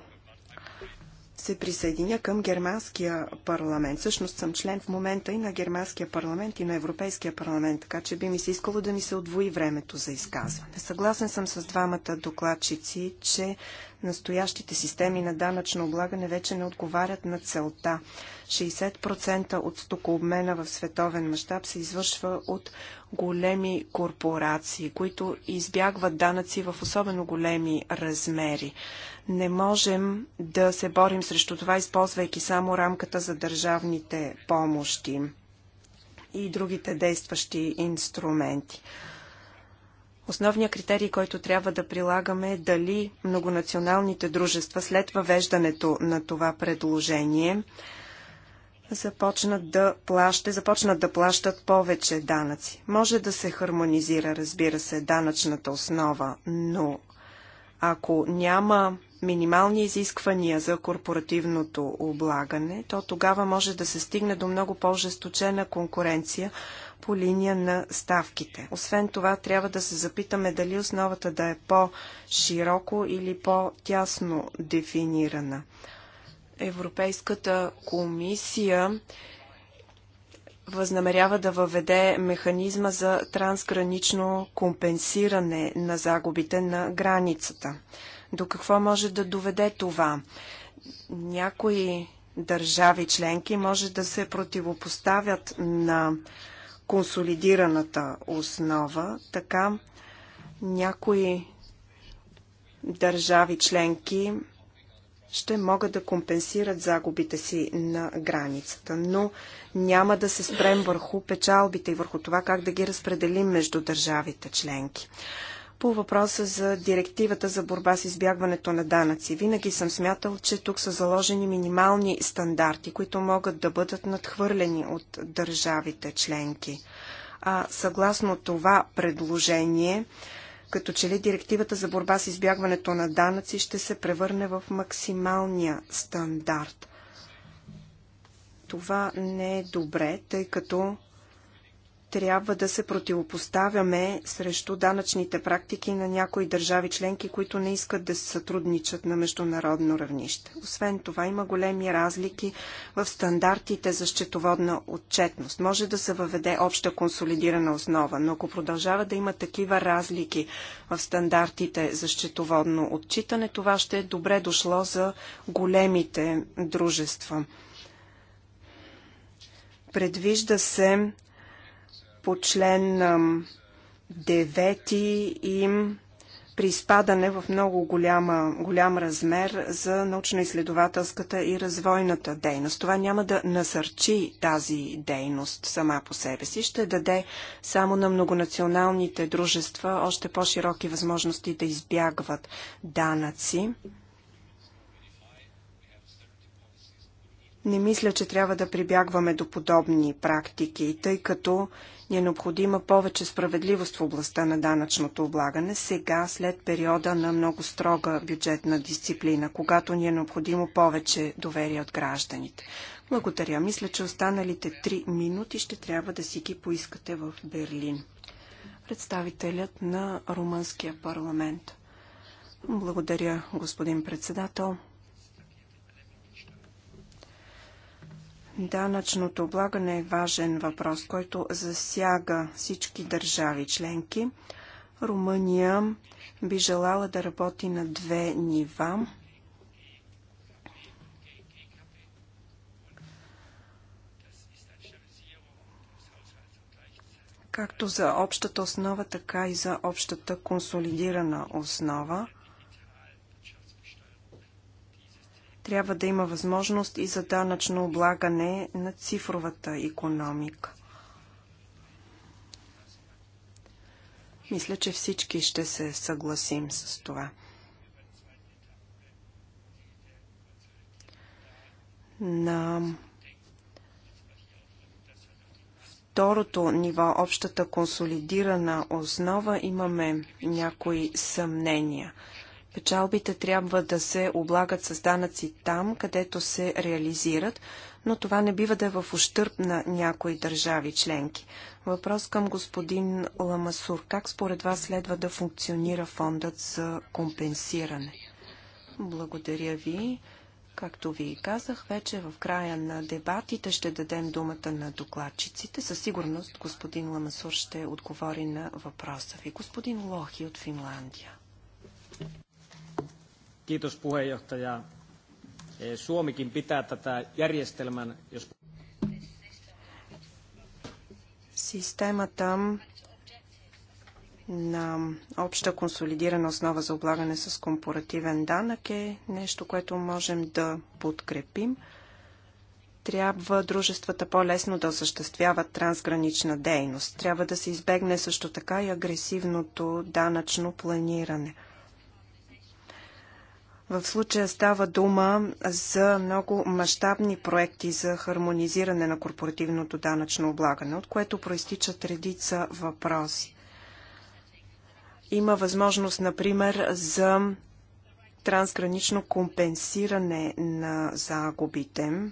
C: се присъединя към германския парламент. Всъщност съм член в момента и на германския парламент, и на Европейския парламент, така че би ми се искало да ми се отвои времето за изказване. Съгласен съм с двамата докладчици, че настоящите системи на данъчно облагане вече не отговарят на целта. 60% от стокообмена в световен мащаб се извършва от големи корпорации, които избягват данъци в особено големи размери. Не можем да се борим срещу това, използвайки само рамката за държавните помощи и другите действащи инструменти. Основният критерий, който трябва да прилагаме е дали многонационалните дружества след въвеждането на това предложение започнат да плащат, започнат да плащат повече данъци. Може да се хармонизира, разбира се, данъчната основа, но ако няма минимални изисквания за корпоративното облагане, то тогава може да се стигне до много по-жесточена конкуренция по линия на ставките. Освен това, трябва да се запитаме дали основата да е по-широко или по-тясно дефинирана. Европейската комисия възнамерява да въведе механизма за трансгранично компенсиране на загубите на границата. До какво може да доведе това? Някои държави членки може да се противопоставят на консолидираната основа, така някои държави членки ще могат да компенсират загубите си на границата, но няма да се спрем върху печалбите и върху това как да ги разпределим между държавите членки по въпроса за директивата за борба с избягването на данъци. Винаги съм смятал, че тук са заложени минимални стандарти, които могат да бъдат надхвърлени от държавите членки. А съгласно това предложение, като че ли директивата за борба с избягването на данъци ще се превърне в максималния стандарт. Това не е добре, тъй като трябва да се противопоставяме срещу данъчните практики на някои държави членки, които не искат да се сътрудничат на международно равнище. Освен това, има големи разлики в стандартите за счетоводна отчетност. Може да се въведе обща консолидирана основа, но ако продължава да има такива разлики в стандартите за счетоводно отчитане, това ще е добре дошло за големите дружества. Предвижда се по член 9 им при изпадане в много голяма, голям размер за научно-изследователската и развойната дейност. Това няма да насърчи тази дейност сама по себе си, ще даде само на многонационалните дружества още по-широки възможности да избягват данъци. Не мисля, че трябва да прибягваме до подобни практики, тъй като ни е необходима повече справедливост в областта на данъчното облагане сега, след периода на много строга бюджетна дисциплина, когато ни е необходимо повече доверие от гражданите. Благодаря. Мисля, че останалите три минути ще трябва да си ги поискате в Берлин. Представителят на Румънския парламент. Благодаря, господин председател. Данъчното облагане е важен въпрос, който засяга всички държави членки. Румъния би желала да работи на две нива. както за общата основа, така и за общата консолидирана основа. трябва да има възможност и за данъчно облагане на цифровата економика. Мисля, че всички ще се съгласим с това. На второто ниво, общата консолидирана основа, имаме някои съмнения – Печалбите трябва да се облагат с данъци там, където се реализират, но това не бива да е в ущърп на някои държави членки. Въпрос към господин Ламасур. Как според вас следва да функционира фондът за компенсиране? Благодаря ви. Както ви казах, вече в края на дебатите ще дадем думата на докладчиците. Със сигурност господин Ламасур ще отговори на въпроса ви. Господин Лохи от Финландия.
A: Kiitos
B: puheenjohtaja. Suomikin pitää tätä järjestelmän, jos...
C: Системата на обща консолидирана основа за облагане с компоративен данък е нещо, което можем да подкрепим. Трябва дружествата по-лесно да осъществяват трансгранична дейност. Трябва да се избегне също така и агресивното данъчно планиране – в случая става дума за много мащабни проекти за хармонизиране на корпоративното данъчно облагане, от което проистичат редица въпроси. Има възможност, например, за трансгранично компенсиране на загубите.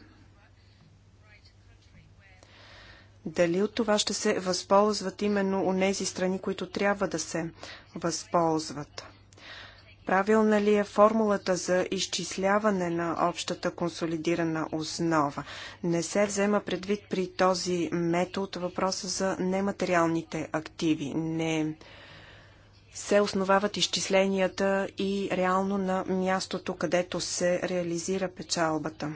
C: Дали от това ще се възползват именно у нези страни, които трябва да се възползват? Правилна ли е формулата за изчисляване на общата консолидирана основа? Не се взема предвид при този метод въпроса за нематериалните активи. Не се основават изчисленията и реално на мястото, където се реализира печалбата.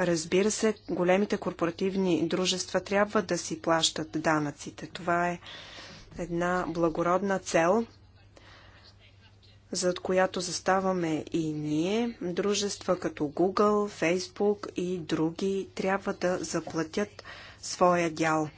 C: Разбира се, големите корпоративни дружества трябва да си плащат данъците. Това е една благородна цел, зад която заставаме и ние, дружества като Google, Facebook и други трябва да заплатят своя дял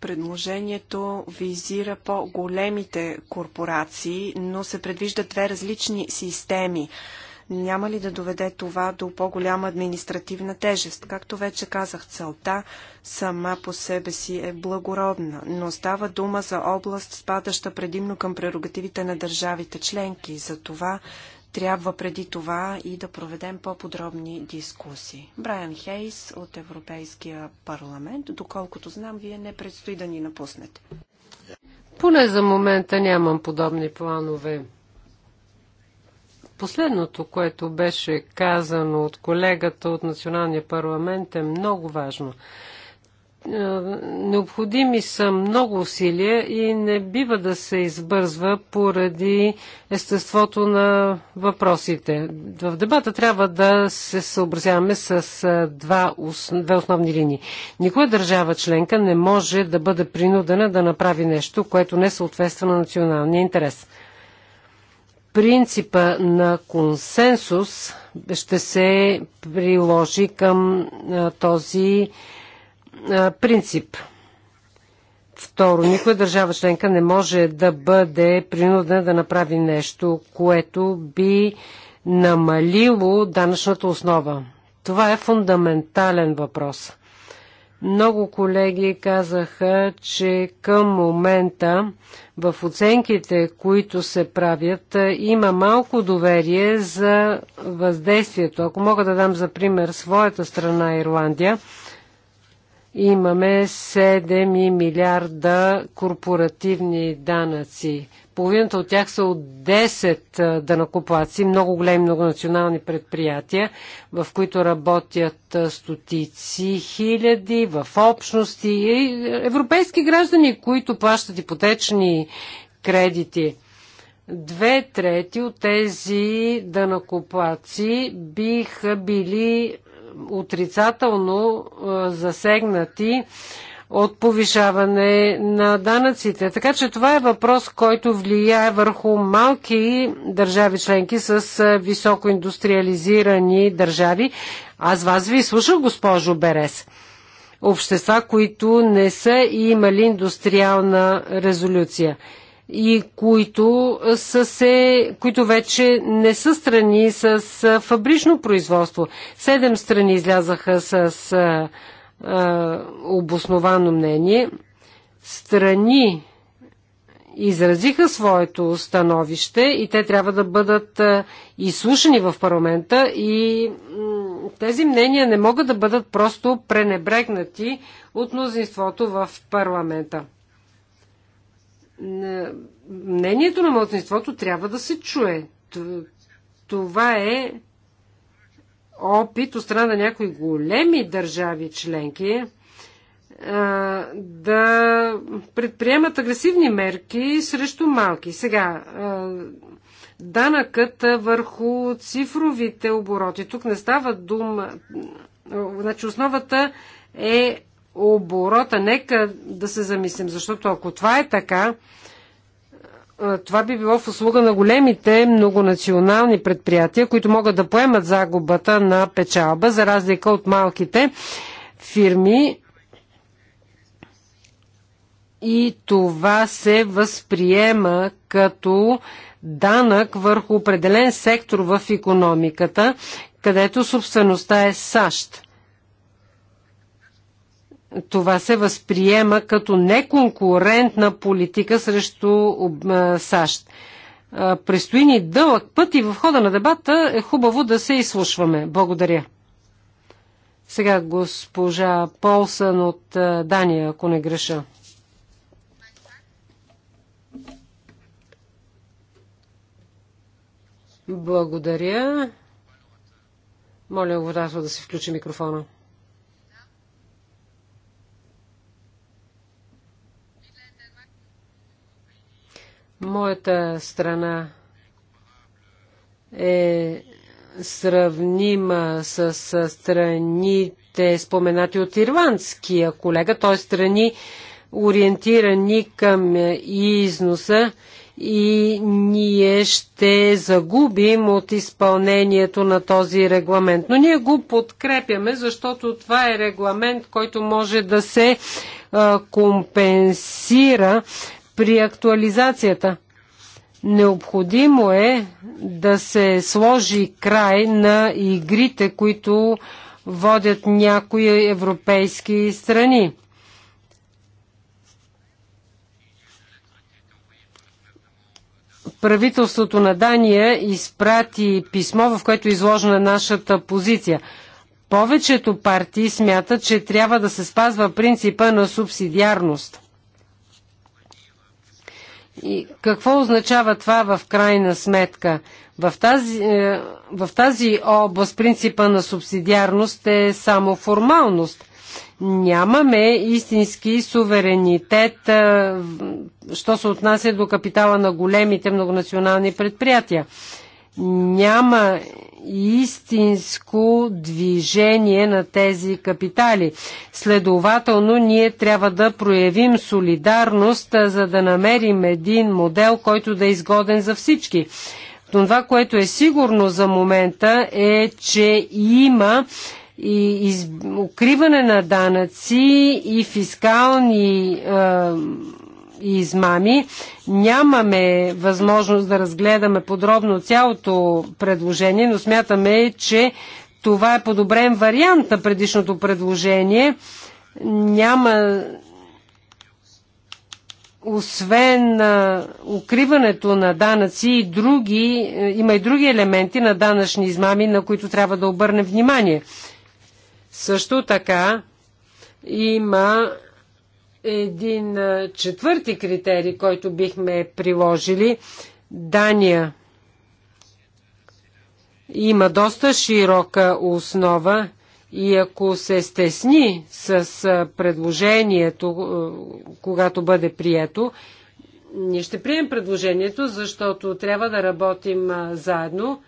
C: Предложението визира по-големите корпорации, но се предвиждат две различни системи. Няма ли да доведе това до по-голяма административна тежест? Както вече казах, целта сама по себе си е благородна, но става дума за област, спадаща предимно към прерогативите на държавите членки. За това трябва преди това и да проведем по-подробни дискусии. Брайан Хейс от Европейския парламент. Доколкото знам, вие не предстои да ни напуснете.
A: Поне за момента нямам подобни планове. Последното, което беше казано от колегата от Националния парламент е много важно необходими са много усилия и не бива да се избързва поради естеството на въпросите. В дебата трябва да се съобразяваме с два, две основни линии. Никоя държава членка не може да бъде принудена да направи нещо, което не съответства на националния интерес. Принципа на консенсус ще се приложи към този принцип. Второ, никоя държава членка не може да бъде принудена да направи нещо, което би намалило данъчната основа. Това е фундаментален въпрос. Много колеги казаха, че към момента в оценките, които се правят, има малко доверие за въздействието. Ако мога да дам за пример своята страна Ирландия, Имаме 7 милиарда корпоративни данъци. Половината от тях са от 10 данакоплаци, много големи многонационални предприятия, в които работят стотици хиляди, в общности и европейски граждани, които плащат ипотечни кредити. Две трети от тези данакоплаци биха били отрицателно засегнати от повишаване на данъците. Така че това е въпрос, който влияе върху малки държави членки с високо индустриализирани държави. Аз вас ви слушам, госпожо Берес. Общества, които не са имали индустриална резолюция и които, са се, които вече не са страни с фабрично производство. Седем страни излязаха с а, а, обосновано мнение. Страни изразиха своето становище и те трябва да бъдат изслушани в парламента и тези мнения не могат да бъдат просто пренебрегнати от мнозинството в парламента мнението на младсинството трябва да се чуе. Това е опит от страна на някои големи държави членки да предприемат агресивни мерки срещу малки. Сега, данъкът върху цифровите обороти. Тук не става дума. Значи основата е оборота. Нека да се замислим, защото ако това е така, това би било в услуга на големите многонационални предприятия, които могат да поемат загубата на печалба, за разлика от малките фирми. И това се възприема като данък върху определен сектор в економиката, където собствеността е САЩ това се възприема като неконкурентна политика срещу САЩ. Престои ни дълъг път и в хода на дебата е хубаво да се изслушваме. Благодаря. Сега госпожа Полсън от Дания, ако не греша. Благодаря. Моля, водател да се включи микрофона. Моята страна е сравнима с страните, споменати от ирландския колега, т.е. страни ориентирани към износа и ние ще загубим от изпълнението на този регламент. Но ние го подкрепяме, защото това е регламент, който може да се компенсира при актуализацията. Необходимо е да се сложи край на игрите, които водят някои европейски страни. Правителството на Дания изпрати писмо, в което е изложена нашата позиция. Повечето партии смятат, че трябва да се спазва принципа на субсидиарност – и какво означава това в крайна сметка? В тази, е, в тази област принципа на субсидиарност е само формалност. Нямаме истински суверенитет, е, що се отнася до капитала на големите многонационални предприятия. Няма истинско движение на тези капитали. Следователно, ние трябва да проявим солидарност, за да намерим един модел, който да е изгоден за всички. Това, което е сигурно за момента е, че има и из... укриване на данъци и фискални е, и измами. Нямаме възможност да разгледаме подробно цялото предложение, но смятаме, че това е подобрен вариант на предишното предложение. Няма освен укриването на данъци и други, е, има и други елементи на данъчни измами, на които трябва да обърнем внимание. Също така има един четвърти критерий, който бихме приложили. Дания има доста широка основа и ако се стесни с предложението, когато бъде прието, ние ще прием предложението, защото трябва да работим заедно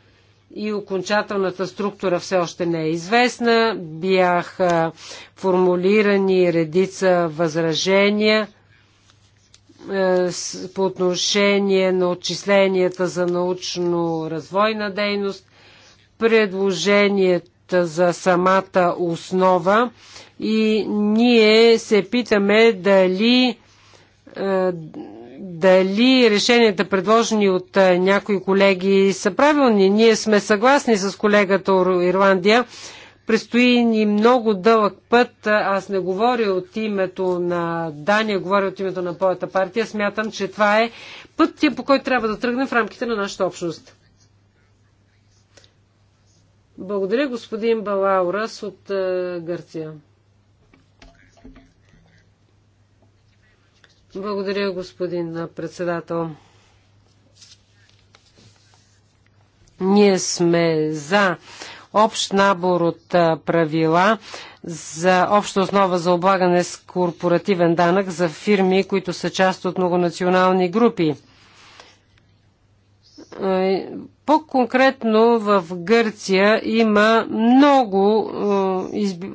A: и окончателната структура все още не е известна. Бяха формулирани редица възражения е, по отношение на отчисленията за научно-развойна дейност, предложенията за самата основа и ние се питаме дали е, дали решенията предложени от е, някои колеги са правилни. Ние сме съгласни с колегата Ирландия. Предстои ни много дълъг път. Аз не говоря от името на Дания, говоря от името на поята партия. Смятам, че това е пътя, по който трябва да тръгнем в рамките на нашата общност. Благодаря, господин Балаурас от е, Гърция. Благодаря, господин председател. Ние сме за общ набор от правила за обща основа за облагане с корпоративен данък за фирми, които са част от многонационални групи. По-конкретно в Гърция има много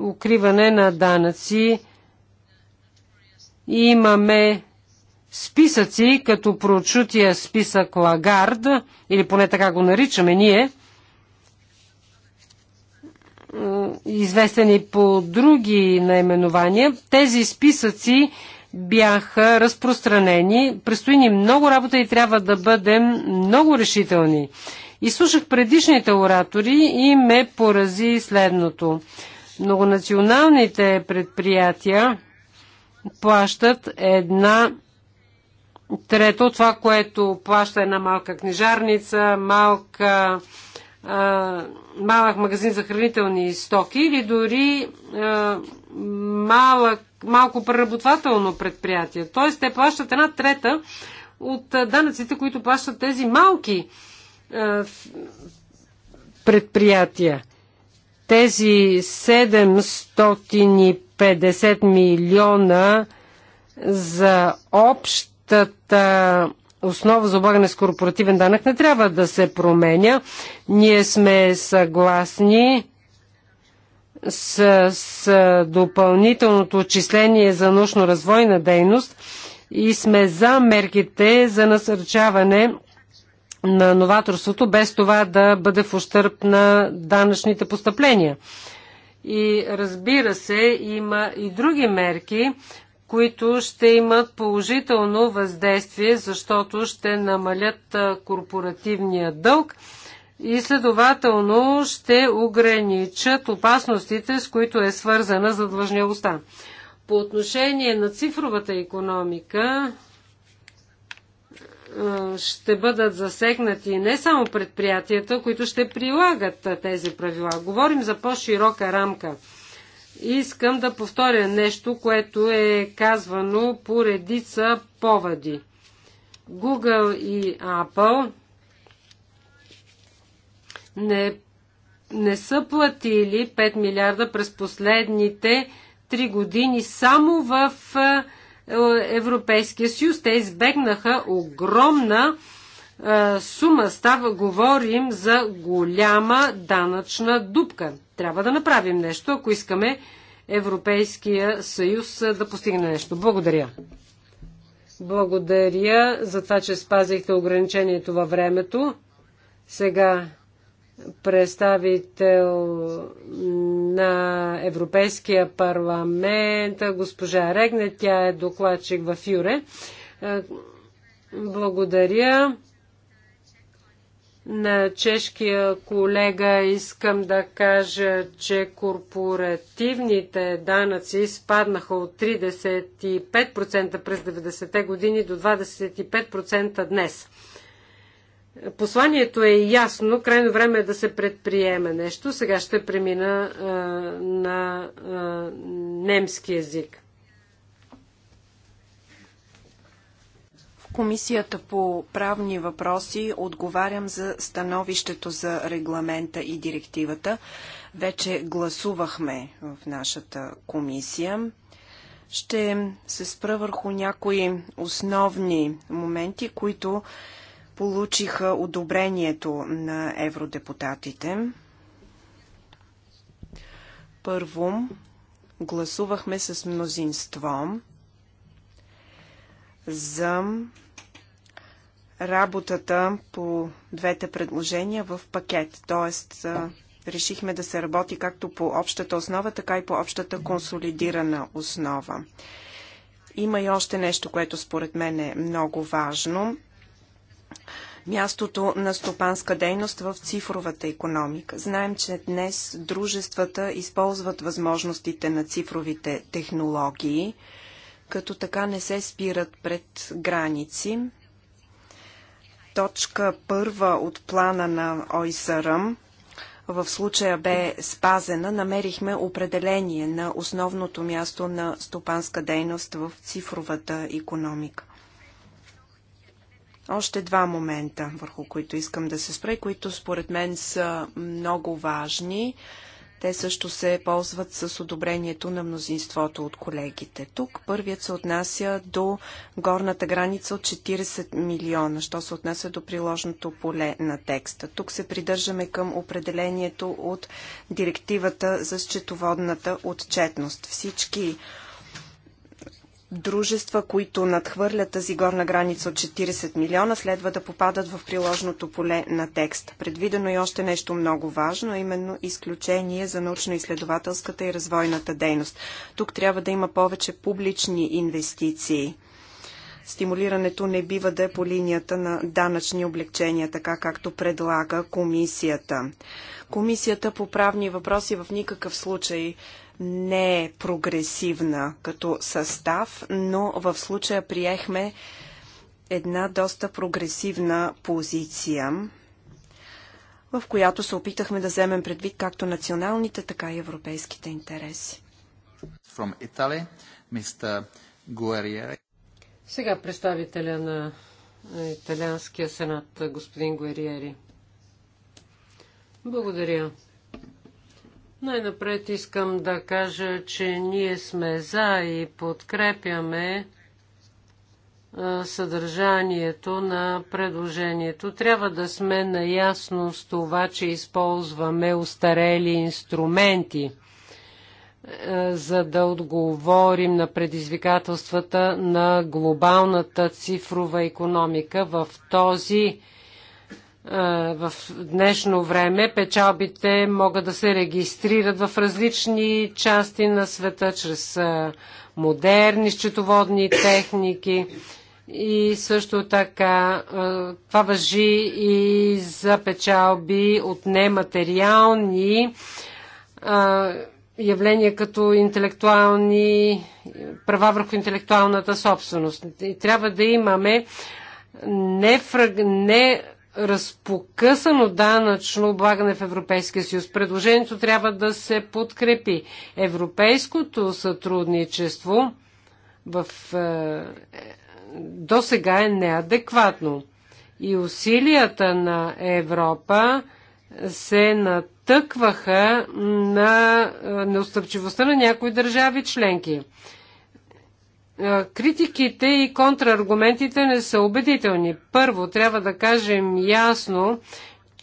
A: укриване на данъци Имаме списъци, като прочутия списък Лагард, или поне така го наричаме ние, известени по други наименования. Тези списъци бяха разпространени. Престои ни много работа и трябва да бъдем много решителни. И слушах предишните оратори и ме порази следното. Многонационалните предприятия плащат една трето това, което плаща една малка книжарница, малка, а, малък магазин за хранителни стоки или дори а, малък, малко преработвателно предприятие. Тоест те плащат една трета от данъците, които плащат тези малки а, предприятия тези 750 милиона за общата основа за облагане с корпоративен данък не трябва да се променя. Ние сме съгласни с, с допълнителното отчисление за научно-развойна дейност и сме за мерките за насърчаване на новаторството, без това да бъде в ущърп на данъчните постъпления. И разбира се, има и други мерки, които ще имат положително въздействие, защото ще намалят корпоративния дълг и следователно ще ограничат опасностите, с които е свързана задлъжнялостта. По отношение на цифровата економика, ще бъдат засегнати не само предприятията, които ще прилагат тези правила. Говорим за по-широка рамка. Искам да повторя нещо, което е казвано по редица поводи. Google и Apple не, не са платили 5 милиарда през последните 3 години само в е, Европейския съюз. Те избегнаха огромна е, сума. Става, говорим за голяма данъчна дупка. Трябва да направим нещо, ако искаме Европейския съюз е, да постигне нещо. Благодаря. Благодаря за това, че спазихте ограничението във времето. Сега представител на Европейския парламент, госпожа Регне, тя е докладчик в Юре. Е, благодаря на чешкия колега искам да кажа, че корпоративните данъци спаднаха от 35% през 90-те години до 25% днес. Посланието е ясно, крайно време е да се предприеме нещо. Сега ще премина а, на а, немски язик.
C: В Комисията по правни въпроси отговарям за становището за регламента и директивата. Вече гласувахме в нашата комисия ще се спра върху някои основни моменти, които получиха одобрението на евродепутатите. Първо, гласувахме с мнозинство за работата по двете предложения в пакет. Тоест, решихме да се работи както по общата основа, така и по общата консолидирана основа. Има и още нещо, което според мен е много важно мястото на стопанска дейност в цифровата економика. Знаем, че днес дружествата използват възможностите на цифровите технологии, като така не се спират пред граници. Точка първа от плана на ОИСРМ в случая бе спазена, намерихме определение на основното място на стопанска дейност в цифровата економика. Още два момента, върху които искам да се спра и които според мен са много важни. Те също се ползват с одобрението на мнозинството от колегите. Тук първият се отнася до горната граница от 40 милиона, що се отнася до приложното поле на текста. Тук се придържаме към определението от директивата за счетоводната отчетност. Всички дружества, които надхвърлят тази горна граница от 40 милиона, следва да попадат в приложното поле на текст. Предвидено и е още нещо много важно, именно изключение за научно-изследователската и развойната дейност. Тук трябва да има повече публични инвестиции. Стимулирането не бива да е по линията на данъчни облегчения, така както предлага комисията. Комисията по правни въпроси в никакъв случай не е прогресивна като състав, но в случая приехме една доста прогресивна позиция, в която се опитахме да вземем предвид както националните, така и европейските интереси. Italy,
A: Сега представителя на Италианския сенат, господин Гуериери. Благодаря. Най-напред искам да кажа, че ние сме за и подкрепяме съдържанието на предложението. Трябва да сме наясно с това, че използваме устарели инструменти, за да отговорим на предизвикателствата на глобалната цифрова економика. В този в днешно време печалбите могат да се регистрират в различни части на света чрез модерни счетоводни техники и също така това въжи и за печалби от нематериални явления като интелектуални права върху интелектуалната собственост. И трябва да имаме не, фраг, не разпокъсано данъчно облагане в Европейския съюз. Предложението трябва да се подкрепи. Европейското сътрудничество в, е, до сега е неадекватно. И усилията на Европа се натъкваха на е, неустъпчивостта на някои държави членки критиките и контраргументите не са убедителни. Първо, трябва да кажем ясно,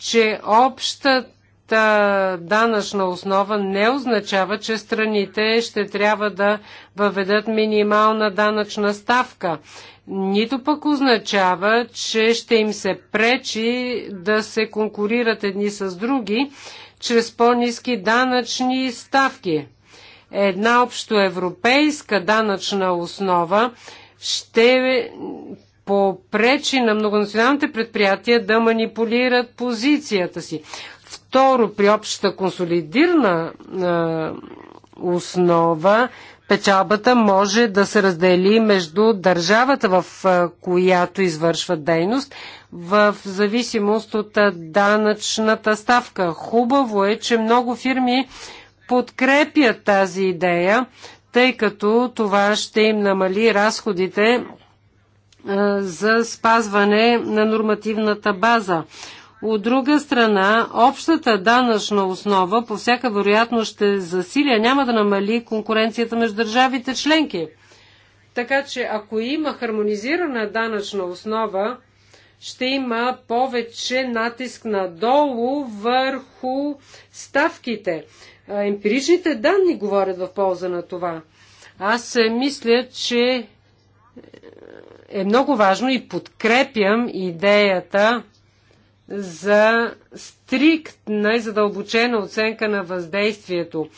A: че общата данъчна основа не означава, че страните ще трябва да въведат минимална данъчна ставка. Нито пък означава, че ще им се пречи да се конкурират едни с други чрез по-низки данъчни ставки една общоевропейска данъчна основа ще попречи на многонационалните предприятия да манипулират позицията си. Второ, при общата консолидирана е, основа печалбата може да се раздели между държавата, в която извършва дейност, в зависимост от данъчната ставка. Хубаво е, че много фирми подкрепя тази идея, тъй като това ще им намали разходите за спазване на нормативната база. От друга страна, общата данъчна основа по всяка вероятност ще засиля, няма да намали конкуренцията между държавите членки. Така че ако има хармонизирана данъчна основа, ще има повече натиск надолу върху ставките. Емпиричните данни говорят в полза на това. Аз е, мисля, че е, е много важно и подкрепям идеята за стриктна и задълбочена оценка на въздействието.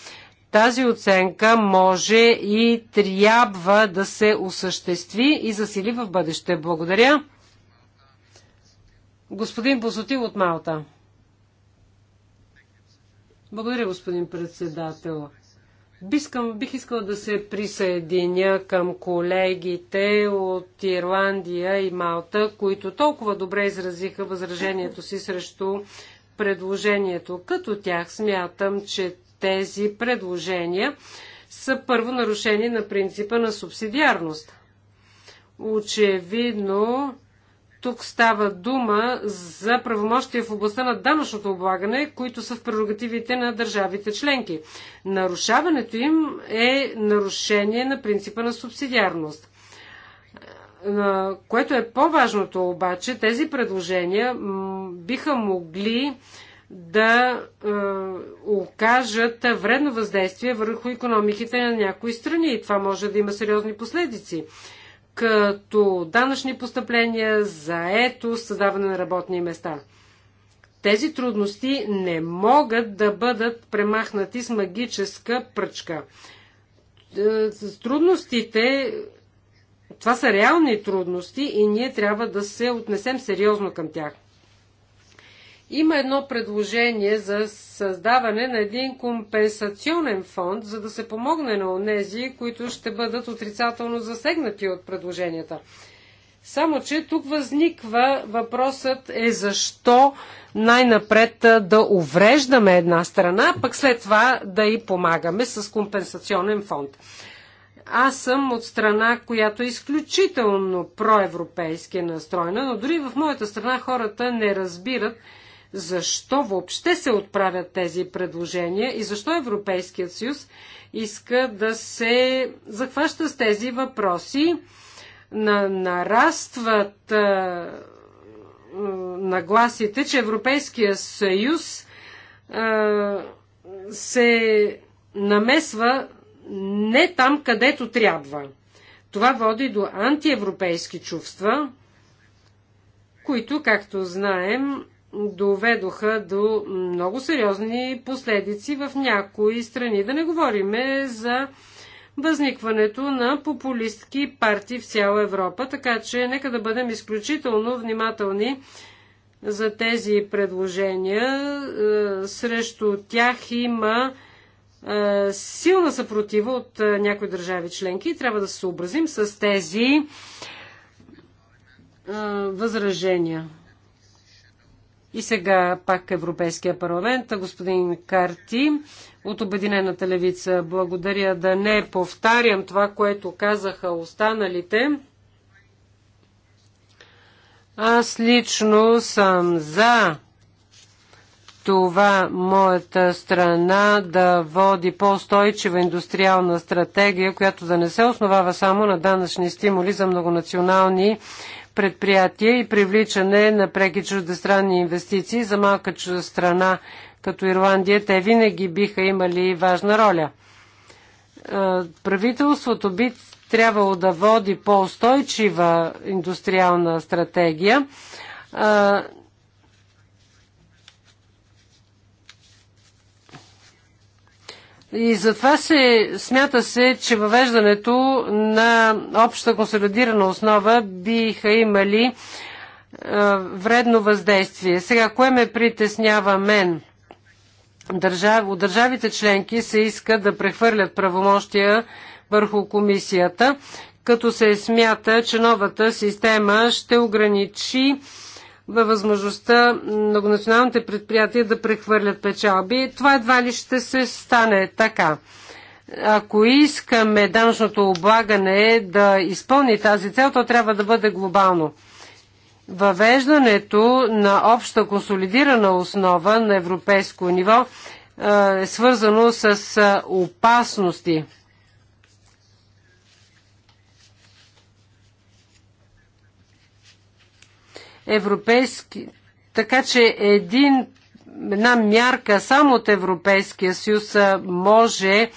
A: Тази оценка може и трябва да се осъществи и засили в бъдеще. Благодаря. Господин Бозотил от Малта. Благодаря, господин председател. Бискам, бих искала да се присъединя към колегите от Ирландия и Малта, които толкова добре изразиха възражението си срещу предложението. Като тях смятам, че тези предложения са първо нарушени на принципа на субсидиарност. Очевидно, тук става дума за правомощия в областта на данъчното облагане, които са в прерогативите на държавите членки. Нарушаването им е нарушение на принципа на субсидиарност. Което е по-важното обаче, тези предложения биха могли да е, окажат вредно въздействие върху економиките на някои страни и това може да има сериозни последици като данъчни постъпления, заето, създаване на работни места. Тези трудности не могат да бъдат премахнати с магическа пръчка. Е, с трудностите, това са реални трудности и ние трябва да се отнесем сериозно към тях. Има едно предложение за създаване на един компенсационен фонд, за да се помогне на онези, които ще бъдат отрицателно засегнати от предложенията. Само, че тук възниква въпросът е защо най-напред да увреждаме една страна, пък след това да й помагаме с компенсационен фонд. Аз съм от страна, която е изключително проевропейски настроена, но дори в моята страна хората не разбират, защо въобще се отправят тези предложения и защо Европейският съюз иска да се захваща с тези въпроси. На, нарастват а, нагласите, че Европейския съюз а, се намесва не там, където трябва. Това води до антиевропейски чувства, които, както знаем, доведоха до много сериозни последици в някои страни. Да не говориме за възникването на популистки партии в цяла Европа, така че нека да бъдем изключително внимателни за тези предложения. Е, срещу тях има е, силна съпротива от е, някои държави членки и трябва да се съобразим с тези възражения. И сега пак Европейския парламент, господин Карти от Обединената левица. Благодаря да не повтарям това, което казаха останалите. Аз лично съм за това моята страна да води по-устойчива индустриална стратегия, която да не се основава само на данъчни стимули за многонационални предприятия и привличане на преки чуждестранни инвестиции за малка чужда страна като Ирландия, те винаги биха имали важна роля. Е, правителството би трябвало да води по-устойчива индустриална стратегия е, И затова се смята се, че въвеждането на обща консолидирана основа биха имали е, вредно въздействие. Сега, кое ме притеснява мен? Държав, от държавите членки се иска да прехвърлят правомощия върху комисията, като се смята, че новата система ще ограничи във възможността многонационалните предприятия да прехвърлят печалби. Това едва ли ще се стане така. Ако искаме данъчното облагане да изпълни тази цел, то трябва да бъде глобално. Въвеждането на обща консолидирана основа на европейско ниво е свързано с опасности – европейски... Така че един, една мярка само от Европейския съюз може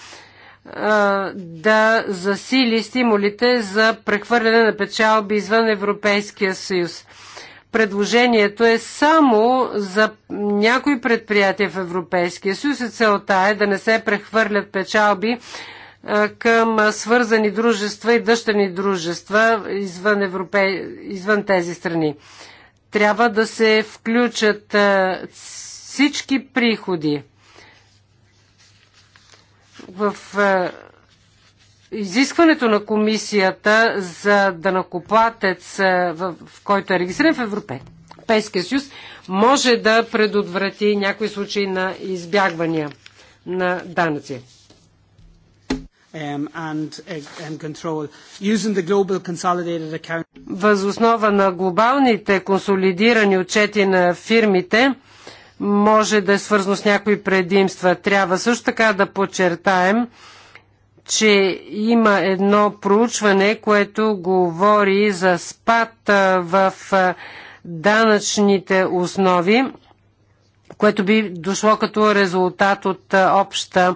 A: да засили стимулите за прехвърляне на печалби извън Европейския съюз. Предложението е само за някои предприятия в Европейския съюз и целта е да не се прехвърлят печалби към свързани дружества и дъщерни дружества извън, Европей... извън тези страни трябва да се включат всички приходи в изискването на комисията за данакоплатец, в който е регистриран в Европейския съюз, може да предотврати някои случаи на избягвания на данъци. Um, uh, Въз основа на глобалните консолидирани отчети на фирмите може да е свързано с някои предимства. Трябва също така да подчертаем, че има едно проучване, което говори за спад в данъчните основи, което би дошло като резултат от обща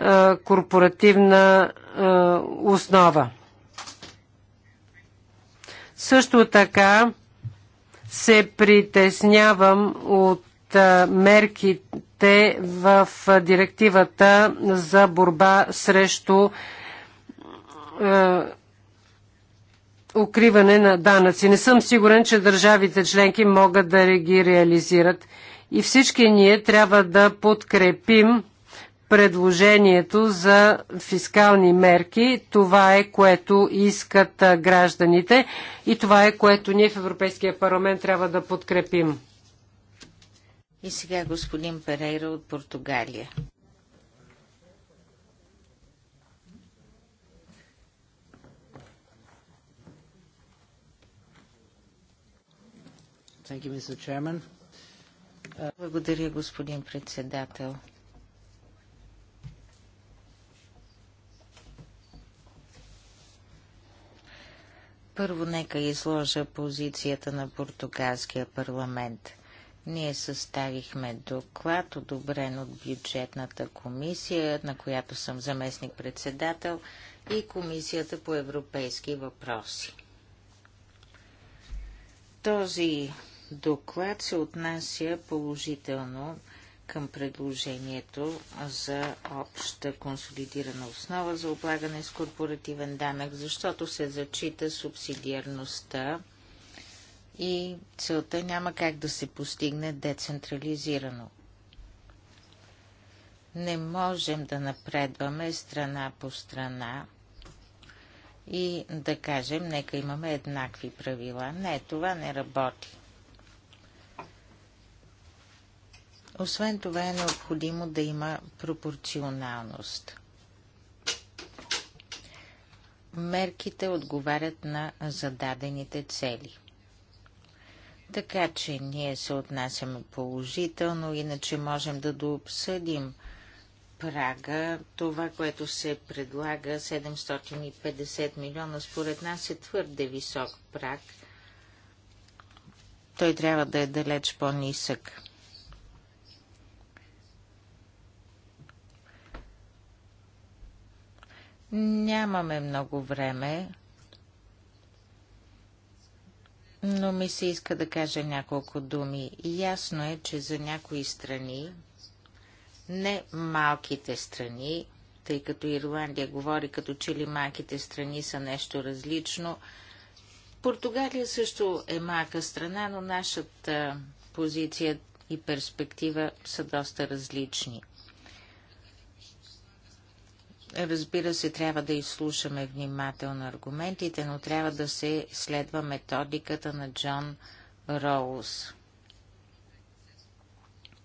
A: е, корпоративна е, основа. Също така се притеснявам от е, мерките в директивата за борба срещу укриване на данъци. Не съм сигурен, че държавите членки могат да ги реализират. И всички ние трябва да подкрепим предложението за фискални мерки. Това е което искат гражданите и това е което ние в Европейския парламент трябва да подкрепим.
B: И сега господин Перейра от Португалия. Благодаря, господин председател. Първо нека изложа позицията на португалския парламент. Ние съставихме доклад, одобрен от бюджетната комисия, на която съм заместник-председател, и комисията по европейски въпроси. Този доклад се отнася положително към предложението за обща консолидирана основа за облагане с корпоративен данък, защото се зачита субсидиарността и целта няма как да се постигне децентрализирано. Не можем да напредваме страна по страна и да кажем, нека имаме еднакви правила. Не, това не работи. Освен това е необходимо да има пропорционалност. Мерките отговарят на зададените цели. Така че ние се отнасяме положително, иначе можем да дообсъдим прага. Това, което се предлага, 750 милиона, според нас е твърде висок праг. Той трябва да е далеч по-нисък. Нямаме много време, но ми се иска да кажа няколко думи. Ясно е, че за някои страни, не малките страни, тъй като Ирландия говори като че ли малките страни са нещо различно, Португалия също е малка страна, но нашата позиция и перспектива са доста различни – Разбира се, трябва да изслушаме внимателно аргументите, но трябва да се следва методиката на Джон Роуз.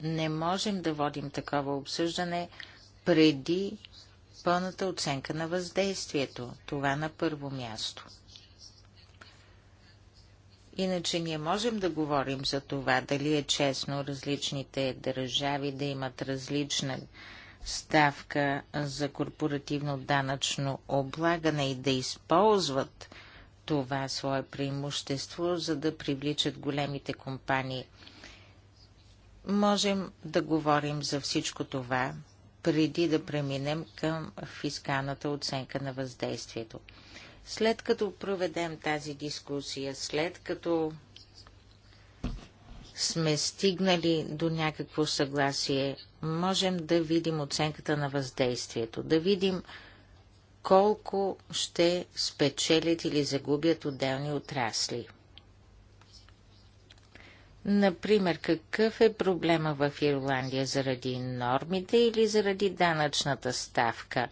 B: Не можем да водим такова обсъждане преди пълната оценка на въздействието. Това на първо място. Иначе ние можем да говорим за това, дали е честно различните държави да имат различна ставка за корпоративно данъчно облагане и да използват това свое преимущество, за да привличат големите компании. Можем да говорим за всичко това, преди да преминем към фискалната оценка на въздействието. След като проведем тази дискусия, след като сме стигнали до някакво съгласие, можем да видим оценката на въздействието, да видим колко ще спечелят или загубят отделни отрасли. Например, какъв е проблема в Ирландия заради нормите или заради данъчната ставка?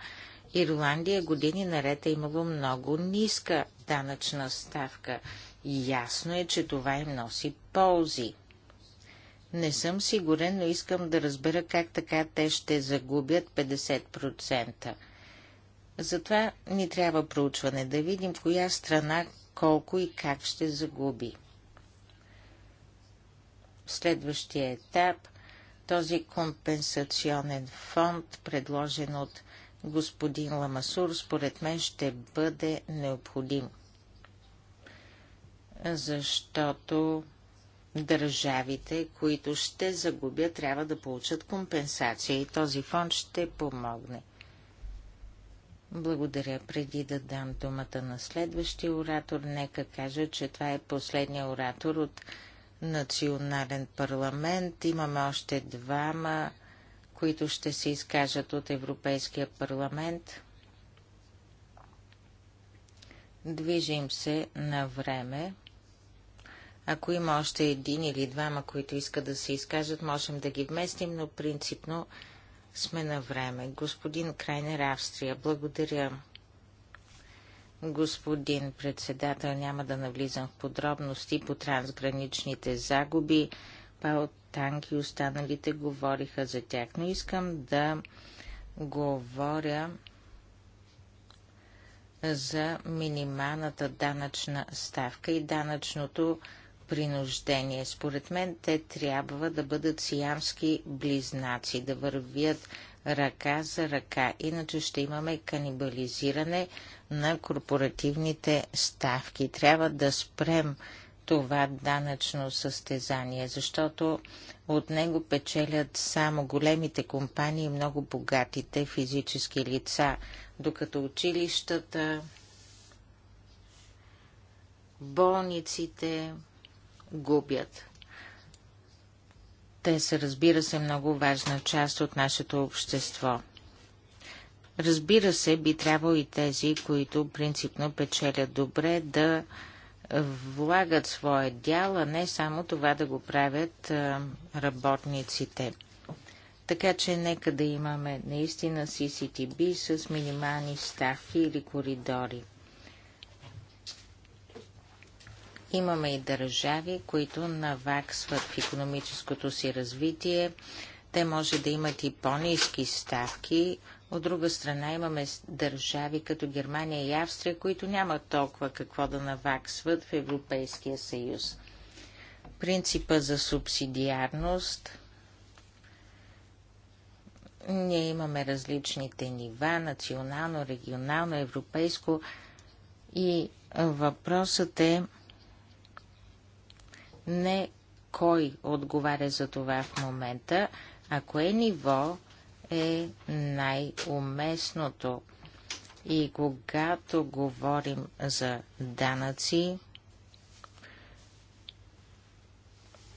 B: Ирландия години наред е имало много ниска данъчна ставка. Ясно е, че това им носи ползи. Не съм сигурен, но искам да разбера как така те ще загубят 50%. Затова ни трябва проучване, да видим коя страна колко и как ще загуби. Следващия етап – този компенсационен фонд, предложен от господин Ламасур, според мен ще бъде необходим. Защото Държавите, които ще загубят, трябва да получат компенсация и този фонд ще помогне. Благодаря. Преди да дам думата на следващия оратор, нека кажа, че това е последния оратор от национален парламент. Имаме още двама, които ще се изкажат от Европейския парламент. Движим се на време. Ако има още един или двама, които искат да се изкажат, можем да ги вместим, но принципно сме на време. Господин Крайнер Австрия, благодаря. Господин председател, няма да навлизам в подробности по трансграничните загуби. Пао Танк и останалите говориха за тях, но искам да говоря за минималната данъчна ставка и данъчното принуждение. Според мен те трябва да бъдат сиямски близнаци, да вървят ръка за ръка, иначе ще имаме канибализиране на корпоративните ставки. Трябва да спрем това данъчно състезание, защото от него печелят само големите компании и много богатите физически лица, докато училищата, болниците, губят. Те са, разбира се, много важна част от нашето общество. Разбира се, би трябвало и тези, които принципно печелят добре, да влагат своя дял, а не само това да го правят работниците. Така че нека да имаме наистина CCTB с минимални ставки или коридори. Имаме и държави, които наваксват в економическото си развитие. Те може да имат и по-низки ставки. От друга страна имаме държави като Германия и Австрия, които нямат толкова какво да наваксват в Европейския съюз. Принципа за субсидиарност ние имаме различните нива национално, регионално, европейско и въпросът е не кой отговаря за това в момента, а кое ниво е най-уместното. И когато говорим за данъци,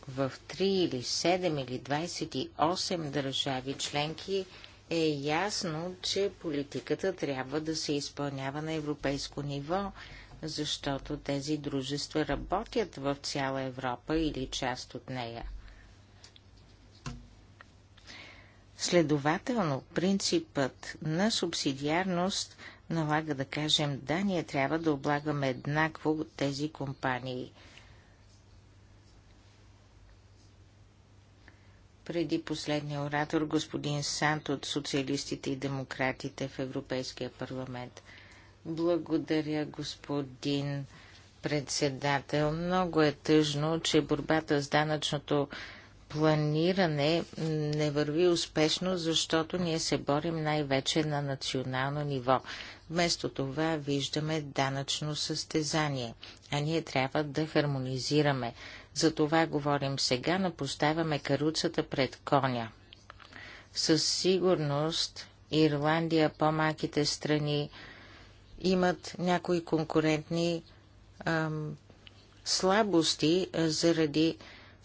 B: в 3 или 7 или 28 държави членки е ясно, че политиката трябва да се изпълнява на европейско ниво, защото тези дружества работят в цяла Европа или част от нея. Следователно, принципът на субсидиарност налага да кажем да, ние трябва да облагаме еднакво тези компании. Преди последния оратор господин Сант от социалистите и демократите в Европейския парламент – благодаря, господин председател. Много е тъжно, че борбата с данъчното планиране не върви успешно, защото ние се борим най-вече на национално ниво. Вместо това виждаме данъчно състезание, а ние трябва да хармонизираме. За това говорим сега, но поставяме каруцата пред коня. Със сигурност Ирландия, по-малките страни, имат някои конкурентни ам, слабости заради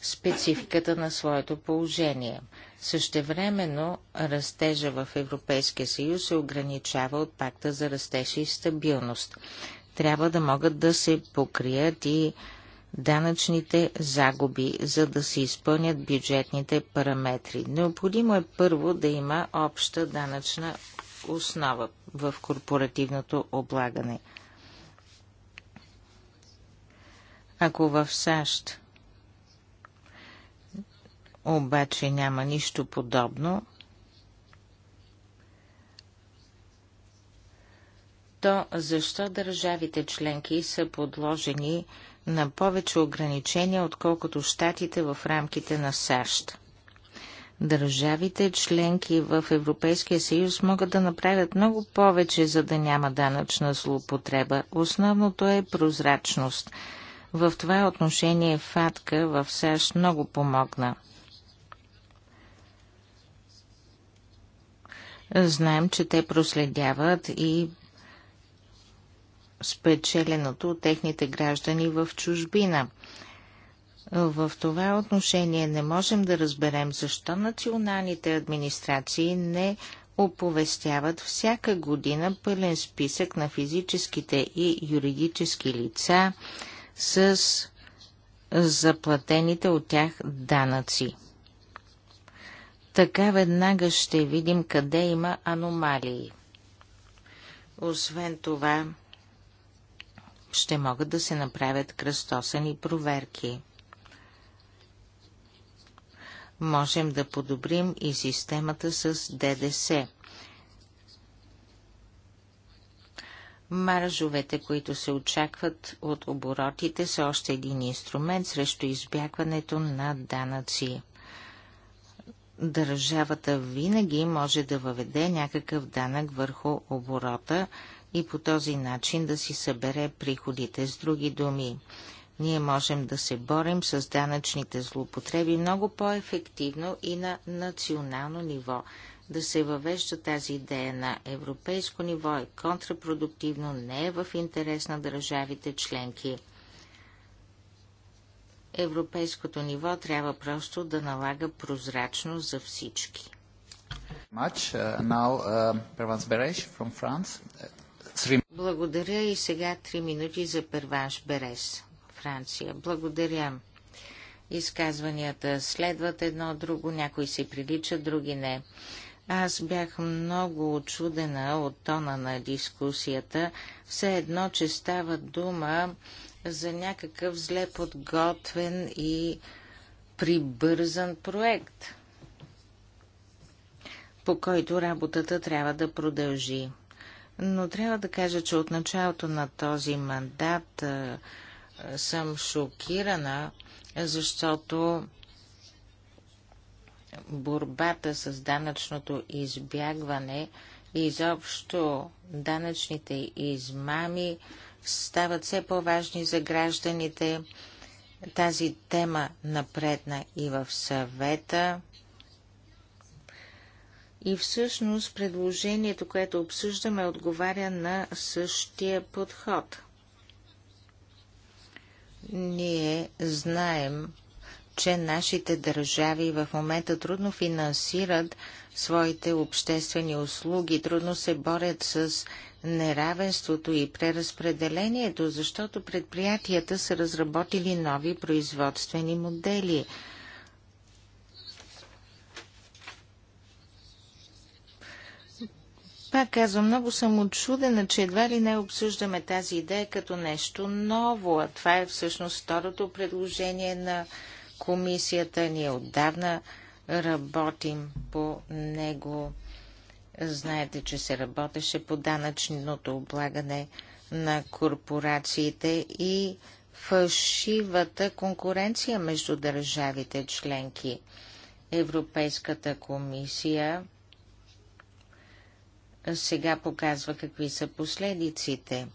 B: спецификата на своето положение. Същевременно растежа в Европейския съюз се ограничава от пакта за растеж и стабилност. Трябва да могат да се покрият и данъчните загуби, за да се изпълнят бюджетните параметри. Необходимо е първо да има обща данъчна основа в корпоративното облагане. Ако в САЩ обаче няма нищо подобно, то защо държавите членки са подложени на повече ограничения, отколкото щатите в рамките на САЩ? Държавите членки в Европейския съюз могат да направят много повече, за да няма данъчна злоупотреба. Основното е прозрачност. В това отношение ФАТКА в САЩ много помогна. Знаем, че те проследяват и спечеленото от техните граждани в чужбина. В това отношение не можем да разберем защо националните администрации не оповестяват всяка година пълен списък на физическите и юридически лица с заплатените от тях данъци. Така веднага ще видим къде има аномалии. Освен това, ще могат да се направят кръстосани проверки – можем да подобрим и системата с ДДС. Маржовете, които се очакват от оборотите, са още един инструмент срещу избягването на данъци. Държавата винаги може да въведе някакъв данък върху оборота и по този начин да си събере приходите. С други думи, ние можем да се борим с данъчните злоупотреби много по-ефективно и на национално ниво. Да се въвежда тази идея на европейско ниво е контрапродуктивно, не е в интерес на държавите членки. Европейското ниво трябва просто да налага прозрачно за всички.
A: Uh, uh, uh,
B: Благодаря и сега три минути за Перванш Берес. Франция. Благодаря. Изказванията следват едно друго, някои си приличат, други не. Аз бях много очудена от тона на дискусията, все едно, че става дума за някакъв зле подготвен и прибързан проект, по който работата трябва да продължи. Но трябва да кажа, че от началото на този мандат съм шокирана, защото борбата с данъчното избягване и изобщо данъчните измами стават все по-важни за гражданите. Тази тема напредна и в съвета. И всъщност предложението, което обсъждаме, отговаря на същия подход – ние знаем, че нашите държави в момента трудно финансират своите обществени услуги, трудно се борят с неравенството и преразпределението, защото предприятията са разработили нови производствени модели – Пак казвам, много съм отчудена, че едва ли не обсъждаме тази идея като нещо ново, а това е всъщност второто предложение на комисията. Ние отдавна работим по него. Знаете, че се работеше по данъчното облагане на корпорациите и фалшивата конкуренция между държавите членки. Европейската комисия сега показва какви са последиците.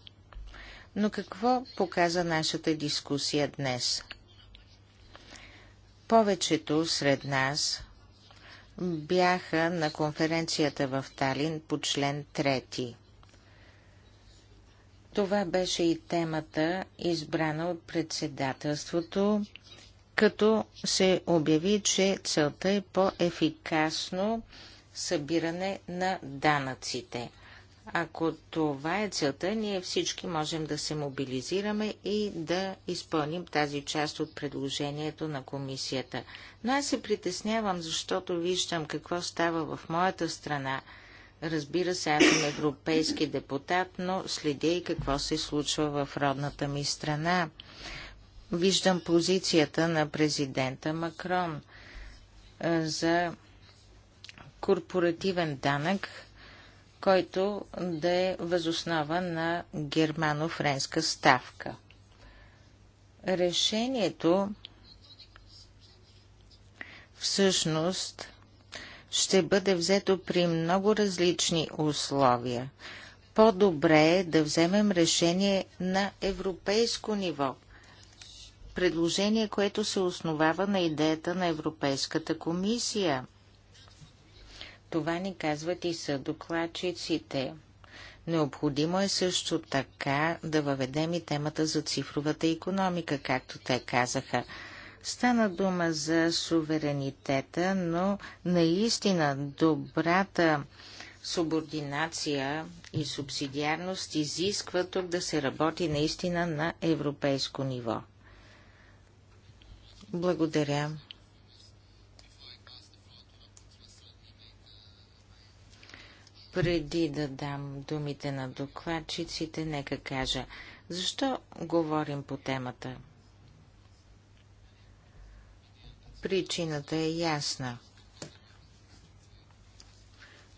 B: Но какво показа нашата дискусия днес? Повечето сред нас бяха на конференцията в Талин по член 3. Това беше и темата, избрана от председателството, като се обяви, че целта е по-ефикасно събиране на данъците. Ако това е целта, ние всички можем да се мобилизираме и да изпълним тази част от предложението на комисията. Но аз се притеснявам, защото виждам какво става в моята страна. Разбира се, аз съм европейски депутат, но следя и какво се случва в родната ми страна. Виждам позицията на президента Макрон за корпоративен данък, който да е възоснова на германо-френска ставка. Решението всъщност ще бъде взето при много различни условия. По-добре е да вземем решение на европейско ниво. Предложение, което се основава на идеята на Европейската комисия. Това ни казват и съдокладчиците. Необходимо е също така да въведем и темата за цифровата економика, както те казаха. Стана дума за суверенитета, но наистина добрата субординация и субсидиарност изисква тук да се работи наистина на европейско ниво. Благодаря. Преди да дам думите на докладчиците, нека кажа, защо говорим по темата? Причината е ясна.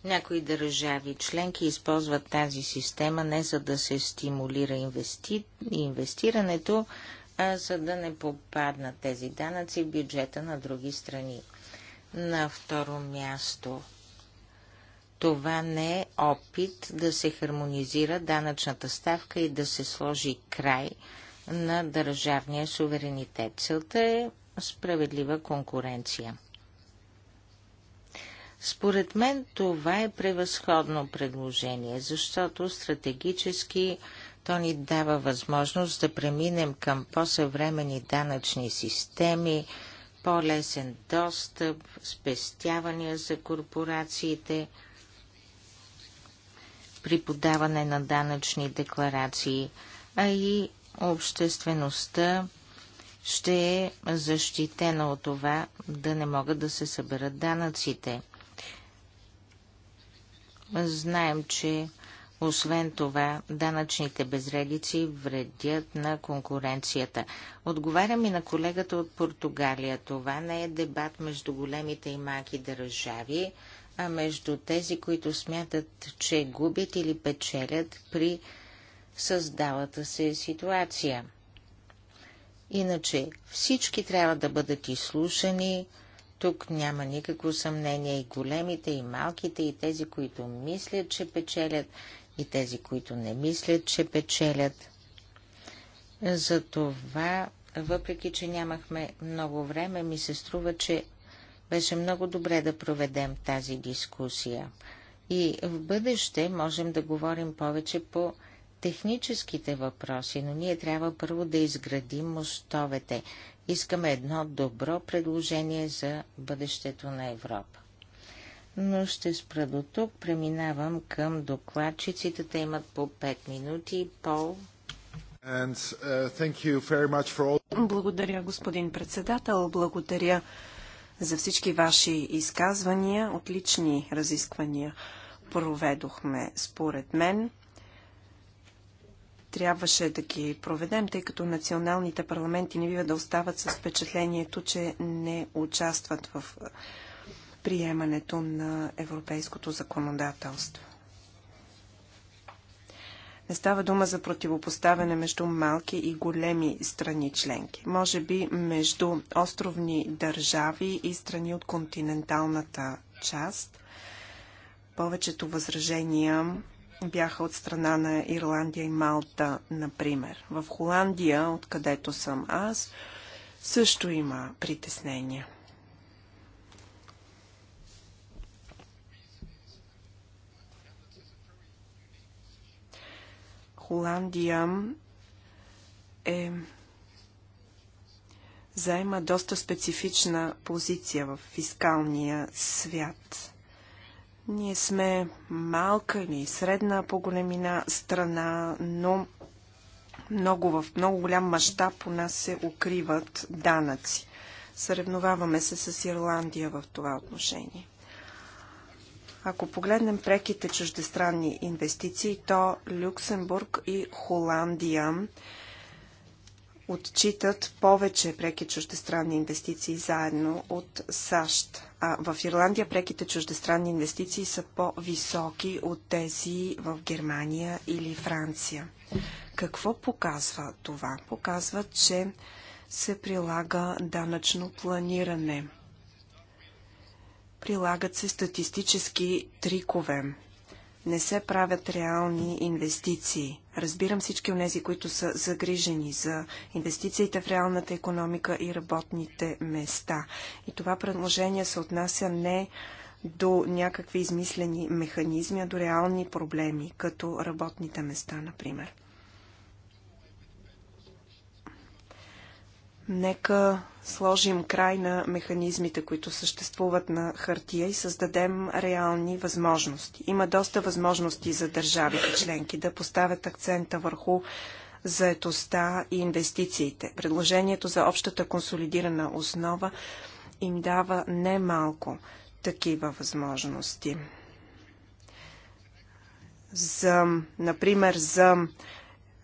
B: Някои държави членки използват тази система не за да се стимулира инвести... инвестирането, а за да не попаднат тези данъци в бюджета на други страни. На второ място – това не е опит да се хармонизира данъчната ставка и да се сложи край на държавния суверенитет. Целта е справедлива конкуренция. Според мен това е превъзходно предложение, защото стратегически то ни дава възможност да преминем към по-съвремени данъчни системи, по-лесен достъп, спестявания за корпорациите – при подаване на данъчни декларации, а и обществеността ще е защитена от това да не могат да се съберат данъците. Знаем, че освен това, данъчните безредици вредят на конкуренцията. Отговарям и на колегата от Португалия. Това не е дебат между големите и малки държави а между тези, които смятат, че губят или печелят при създалата се ситуация. Иначе всички трябва да бъдат изслушани, тук няма никакво съмнение и големите, и малките, и тези, които мислят, че печелят, и тези, които не мислят, че печелят. Затова, въпреки, че нямахме много време, ми се струва, че беше много добре да проведем тази дискусия. И в бъдеще можем да говорим повече по техническите въпроси, но ние трябва първо да изградим мостовете. Искаме едно добро предложение за бъдещето на Европа. Но ще спра до тук. Преминавам към докладчиците. Те имат по 5 минути. Пол.
A: And, uh, all...
C: Благодаря, господин председател. Благодаря за всички ваши изказвания. Отлични разисквания проведохме, според мен. Трябваше да ги проведем, тъй като националните парламенти не бива да остават с впечатлението, че не участват в е, приемането на европейското законодателство. Не става дума за противопоставяне между малки и големи страни членки. Може би между островни държави и страни от континенталната част. Повечето възражения бяха от страна на Ирландия и Малта, например. В Холандия, откъдето съм аз, също има притеснения. Холандия е заема доста специфична позиция в фискалния свят. Ние сме малка или средна по големина страна, но много в много голям мащаб у нас се укриват данъци. Съревноваваме се с Ирландия в това отношение. Ако погледнем преките чуждестранни инвестиции, то Люксембург и Холандия отчитат повече преки чуждестранни инвестиции заедно от САЩ. А в Ирландия преките чуждестранни инвестиции са по-високи от тези в Германия или Франция. Какво показва това? Показва, че се прилага данъчно планиране – Прилагат се статистически трикове. Не се правят реални инвестиции. Разбирам всички от тези, които са загрижени за инвестициите в реалната економика и работните места. И това предложение се отнася не до някакви измислени механизми, а до реални проблеми, като работните места, например. Нека сложим край на механизмите, които съществуват на хартия и създадем реални възможности. Има доста възможности за държавите членки да поставят акцента върху заетостта и инвестициите. Предложението за общата консолидирана основа им дава немалко такива възможности. За, например, за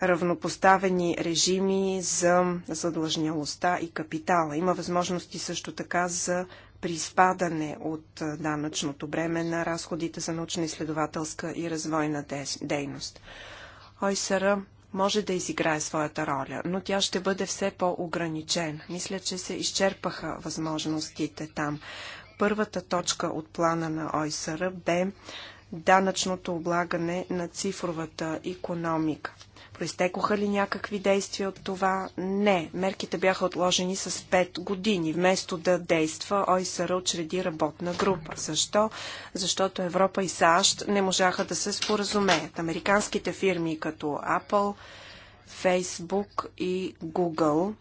C: равнопоставени режими за задлъжнялостта и капитала. Има възможности също така за приспадане от данъчното бреме на разходите за научно-изследователска и развойна дейност. ОИСР може да изиграе своята роля, но тя ще бъде все по-ограничена. Мисля, че се изчерпаха възможностите там. Първата точка от плана на ОИСР бе данъчното облагане на цифровата економика. Проистекоха ли някакви действия от това? Не. Мерките бяха отложени с 5 години. Вместо да действа, ОИСР учреди работна група. Защо? Защото Европа и САЩ не можаха да се споразумеят. Американските фирми като Apple, Facebook и Google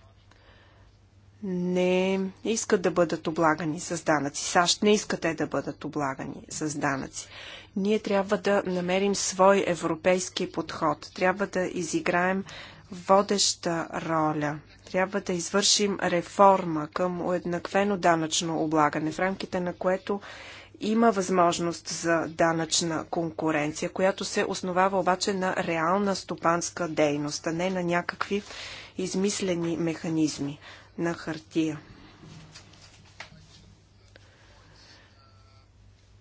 C: не искат да бъдат облагани с данъци. САЩ не искат те да бъдат облагани с данъци. Ние трябва да намерим свой европейски подход. Трябва да изиграем водеща роля. Трябва да извършим реформа към уеднаквено данъчно облагане, в рамките на което има възможност за данъчна конкуренция, която се основава обаче на реална стопанска дейност, а не на някакви измислени механизми на хартия.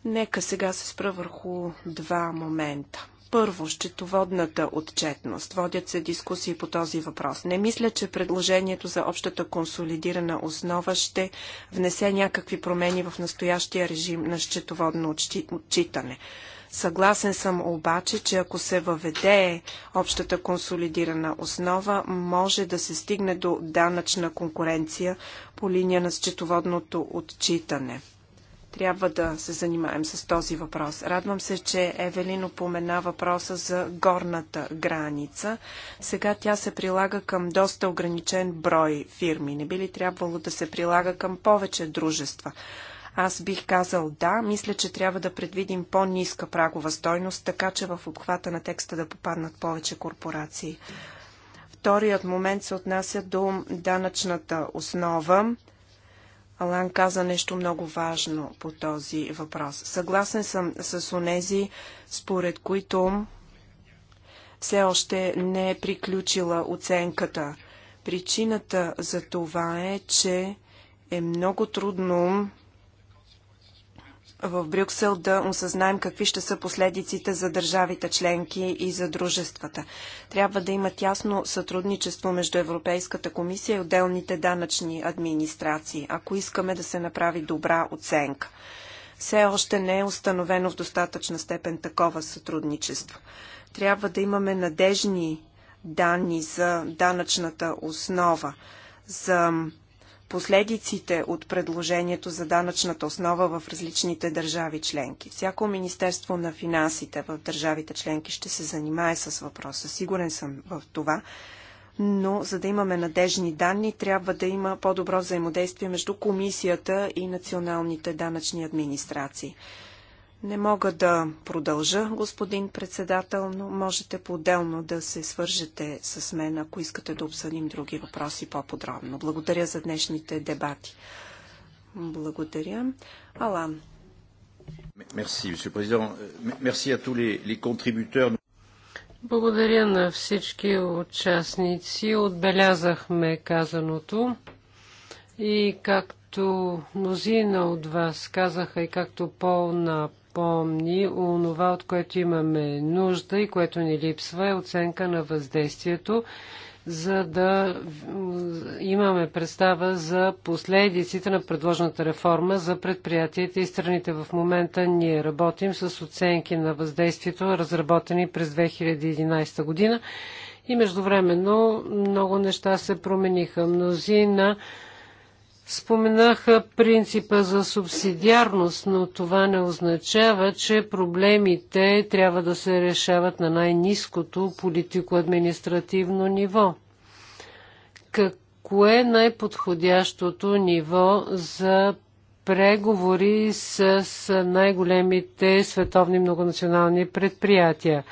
C: Нека сега се спра върху два момента. Първо, счетоводната отчетност. Водят се дискусии по този въпрос. Не мисля, че предложението за общата консолидирана основа ще внесе някакви промени в настоящия режим на счетоводно отчитане. Съгласен съм обаче, че ако се въведе общата консолидирана основа, може да се стигне до данъчна конкуренция по линия на счетоводното отчитане трябва да се занимаем с този въпрос. Радвам се, че Евелин упомена въпроса за горната граница. Сега тя се прилага към доста ограничен брой фирми. Не би ли трябвало да се прилага към повече дружества? Аз бих казал да, мисля, че трябва да предвидим по-ниска прагова стойност, така че в обхвата на текста да попаднат повече корпорации. Вторият момент се отнася до данъчната основа. Алан каза нещо много важно по този въпрос. Съгласен съм с онези, според които все още не е приключила оценката. Причината за това е, че е много трудно в Брюксел да осъзнаем какви ще са последиците за държавите членки и за дружествата. Трябва да има тясно сътрудничество между Европейската комисия и отделните данъчни администрации, ако искаме да се направи добра оценка. Все още не е установено в достатъчна степен такова сътрудничество. Трябва да имаме надежни данни за данъчната основа, за последиците от предложението за данъчната основа в различните държави членки. Всяко Министерство на финансите в държавите членки ще се занимае с въпроса. Сигурен съм в това. Но за да имаме надежни данни, трябва да има по-добро взаимодействие между комисията и националните данъчни администрации. Не мога да продължа, господин председател, но можете по-отделно да се свържете с мен, ако искате да обсъдим други въпроси по-подробно. Благодаря за днешните дебати. Благодаря. Алан. Мерси,
A: Благодаря на всички участници. Отбелязахме казаното и както мнозина от вас казаха и както по напомни, напомни онова, от което имаме нужда и което ни липсва е оценка на въздействието, за да имаме представа за последиците на предложената реформа за предприятията и страните. В момента ние работим с оценки на въздействието, разработени през 2011 година и междувременно много неща се промениха. Мнозина Споменаха принципа за субсидиарност, но това не означава, че проблемите трябва да се решават на най-низкото политико-административно ниво. Какво е най-подходящото ниво за преговори с най-големите световни многонационални предприятия?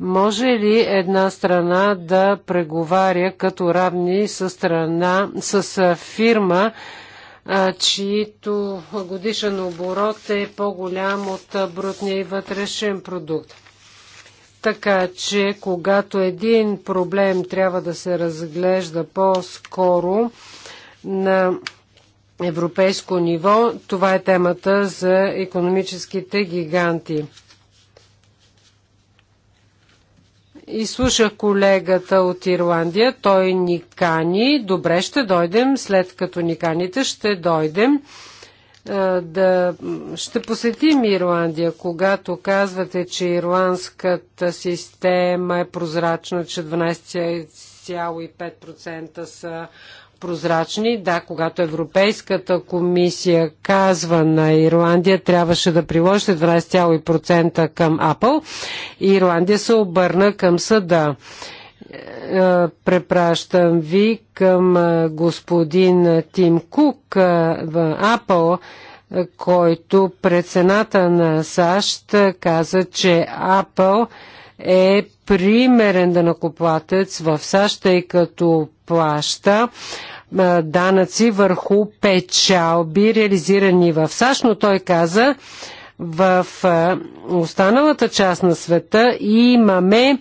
A: Може ли една страна да преговаря като равни с, страна, с фирма, чието годишен оборот е по-голям от брутния и вътрешен продукт? Така че, когато един проблем трябва да се разглежда по-скоро на европейско ниво, това е темата за економическите гиганти. И слушах колегата от Ирландия. Той ни кани. Добре, ще дойдем. След като ни каните, ще дойдем. Да, ще посетим Ирландия, когато казвате, че ирландската система е прозрачна, че 12,5% са прозрачни. Да, когато Европейската комисия казва на Ирландия, трябваше да приложите 12% към Apple. Ирландия се обърна към съда. Е, препращам ви към е, господин Тим Кук е, в Apple, който пред Сената на САЩ каза, че Apple е примерен данъкоплатец в САЩ, тъй като плаща данъци върху печалби, реализирани в САЩ, но той каза, в останалата част на света имаме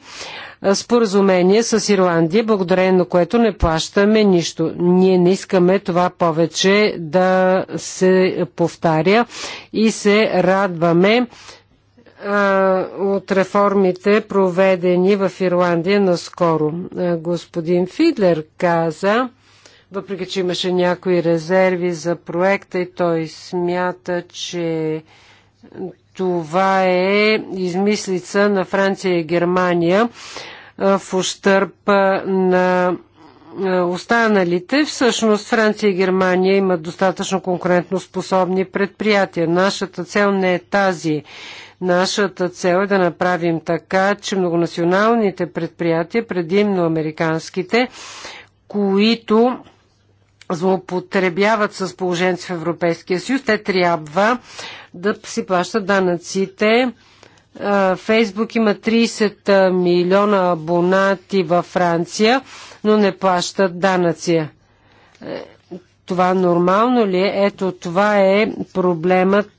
A: споразумение с Ирландия, благодарение на което не плащаме нищо. Ние не искаме това повече да се повтаря и се радваме, от реформите, проведени в Ирландия наскоро. Господин Фидлер каза, въпреки че имаше някои резерви за проекта и той смята, че това е измислица на Франция и Германия в ущърп на останалите. Всъщност Франция и Германия имат достатъчно конкурентно способни предприятия. Нашата цел не е тази Нашата цел е да направим така, че многонационалните предприятия, предимно американските, които злоупотребяват с положението в Европейския съюз, те трябва да си плащат данъците. Фейсбук има 30 милиона абонати във Франция, но не плащат данъци. Е, това нормално ли е? Ето това е проблемът,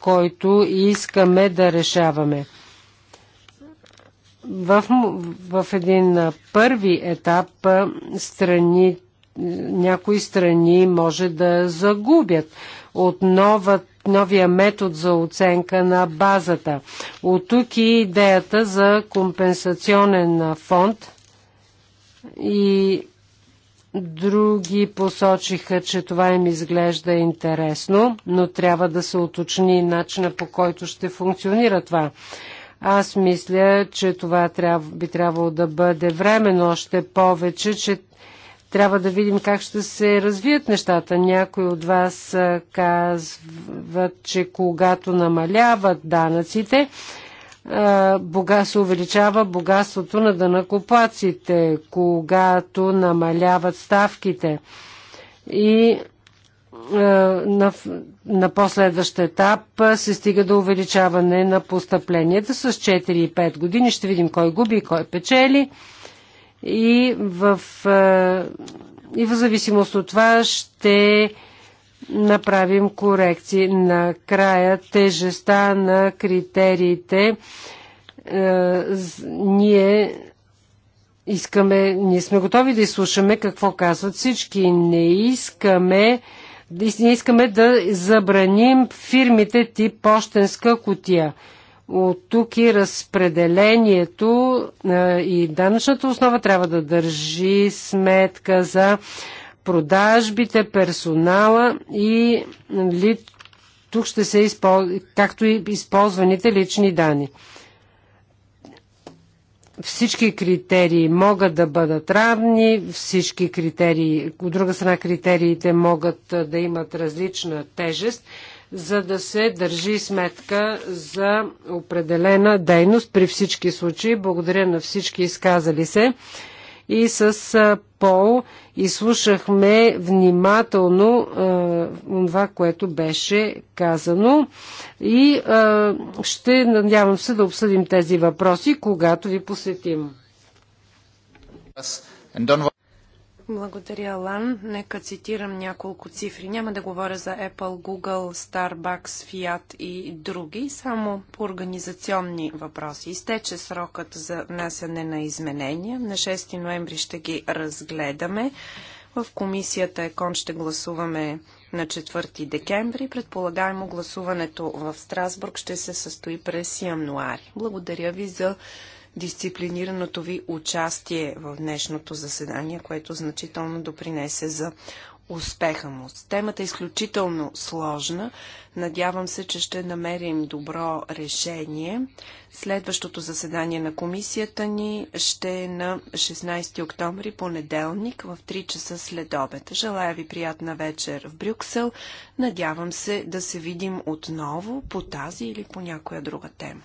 A: който искаме да решаваме. В, в един първи етап страни, някои страни може да загубят от нова, новия метод за оценка на базата. От тук и идеята за компенсационен фонд и Други посочиха, че това им изглежда интересно, но трябва да се уточни начина по който ще функционира това. Аз мисля, че това би трябвало да бъде времено още повече, че трябва да видим как ще се развият нещата. Някои от вас казват, че когато намаляват данъците, се увеличава богатството на дънакоплаците, когато намаляват ставките. И на, на последващ етап се стига до увеличаване на постъпленията с 4 и 5 години. Ще видим кой губи и кой печели. И в, и в зависимост от това ще направим корекции. Накрая тежестта на критериите е, ние искаме, ние сме готови да изслушаме какво казват всички. Не искаме, не искаме да забраним фирмите тип почтенска котия. От тук и разпределението е, и данъчната основа трябва да държи сметка за продажбите, персонала и ли, нали, тук ще се използ... както и използваните лични данни. Всички критерии могат да бъдат равни, всички критерии, от друга страна критериите могат да имат различна тежест, за да се държи сметка за определена дейност при всички случаи. Благодаря на всички изказали се и с пол и слушахме внимателно а, това, което беше казано и а, ще надявам се да обсъдим тези въпроси, когато ви посетим.
C: Благодаря, Лан. Нека цитирам няколко цифри. Няма да говоря за Apple, Google, Starbucks, Fiat и други, само по организационни въпроси. Изтече срокът за внасяне на изменения. На 6 ноември ще ги разгледаме. В комисията ЕКОН ще гласуваме на 4 декември. Предполагаемо гласуването в Страсбург ще се състои през януари. Благодаря ви за дисциплинираното ви участие в днешното заседание, което значително допринесе за успеха му. Темата е изключително сложна. Надявам се, че ще намерим добро решение. Следващото заседание на комисията ни ще е на 16 октомври, понеделник, в 3 часа след обед. Желая ви приятна вечер в Брюксел. Надявам се да се видим отново по тази или по някоя друга тема.